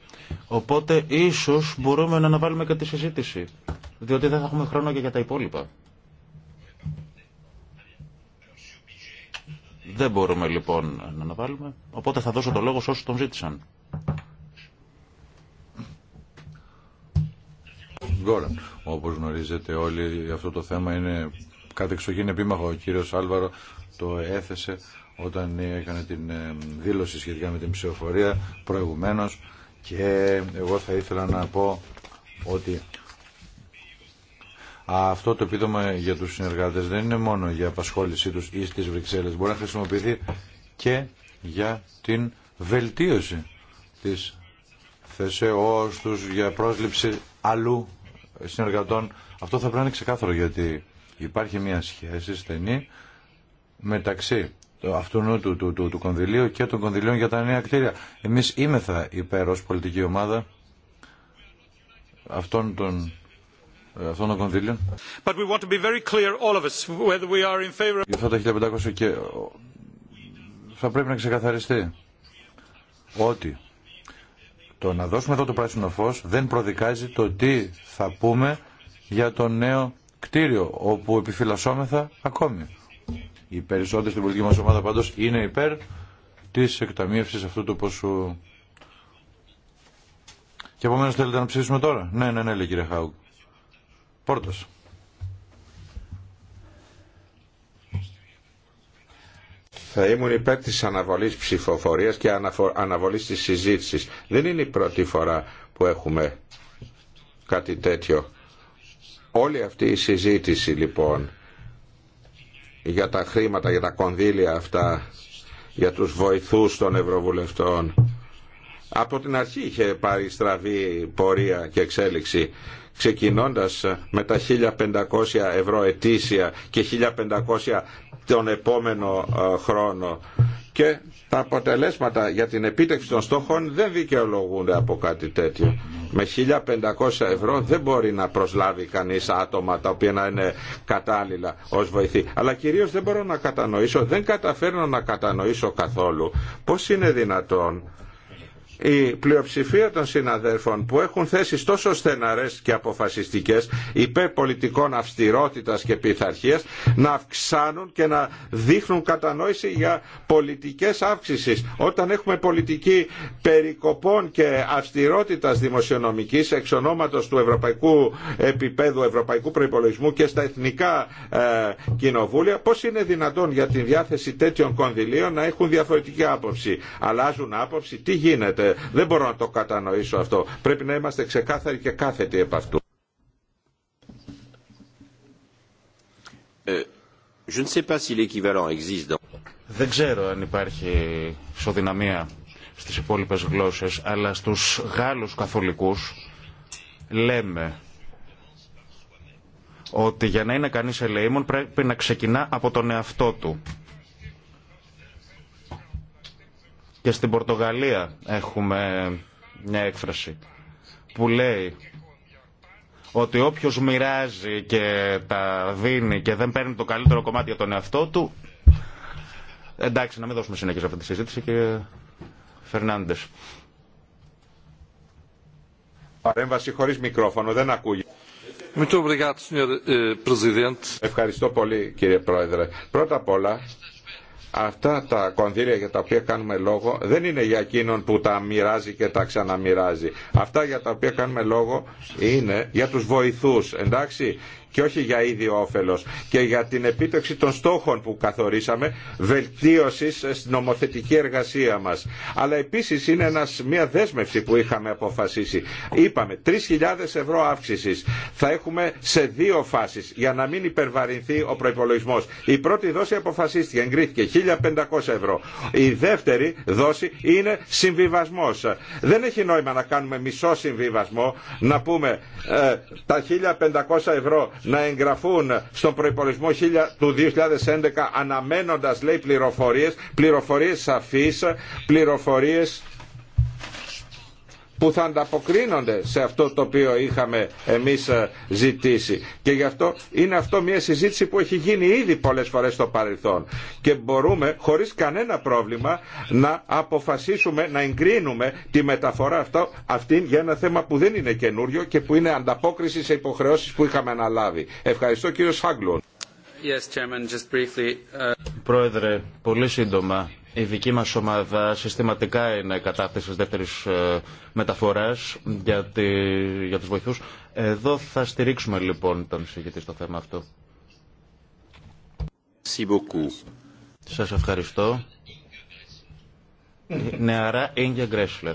Οπότε ίσως μπορούμε να αναβάλουμε και τη συζήτηση, διότι δεν θα έχουμε χρόνο και για τα υπόλοιπα. Δεν μπορούμε λοιπόν να αναβάλουμε, οπότε θα δώσω το λόγο σε όσους τον ζήτησαν. Γκόραν, όπως γνωρίζετε όλοι αυτό το θέμα είναι κάτι εξωγήν επίμαχο. Ο κύριος Άλβαρο το έθεσε όταν έκανε την ε, δήλωση σχετικά με την ψηφοφορία προηγουμένως και εγώ θα ήθελα να πω ότι αυτό το επίδομα για τους συνεργάτες δεν είναι μόνο για απασχόλησή τους ή στις Βρυξέλλες. Μπορεί να χρησιμοποιηθεί και για την βελτίωση της θεσεώς τους για πρόσληψη αλλού συνεργατών. Αυτό θα πρέπει να είναι ξεκάθαρο γιατί υπάρχει μια σχέση στενή μεταξύ αυτού του, του, του, του κονδυλίου και των κονδυλίων για τα νέα κτίρια. Εμείς είμεθα υπέρ ως πολιτική ομάδα αυτών των ε, αυτών των κονδύλιων. Για αυτά τα 1500 και θα πρέπει να ξεκαθαριστεί ότι το να δώσουμε εδώ το πράσινο φως δεν προδικάζει το τι θα πούμε για το νέο κτίριο όπου επιφυλασσόμεθα ακόμη. Οι περισσότεροι στην πολιτική μας ομάδα πάντως είναι υπέρ της εκταμείευσης αυτού του ποσού. Και επομένως θέλετε να ψήσουμε τώρα. Ναι, ναι, ναι, λέει κύριε Χάουκ. Πόρτος. Θα ήμουν υπέρ τη αναβολή ψηφοφορία και αναβολή τη συζήτηση. Δεν είναι η πρώτη φορά που έχουμε κάτι τέτοιο. Όλη αυτή η συζήτηση λοιπόν για τα χρήματα, για τα κονδύλια αυτά, για τους βοηθούς των Ευρωβουλευτών. Από την αρχή είχε πάρει στραβή πορεία και εξέλιξη ξεκινώντας με τα 1.500 ευρώ ετήσια και 1.500 τον επόμενο ε, χρόνο και τα αποτελέσματα για την επίτευξη των στόχων δεν δικαιολογούνται από κάτι τέτοιο. Με 1.500 ευρώ δεν μπορεί να προσλάβει κανείς άτομα τα οποία να είναι κατάλληλα ως βοηθή. Αλλά κυρίως δεν μπορώ να κατανοήσω, δεν καταφέρνω να κατανοήσω καθόλου πώς είναι δυνατόν η πλειοψηφία των συναδέλφων που έχουν θέσει τόσο στεναρέ και αποφασιστικέ υπέρ πολιτικών αυστηρότητα και πειθαρχία να αυξάνουν και να δείχνουν κατανόηση για πολιτικέ αύξηση. Όταν έχουμε πολιτική περικοπών και αυστηρότητα δημοσιονομική, εξ ονόματο του ευρωπαϊκού επίπεδου, ευρωπαϊκού Προπολογισμού και στα εθνικά ε, κοινοβούλια, Πώ είναι δυνατόν για τη διάθεση τέτοιων κονδυλίων να έχουν διαφορετική άποψη. Αλλάζουν άποψη, τι γίνεται δεν μπορώ να το κατανοήσω αυτό. Πρέπει να είμαστε ξεκάθαροι και κάθετοι επ' αυτού. Ε, Δεν ξέρω αν υπάρχει ισοδυναμία στις υπόλοιπες γλώσσες, αλλά στους Γάλλους καθολικούς λέμε ότι για να είναι κανείς ελεήμων πρέπει να ξεκινά από τον εαυτό του. Και στην Πορτογαλία έχουμε μια έκφραση που λέει ότι όποιος μοιράζει και τα δίνει και δεν παίρνει το καλύτερο κομμάτι για τον εαυτό του εντάξει να μην δώσουμε συνέχεια σε αυτή τη συζήτηση κύριε Φερνάντες Παρέμβαση χωρίς μικρόφωνο δεν ακούγεται eh, Ευχαριστώ πολύ κύριε Πρόεδρε. Πρώτα απ' όλα αυτά τα κονδύλια για τα οποία κάνουμε λόγο δεν είναι για εκείνον που τα μοιράζει και τα ξαναμοιράζει. Αυτά για τα οποία κάνουμε λόγο είναι για τους βοηθούς, εντάξει, και όχι για ίδιο όφελο και για την επίτευξη των στόχων που καθορίσαμε βελτίωση στην νομοθετική εργασία μας. Αλλά επίσης είναι ένας, μια δέσμευση που είχαμε αποφασίσει. Είπαμε 3.000 ευρώ αύξηση. θα έχουμε σε δύο φάσεις για να μην υπερβαρυνθεί ο προϋπολογισμός. Η πρώτη δόση αποφασίστηκε, εγκρίθηκε 1.500 ευρώ. Η δεύτερη δόση είναι συμβιβασμό. Δεν έχει νόημα να κάνουμε μισό συμβιβασμό, να πούμε ε, τα 1.500 ευρώ να εγγραφούν στον προϋπολογισμό του 2011 αναμένοντας λέει πληροφορίες, πληροφορίες σαφείς, πληροφορίες που θα ανταποκρίνονται σε αυτό το οποίο είχαμε εμείς ε, ζητήσει. Και γι' αυτό είναι αυτό μια συζήτηση που έχει γίνει ήδη πολλές φορές στο παρελθόν. Και μπορούμε χωρίς κανένα πρόβλημα να αποφασίσουμε, να εγκρίνουμε τη μεταφορά αυτό, αυτή για ένα θέμα που δεν είναι καινούριο και που είναι ανταπόκριση σε υποχρεώσεις που είχαμε αναλάβει. Ευχαριστώ κύριο Σάγκλον. Yes, Chairman, just briefly. Uh, Πρόεδρε, πολύ σύντομα. Η δική μας ομάδα συστηματικά είναι κατά δεύτερη ε, μεταφοράς για, τη, για τους βοηθούς. Εδώ θα στηρίξουμε λοιπόν τον συγκεκριτή στο θέμα αυτό. Σας ευχαριστώ. Ε, νεαρά Ίγκια Γκρέσλερ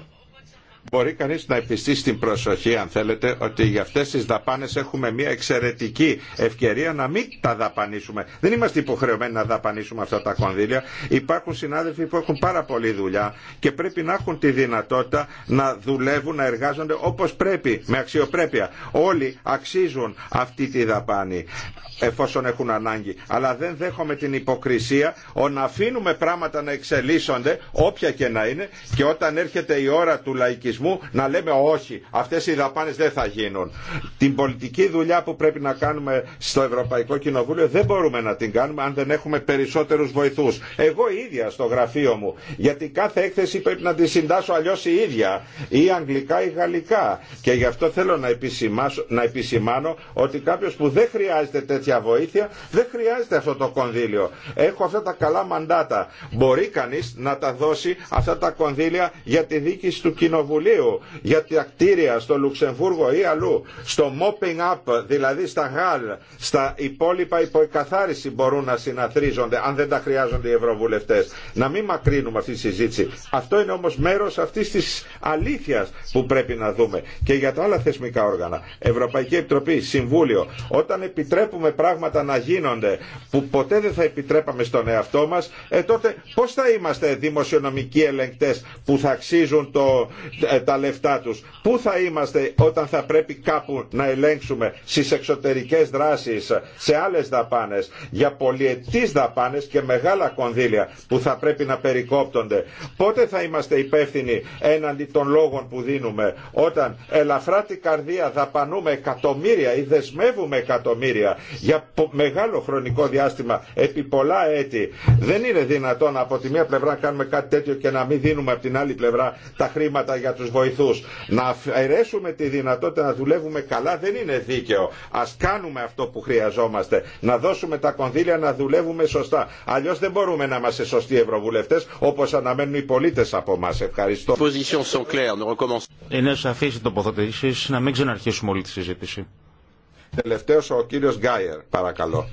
μπορεί κανείς να επιστήσει την προσοχή αν θέλετε ότι για αυτές τις δαπάνες έχουμε μια εξαιρετική ευκαιρία να μην τα δαπανίσουμε. Δεν είμαστε υποχρεωμένοι να δαπανίσουμε αυτά τα κονδύλια. Υπάρχουν συνάδελφοι που έχουν πάρα πολλή δουλειά και πρέπει να έχουν τη δυνατότητα να δουλεύουν, να εργάζονται όπως πρέπει, με αξιοπρέπεια. Όλοι αξίζουν αυτή τη δαπάνη εφόσον έχουν ανάγκη. Αλλά δεν δέχομαι την υποκρισία ο να αφήνουμε πράγματα να εξελίσσονται όποια και να είναι και όταν έρχεται η ώρα του λαϊκισμού να λέμε όχι, αυτέ οι δαπάνε δεν θα γίνουν. Την πολιτική δουλειά που πρέπει να κάνουμε στο Ευρωπαϊκό Κοινοβούλιο δεν μπορούμε να την κάνουμε αν δεν έχουμε περισσότερου βοηθού. Εγώ ίδια στο γραφείο μου, γιατί κάθε έκθεση πρέπει να τη συντάσω αλλιώ η ίδια, ή αγγλικά ή γαλλικά. Και γι' αυτό θέλω να, να επισημάνω ότι κάποιο που δεν χρειάζεται τέτοια βοήθεια, δεν χρειάζεται αυτό το κονδύλιο. Έχω αυτά τα καλά μαντάτα. Μπορεί κανεί να τα δώσει αυτά τα κονδύλια για τη δίκηση του Κοινοβουλίου για τα κτίρια στο Λουξεμβούργο ή αλλού, στο mopping up, δηλαδή στα γάλ, στα υπόλοιπα υποκαθάριση μπορούν να συναθρίζονται αν δεν τα χρειάζονται οι ευρωβουλευτέ. Να μην μακρύνουμε αυτή τη συζήτηση. Αυτό είναι όμω μέρο αυτή τη αλήθεια που πρέπει να δούμε. Και για τα άλλα θεσμικά όργανα, Ευρωπαϊκή Επιτροπή, Συμβούλιο, όταν επιτρέπουμε πράγματα να γίνονται που ποτέ δεν θα επιτρέπαμε στον εαυτό μα, ε, τότε πώ θα είμαστε δημοσιονομικοί ελεγκτέ που θα αξίζουν το, ε, ε, τα λεφτά τους. Πού θα είμαστε όταν θα πρέπει κάπου να ελέγξουμε στις εξωτερικές δράσεις, σε άλλες δαπάνες, για πολιετής δαπάνες και μεγάλα κονδύλια που θα πρέπει να περικόπτονται. Πότε θα είμαστε υπεύθυνοι έναντι των λόγων που δίνουμε όταν ελαφρά την καρδία δαπανούμε εκατομμύρια ή δεσμεύουμε εκατομμύρια για μεγάλο χρονικό διάστημα επί πολλά έτη. Δεν είναι δυνατόν από τη μία πλευρά να κάνουμε κάτι για μεγαλο χρονικο διαστημα επι πολλα ετη δεν ειναι δυνατον απο τη μια πλευρα κανουμε κατι τετοιο και να μην δίνουμε από την άλλη πλευρά τα χρήματα για τους βοηθούς. Να αφαιρέσουμε τη δυνατότητα να δουλεύουμε καλά δεν είναι δίκαιο. Ας κάνουμε αυτό που χρειαζόμαστε. Να δώσουμε τα κονδύλια να δουλεύουμε σωστά. Αλλιώς δεν μπορούμε να είμαστε σωστοί ευρωβουλευτές όπως αναμένουν οι πολίτες από μας Ευχαριστώ. Είναι σαφής η τοποθέτηση να μην ξαναρχίσουμε όλη τη συζήτηση. Τελευταίος ο κύριος Γκάιερ, παρακαλώ.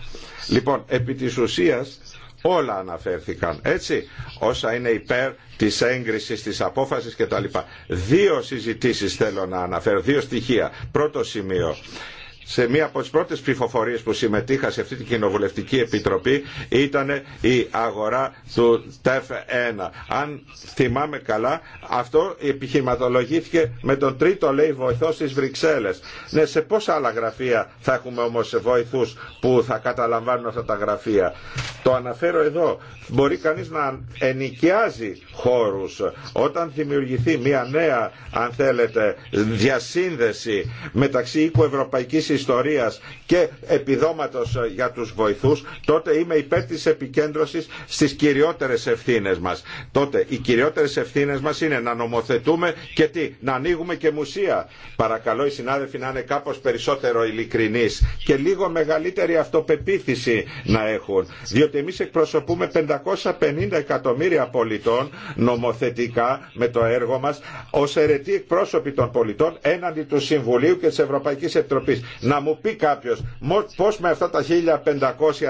Λοιπόν, επί της ουσίας Όλα αναφέρθηκαν. Έτσι, όσα είναι υπέρ της έγκρισης, της απόφασης κτλ. Δύο συζητήσεις θέλω να αναφέρω, δύο στοιχεία. Πρώτο σημείο σε μία από τις πρώτες ψηφοφορίες που συμμετείχα σε αυτή την κοινοβουλευτική επιτροπή ήταν η αγορά του ΤΕΦ1. Αν θυμάμαι καλά, αυτό επιχειρηματολογήθηκε με τον τρίτο λέει βοηθό στις Βρυξέλλες. Ναι, σε πόσα άλλα γραφεία θα έχουμε όμως βοηθούς που θα καταλαμβάνουν αυτά τα γραφεία. Το αναφέρω εδώ. Μπορεί κανείς να ενοικιάζει χώρους όταν δημιουργηθεί μία νέα, αν θέλετε, διασύνδεση μεταξύ οίκου ιστορίας και επιδόματος ε, για τους βοηθούς, τότε είμαι υπέρ της επικέντρωσης στις κυριότερες ευθύνες μας. Τότε οι κυριότερες ευθύνες μας είναι να νομοθετούμε και τι, να ανοίγουμε και μουσεία. Παρακαλώ οι συνάδελφοι να είναι κάπως περισσότερο ειλικρινείς και λίγο μεγαλύτερη αυτοπεποίθηση να έχουν. Διότι εμείς εκπροσωπούμε 550 εκατομμύρια πολιτών νομοθετικά με το έργο μας ως αιρετοί εκπρόσωποι των πολιτών έναντι του Συμβουλίου και της Ευρωπαϊκής Επιτροπής. Να μου πει κάποιο πώ με αυτά τα 1500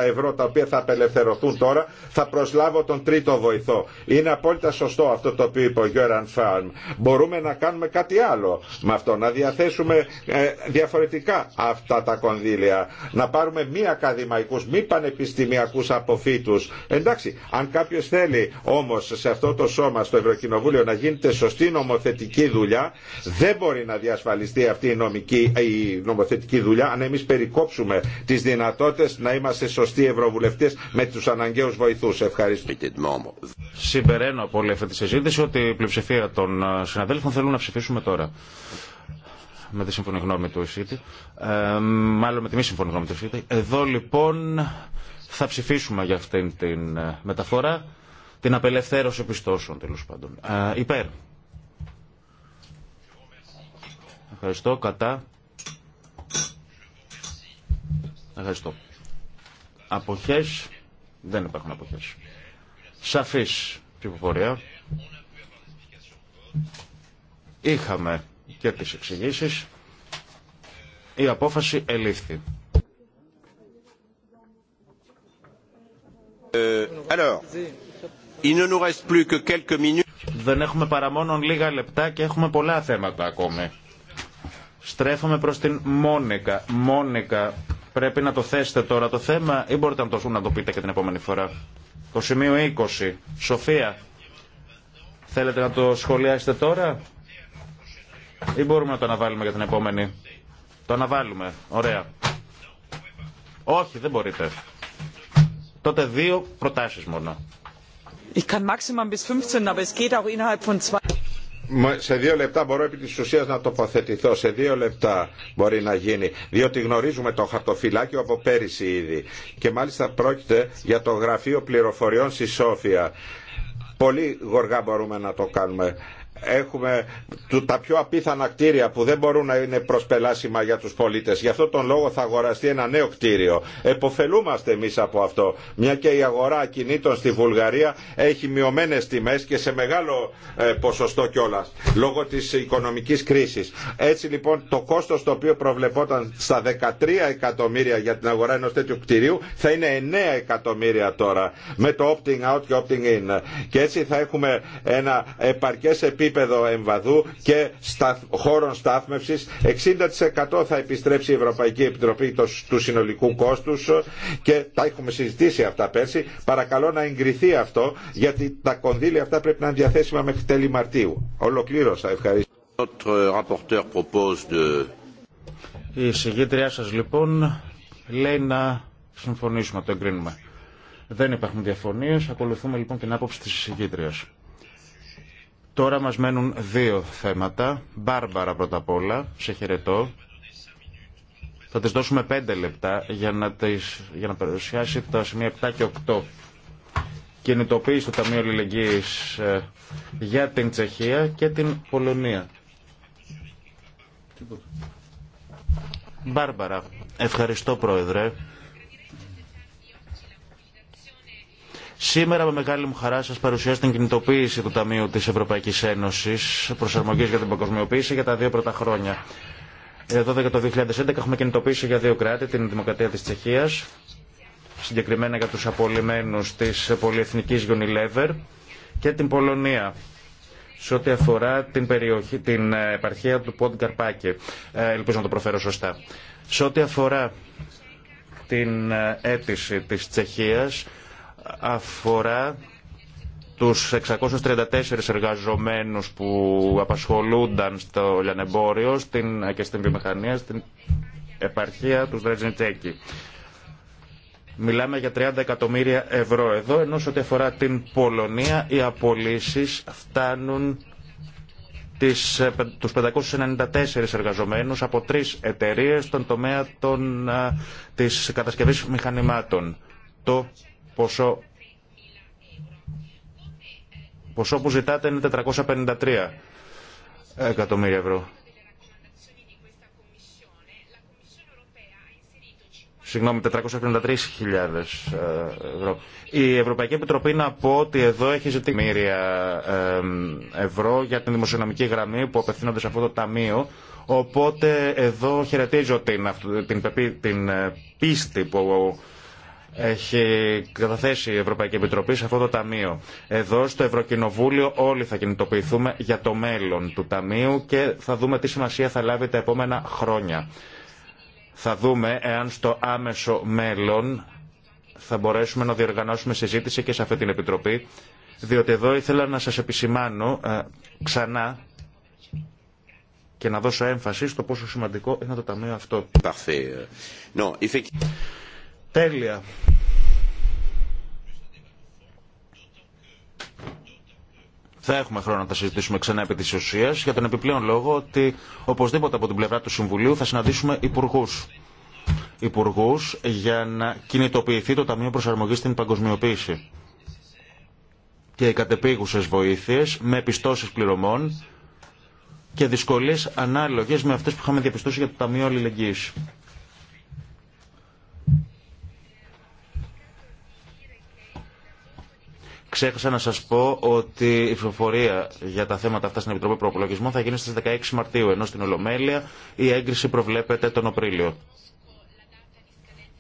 ευρώ τα οποία θα απελευθερωθούν τώρα θα προσλάβω τον τρίτο βοηθό. Είναι απόλυτα σωστό αυτό το οποίο είπε ο Γιώραν Φάρμ. Μπορούμε να κάνουμε κάτι άλλο με αυτό, να διαθέσουμε ε, διαφορετικά αυτά τα κονδύλια. Να πάρουμε μη ακαδημαϊκούς, μη πανεπιστημιακούς αποφύτους. Εντάξει, αν κάποιο θέλει όμως σε αυτό το σώμα στο Ευρωκοινοβούλιο να γίνεται σωστή νομοθετική δουλειά, δεν μπορεί να διασφαλιστεί αυτή η, νομική, η νομοθετική δουλειά αν εμεί περικόψουμε τι δυνατότητε να είμαστε σωστοί ευρωβουλευτέ με του αναγκαίου βοηθού. Ευχαριστώ. Συμπεραίνω από όλη αυτή τη συζήτηση ότι η πλειοψηφία των ε, συναδέλφων θέλουν να ψηφίσουμε τώρα με τη σύμφωνη γνώμη του ΕΣΥΤΗ. Ε, μάλλον με τη μη σύμφωνη γνώμη του ΕΣΥΤΗ. Εδώ λοιπόν θα ψηφίσουμε για αυτήν την ε, μεταφορά, την απελευθέρωση πιστώσεων τέλο πάντων. Ε, υπέρ. Ευχαριστώ. Κατά. Ευχαριστώ. Αποχές. Δεν υπάρχουν αποχές. Σαφή ψηφοφορία. Είχαμε και τι εξηγήσει. Η απόφαση ελήφθη. Ε, Δεν έχουμε παρά μόνο λίγα λεπτά και έχουμε πολλά θέματα ακόμη. Στρέφουμε προς την Μόνικα. Μόνικα, Πρέπει να το θέσετε τώρα το θέμα ή μπορείτε να το, να το πείτε και την επόμενη φορά. Το σημείο 20. Σοφία, θέλετε να το σχολιάσετε τώρα ή μπορούμε να το αναβάλουμε για την επόμενη. Το αναβάλουμε. Ωραία. Όχι, δεν μπορείτε. Τότε δύο προτάσεις μόνο. Ich kann maximal bis 15, aber es geht auch innerhalb von zwei σε δύο λεπτά μπορώ επί της ουσίας να τοποθετηθώ. Σε δύο λεπτά μπορεί να γίνει. Διότι γνωρίζουμε το χαρτοφυλάκιο από πέρυσι ήδη. Και μάλιστα πρόκειται για το Γραφείο Πληροφοριών στη Σόφια. Πολύ γοργά μπορούμε να το κάνουμε έχουμε τα πιο απίθανα κτίρια που δεν μπορούν να είναι προσπελάσιμα για τους πολίτες. Γι' αυτό τον λόγο θα αγοραστεί ένα νέο κτίριο. Εποφελούμαστε εμείς από αυτό. Μια και η αγορά κινήτων στη Βουλγαρία έχει μειωμένες τιμές και σε μεγάλο ε, ποσοστό κιόλα λόγω της οικονομικής κρίσης. Έτσι λοιπόν το κόστος το οποίο προβλεπόταν στα 13 εκατομμύρια για την αγορά ενός τέτοιου κτιρίου θα είναι 9 εκατομμύρια τώρα με το opting out και opting in. Και έτσι θα έχουμε ένα επαρκές επίπεδο επίπεδο εμβαδού και χώρων στάθμευση. 60% θα επιστρέψει η Ευρωπαϊκή Επιτροπή του συνολικού κόστου και τα έχουμε συζητήσει αυτά πέρσι. Παρακαλώ να εγκριθεί αυτό γιατί τα κονδύλια αυτά πρέπει να είναι διαθέσιμα μέχρι τέλη Μαρτίου. Ολοκλήρωσα. Ευχαριστώ. Η συγκήτριά σας λοιπόν λέει να συμφωνήσουμε, το εγκρίνουμε. Δεν υπάρχουν διαφωνίες. Ακολουθούμε λοιπόν την άποψη της συγκήτριας. Τώρα μας μένουν δύο θέματα. Μπάρμπαρα πρώτα απ' όλα, σε χαιρετώ. Θα της δώσουμε πέντε λεπτά για να, τις, για να παρουσιάσει τα σημεία 7 και 8. Κινητοποίηση του Ταμείου Αλληλεγγύης ε, για την Τσεχία και την Πολωνία. Μπάρμπαρα, ευχαριστώ πρόεδρε. Σήμερα με μεγάλη μου χαρά σας παρουσιάζω την κινητοποίηση του Ταμείου της Ευρωπαϊκής Ένωσης προσαρμογής για την παγκοσμιοποίηση για τα δύο πρώτα χρόνια. Εδώ για το 2011 έχουμε κινητοποίησει για δύο κράτη, την Δημοκρατία της Τσεχίας, συγκεκριμένα για τους απολυμμένους της πολυεθνικής Unilever και την Πολωνία σε ό,τι αφορά την, περιοχή, την ε, επαρχία του Πόντ Καρπάκη. Ε, ελπίζω να το προφέρω σωστά. Σε ό,τι αφορά την ε, αίτηση της Τσεχίας, αφορά τους 634 εργαζομένους που απασχολούνταν στο λιανεμπόριο στην, και στην βιομηχανία στην επαρχία του Στρέτζιντσέκη. Μιλάμε για 30 εκατομμύρια ευρώ εδώ, ενώ σε ό,τι αφορά την Πολωνία οι απολύσει φτάνουν τις, ε, τους 594 εργαζομένους από τρεις εταιρείες στον τομέα των, ε, της κατασκευής μηχανημάτων. Το ποσό, ποσό που ζητάτε είναι 453 εκατομμύρια ευρώ. Συγγνώμη, 453.000 ε, ευρώ. Η Ευρωπαϊκή Επιτροπή να πω ότι εδώ έχει ζητήσει μοίρια ε, ευρώ για την δημοσιονομική γραμμή που απευθύνονται σε αυτό το ταμείο. Οπότε εδώ χαιρετίζω την, την, την ε, πίστη που έχει καταθέσει η Ευρωπαϊκή Επιτροπή σε αυτό το Ταμείο. Εδώ στο Ευρωκοινοβούλιο όλοι θα κινητοποιηθούμε για το μέλλον του Ταμείου και θα δούμε τι σημασία θα λάβει τα επόμενα χρόνια. Θα δούμε εάν στο άμεσο μέλλον θα μπορέσουμε να διοργανώσουμε συζήτηση και σε αυτή την Επιτροπή, διότι εδώ ήθελα να σας επισημάνω ε, ξανά και να δώσω έμφαση στο πόσο σημαντικό είναι το Ταμείο αυτό. Ε. Τέλεια. Θα έχουμε χρόνο να τα συζητήσουμε ξανά επί της ουσίας για τον επιπλέον λόγο ότι οπωσδήποτε από την πλευρά του Συμβουλίου θα συναντήσουμε υπουργού. Υπουργού για να κινητοποιηθεί το Ταμείο Προσαρμογής στην Παγκοσμιοποίηση και οι κατεπήγουσες βοήθειε με επιστώσεις πληρωμών και δυσκολίες ανάλογες με αυτές που είχαμε διαπιστώσει για το Ταμείο Αλληλεγγύη. Ξέχασα να σα πω ότι η ψηφοφορία για τα θέματα αυτά στην Επιτροπή Προπολογισμού θα γίνει στι 16 Μαρτίου, ενώ στην Ολομέλεια η έγκριση προβλέπεται τον Απρίλιο.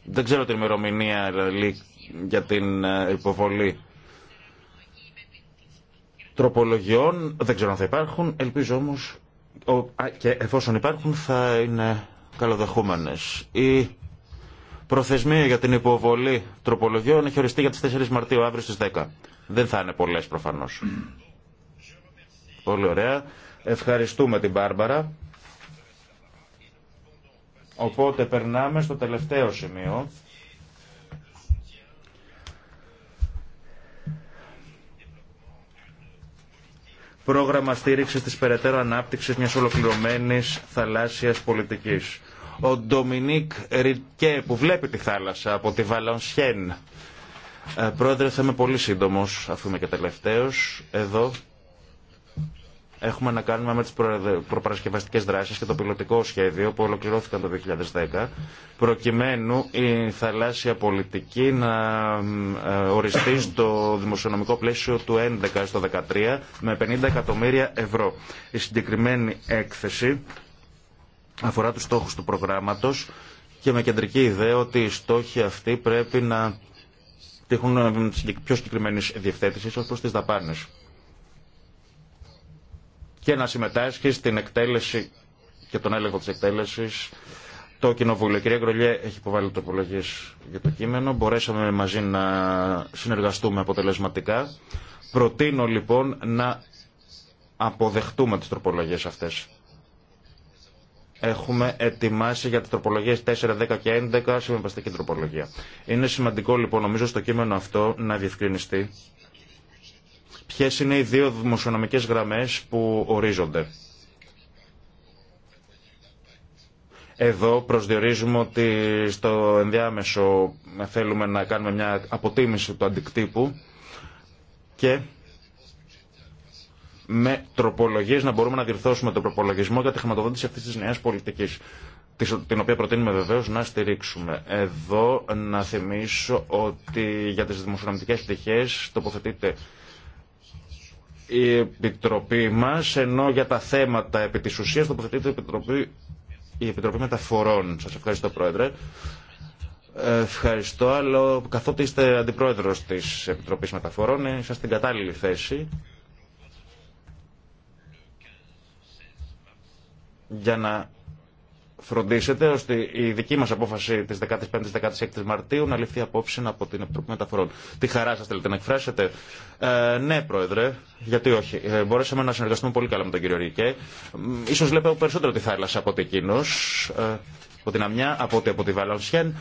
Δεν ξέρω την ημερομηνία για την ε, υποβολή τροπολογιών. Δεν ξέρω αν θα υπάρχουν. Ελπίζω όμω, και εφόσον υπάρχουν θα είναι καλοδεχούμενες. Η προθεσμία για την υποβολή τροπολογιών έχει οριστεί για τις 4 Μαρτίου αύριο στις 10. Δεν θα είναι πολλές προφανώς. Πολύ ωραία. Ευχαριστούμε την Μπάρμπαρα. Οπότε περνάμε στο τελευταίο σημείο. Πρόγραμμα στήριξη της περαιτέρω ανάπτυξης μιας ολοκληρωμένης θαλάσσιας πολιτικής. Ο Ντομινίκ Ρικέ που βλέπει τη θάλασσα από τη Βαλανσιέν ε, πρόεδρε, θα είμαι πολύ σύντομο, αφού είμαι και τελευταίο. Εδώ έχουμε να κάνουμε με τι προπαρασκευαστικέ δράσει και το πιλωτικό σχέδιο που ολοκληρώθηκαν το 2010, προκειμένου η θαλάσσια πολιτική να ε, οριστεί στο δημοσιονομικό πλαίσιο του 2011 στο 2013 με 50 εκατομμύρια ευρώ. Η συγκεκριμένη έκθεση αφορά τους στόχους του προγράμματος και με κεντρική ιδέα ότι οι στόχοι αυτοί πρέπει να τύχουν ε, πιο συγκεκριμένη διευθέτηση ω προ τι δαπάνε. Και να συμμετάσχει στην εκτέλεση και τον έλεγχο τη εκτέλεση το Κοινοβούλιο. Κυρία Γκρολιέ, έχει υποβάλει τροπολογίε για το κείμενο. Μπορέσαμε μαζί να συνεργαστούμε αποτελεσματικά. Προτείνω λοιπόν να αποδεχτούμε τις τροπολογίε αυτές έχουμε ετοιμάσει για τι τροπολογίε 4, 10 και 11 συμβαστική τροπολογία. Είναι σημαντικό λοιπόν νομίζω στο κείμενο αυτό να διευκρινιστεί ποιε είναι οι δύο δημοσιονομικέ γραμμές που ορίζονται. Εδώ προσδιορίζουμε ότι στο ενδιάμεσο θέλουμε να κάνουμε μια αποτίμηση του αντικτύπου και με τροπολογίε να μπορούμε να διορθώσουμε τον προπολογισμό για τη χρηματοδότηση αυτή τη νέα πολιτική. Την οποία προτείνουμε βεβαίω να στηρίξουμε. Εδώ να θυμίσω ότι για τι δημοσιονομικέ πτυχέ τοποθετείται η Επιτροπή μα, ενώ για τα θέματα επί τη ουσία τοποθετείται η Επιτροπή, Μεταφορών. Σα ευχαριστώ, Πρόεδρε. Ευχαριστώ, αλλά καθότι είστε αντιπρόεδρος της Επιτροπής Μεταφορών, είστε στην κατάλληλη θέση για να φροντίσετε ώστε η δική μα απόφαση τη 15 η 16 μαρτιου να ληφθεί απόψη από την Επιτροπή Μεταφορών. Τι χαρά σα θέλετε να εκφράσετε. Ε, ναι, Πρόεδρε, γιατί όχι. Ε, μπορέσαμε να συνεργαστούμε πολύ καλά με τον κύριο Ρίκε. Ε, ίσως βλέπω περισσότερο τη θάλασσα από ότι εκείνο, ε, από την Αμιά, από ότι από τη Βαλανσιέν.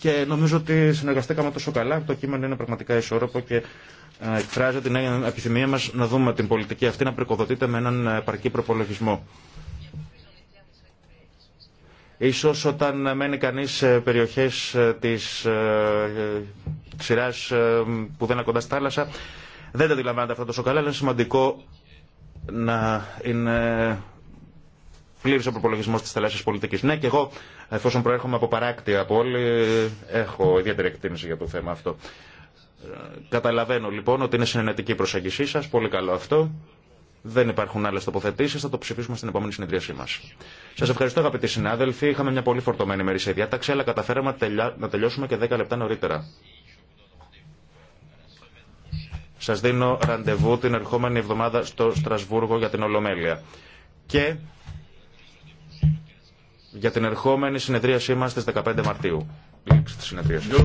Και νομίζω ότι συνεργαστήκαμε τόσο καλά. Το κείμενο είναι πραγματικά ισόρροπο και εκφράζει την επιθυμία μα να δούμε την πολιτική αυτή να προκοδοτείται με έναν επαρκή προπολογισμό. Ίσως όταν μένει κανείς σε περιοχές ε, της ε, ξηράς ε, που δεν είναι κοντά στη θάλασσα, δεν τα αντιλαμβάνεται αυτό τόσο καλά, αλλά είναι σημαντικό να είναι πλήρης ο προπολογισμός της θαλάσσιας πολιτικής. Ναι, και εγώ, εφόσον προέρχομαι από παράκτια όλοι, έχω ιδιαίτερη εκτίμηση για το θέμα αυτό. Καταλαβαίνω λοιπόν ότι είναι συνενετική η προσέγγισή σας, πολύ καλό αυτό. Δεν υπάρχουν άλλε τοποθετήσει. Θα το ψηφίσουμε στην επόμενη συνεδρίασή μα. Σα ευχαριστώ, αγαπητοί συνάδελφοι. Είχαμε μια πολύ φορτωμένη σε διάταξη, αλλά καταφέραμε να τελειώσουμε και 10 λεπτά νωρίτερα. Σα δίνω ραντεβού την ερχόμενη εβδομάδα στο Στρασβούργο για την Ολομέλεια. Και για την ερχόμενη συνεδρίασή μα στι 15 Μαρτίου. τη συνεδρίαση.